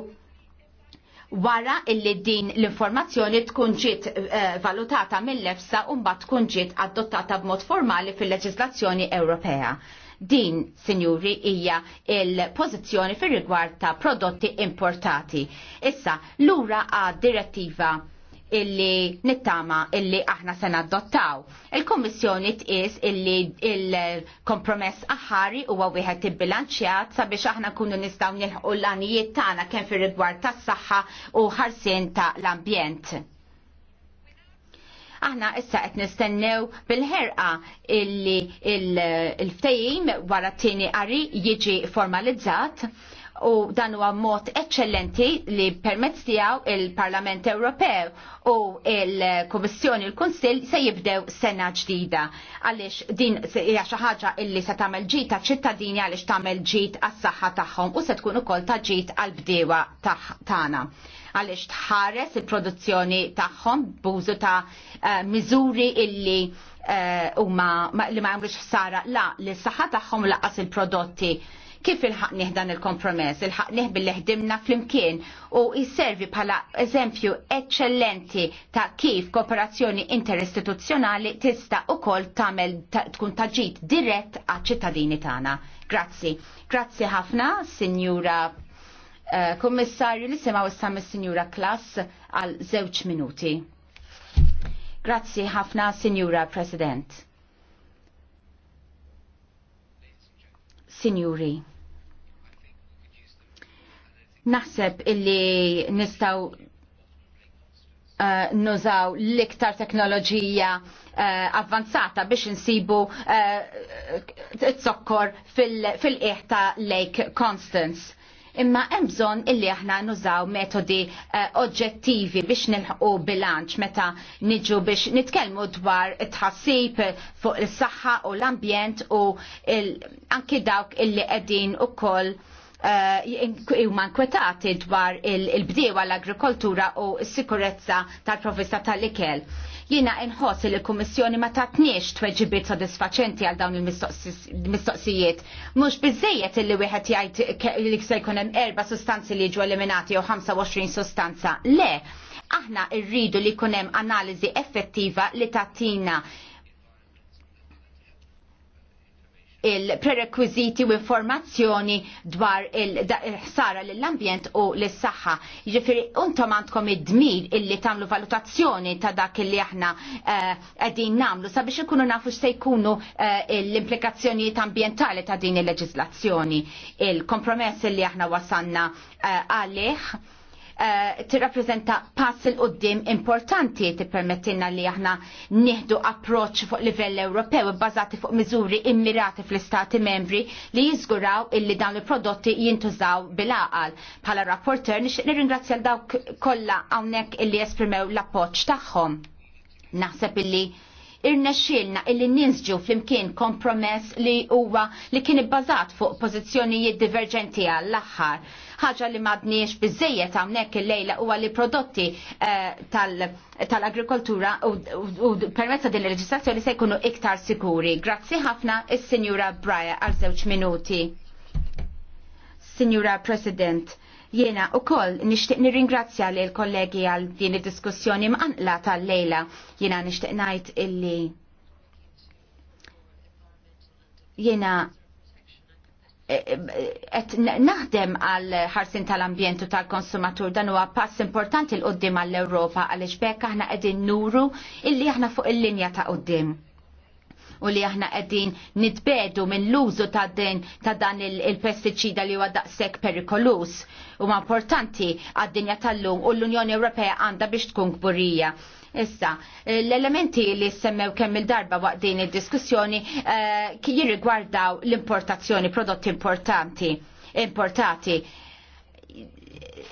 wara illi din l-informazzjoni tkun ġiet eh, valutata mill-EFSA u mbagħad tkun ġiet adottata b'mod formali fil-leġislazzjoni Ewropea. Din, sinjuri, hija il-pożizzjoni fir rigward ta' prodotti importati. Issa, lura għad direttiva illi nittama illi aħna se nadottaw. Il-Kommissjoni tqis illi il-kompromess aħari huwa wieħed ibbilanċjat sabiex aħna kunu nistgħu nilħqu l-għanijiet tagħna kemm fir-rigward tas-saħħa u ħarsien ta' l-ambjent. Aħna issa qed nistennew bil-ħerqa illi il-ftejim wara t-tieni qari jiġi formalizzat u dan huwa mod eċċellenti li permezz tiegħu il-Parlament Ewropew u il-Kummissjoni il kunsill se jibdew sena ġdida għaliex din hija xi ħaġa illi se tagħmel ġid ċittadini għaliex tagħmel ġid għas-saħħa tagħhom u se tkun ukoll ta' ġid għall-bdiewa tagħna għaliex tħares il-produzzjoni tagħhom b'użu ta' eh, miżuri illi eh, huma li ma jagħmlux ħsara la li s-saħħa tagħhom laqas il-prodotti Kif il-ħaq dan il-kompromess? Il-ħaq nieħ billi ħdimna fl-imkien u jisservi bħala eżempju eccellenti ta' kif kooperazzjoni interistituzzjonali tista' ukoll tagħmel tkun taġit dirett għaċ-ċittadini tagħna. Grazzi. Grazzi ħafna, Sinjura eh, Kommissarju li sema wissam il sinjura Klass għal żewġ minuti. Grazzi ħafna, Sinjura President. Signori, Naħseb illi nistaw uh, nużaw l-iktar teknoloġija uh, avanzata biex insibu uh, t-sokkor fil-iħta fil Lake Constance imma hemm bżonn illi aħna nużaw metodi eh, oġġettivi biex nilħqu bilanċ meta niġu biex nitkellmu dwar tħassib fuq is-saħħa u l-ambjent u anki dawk illi qegħdin ukoll eh, huma nkwetati dwar il-bdiewa l-agrikoltura u s-sikurezza tal-provista tal-ikel. Jiena inħoss li l-Kummissjoni ma tatniex tweġibiet sodisfaċenti għal dawn il-mistoqsijiet. Mhux bizzejiet li wieħed jgħid li se jkun hemm erba' sustanzi li jiġu eliminati jew 25 sustanza. Le, aħna rridu li jkun hemm analiżi effettiva li tatina il-prerekwiziti u informazzjoni dwar il-ħsara l-ambjent u l-saħħa. Ġifiri, untom għandkom id-dmir illi tamlu valutazzjoni ta' dak illi aħna eh, għedin namlu sabiex ikunu nafu se jkunu eh, l-implikazzjonijiet ambientali ta' din il leġizlazzjoni Il-kompromess illi aħna wasanna eh, għalih Eh, tirrappreżenta pass il qoddim importanti tippermettilna li aħna nieħdu approċċ fuq livell Ewropew bbażati fuq miżuri immirati fl-istati membri li jiżguraw illi dawn il-prodotti jintużaw bil-aqal. Bħala rapporter nixtieq nirringrazzja dawk kollha hawnhekk illi esprimew l-appoġġ tagħhom. Naħseb illi irnexxielna illi ninsġu flimkien kompromess li huwa li kien ibbażat fuq pożizzjonijiet diverġenti għall-aħħar ħaġa li m'għadniex biżejjed hawnhekk il-lejla huwa li prodotti eh, tal-agrikoltura u permetta din il reġistrazzjoni se jkunu iktar sikuri. Grazzi ħafna is-Sinjura Braja għal żewġ minuti. Sinjura President, Jena u koll nishtiq nirringrazzja li l-kollegi għal din id-diskussjoni mqanqla tal-lejla. Jena nishtiq najt illi jena et naħdem għal ħarsin tal-ambjentu tal-konsumatur dan huwa pass importanti l qoddim għall europa għaliex bekk aħna qegħdin nuru illi aħna fuq il-linja ta' qoddim u li aħna qegħdin nitbedu minn l-użu ta' din ta' dan il-pestiċida li huwa daqshekk perikolus huma importanti għad-dinja tal-lum u l-Unjoni Ewropea għandha biex tkun kburija. Issa, l-elementi li semmew kemm il-darba waqt din id-diskussjoni uh, jirrigwardaw l-importazzjoni, prodotti importanti, importati.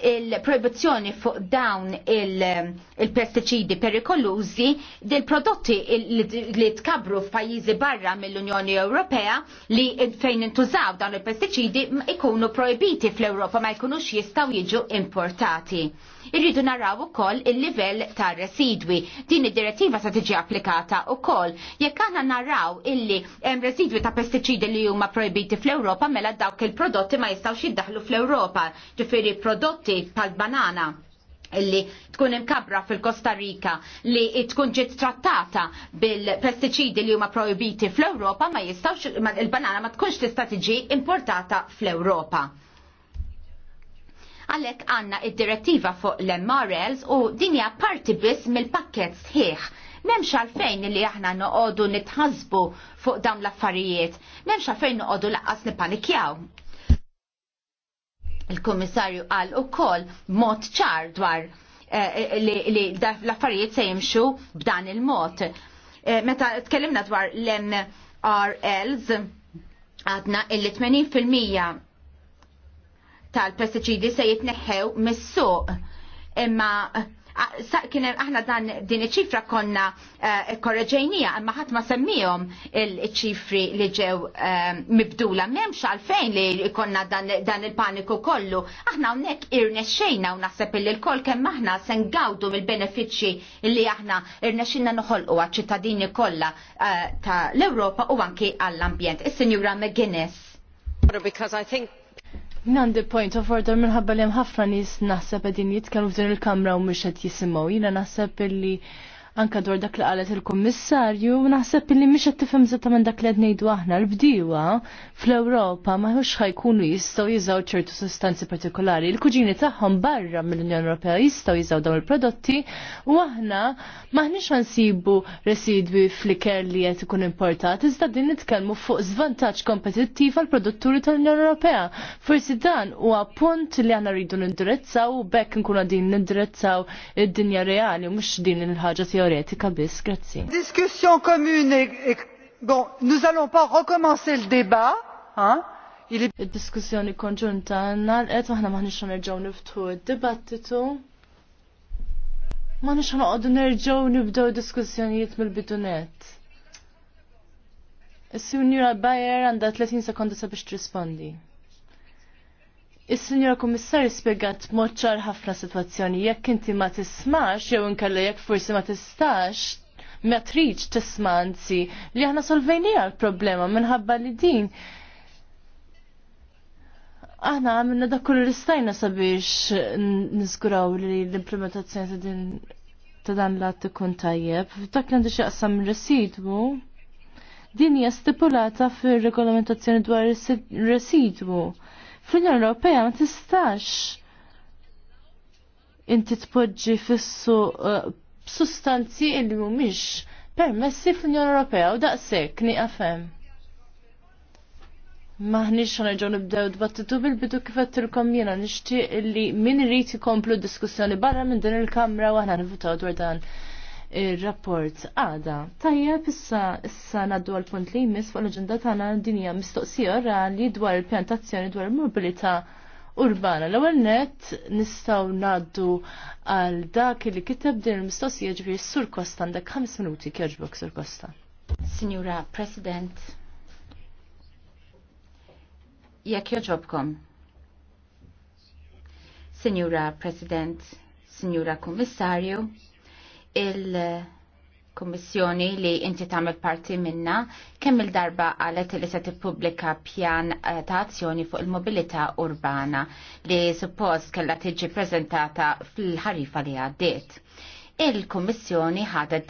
Il-proibizzjoni fuq dawn il-pesticidi il perikolużi dil prodotti li tkabru f'pajjiżi barra mill-Unjoni Ewropea li fejn intużaw dawn il-pesticidi ikunu proibiti fl-Ewropa ma jkunux jistaw jiġu importati Irridu naraw ukoll il-livell ta' residwi. Din id-direttiva se tiġi applikata ukoll. Jekk aħna naraw illi hemm residwi ta' pestiċidi li huma projbiti fl-Ewropa mela dawk il-prodotti ma jistgħux jiddaħlu fl-Ewropa, ġifieri prodotti tal-banana illi tkun imkabra fil-Kosta Rika li tkun ġiet trattata bil-pestiċidi li huma projbiti fl-Ewropa ma jistawx il-banana ma tkunx tista' tiġi importata fl-Ewropa. Għalhekk għandna id-direttiva fuq l-MRLs u dinja parti biss mill-pakket sħiħ. M'hemmx għalfejn li aħna noqogħdu nitħazbu fuq dawn l-affarijiet, m'hemmx għalfejn noqogħdu laqqas nipanikjaw. Il-Kummissarju qal ukoll mod ċar dwar eh, li l-affarijiet se jimxu b'dan il-mod. Eh, meta tkellimna dwar l-MRLs, għadna il-80% tal pesticidi se jitneħħew mis-suq. Imma kienem aħna dan din iċ-ċifra konna eh, korreġejnija, imma ħadd ma semmihom il-ċifri li ġew eh, mibdula. M'hemmx għalfejn li konna dan il-paniku kollu. Aħna hawnhekk irnexxejna u naħseb li l kemm aħna se ngawdu mill-benefiċċji li aħna irnexxinna noħolqu għaċ-ċittadini kollha eh, tal-Ewropa u anki għall-ambjent. Is-Sinjura McGuinness. Because I think Nandi point of order minħabba li ħafna nis naħseb għedin jitkellmu f'din il-kamra u mhux qed jisimgħu. Jiena naħseb illi anka dwar dak li qalet il-Kummissarju, naħseb li mhix qed tifhem minn dak li qed ngħidu aħna l-bdiewa fl-Ewropa ma hux ħajkunu jistgħu jiżaw ċertu sostanzi partikolari. Il-kuġini tagħhom barra mill-Unjoni Ewropea jistgħu jiżaw dawn il-prodotti u aħna maħniex ħansibu residwi fl-iker li qed ikun importat, iżda din nitkellmu fuq żvantaġġ kompetittiv għall produtturi tal-Unjoni Ewropea. Forsi dan huwa punt li aħna rridu nindirizzaw u bekk nkunu din nindirizzaw id-dinja reali u mhux din il-ħaġa teoretika biss. Grazzi. Diskussion commune bon, nous allons pas recommencer le débat, hein? Il-diskussjoni konġunta nalqet aħna maħniex nerġgħu niftħu d-dibattitu. Ma nix ħanqodu nerġgħu nibdew diskussjonijiet mill-bidunet. Is-Sinjura Bayer għandha 30 sekonda sabiex trispondi. Is-Sinjor Kummissarju spjegat mod ċar ħafna sitwazzjoni jekk inti ma tismax jew inkella jekk forsi ma tistax ma triċ tisma' anzi li aħna solvejnija l-problema minħabba li din aħna għamilna dak kollu l-istajna sabiex niżguraw li l-implementazzjoni ta' din ta' dan l-att ikun tajjeb. Dak xi qasam residwu. Din hija stipulata fir-regolamentazzjoni dwar residwu fl-Unjoni Ewropea ma tistax inti tpoġġi fissu uh, sustanzi illi mhumiex permessi fl-Unjoni Ewropea u daqshekk nieqafem. Maħniex ħanerġgħu nibdew dbattitu bil-bidu kif qedtilkom jiena nixtieq li min irid ikomplu diskussjoni barra minn din il-kamra u aħna nivutaw dwar dan il-rapport għada. Tajjeb, issa issa naddu għal-punt li jmiss fuq l-ġenda tagħna dinja mistoqsija orali dwar il-pjantazzjoni dwar il-mobilità urbana. L-ewwel net nistgħu naddu għal dak li kiteb din il-mistoqsija ġifieri Sur Kosta għandek 5 minuti kjerġbok Sur Kosta. Signora President, jekk joġobkom. Signora President, Signora Kommissarju il-Kommissjoni li inti tagħmel parti minna kemm il-darba qalet li se tippubblika pjan eh, ta' azzjoni fuq il-mobilità urbana li suppost kellha tiġi prezentata fil-ħarifa li għaddiet. Il-Kommissjoni ħadet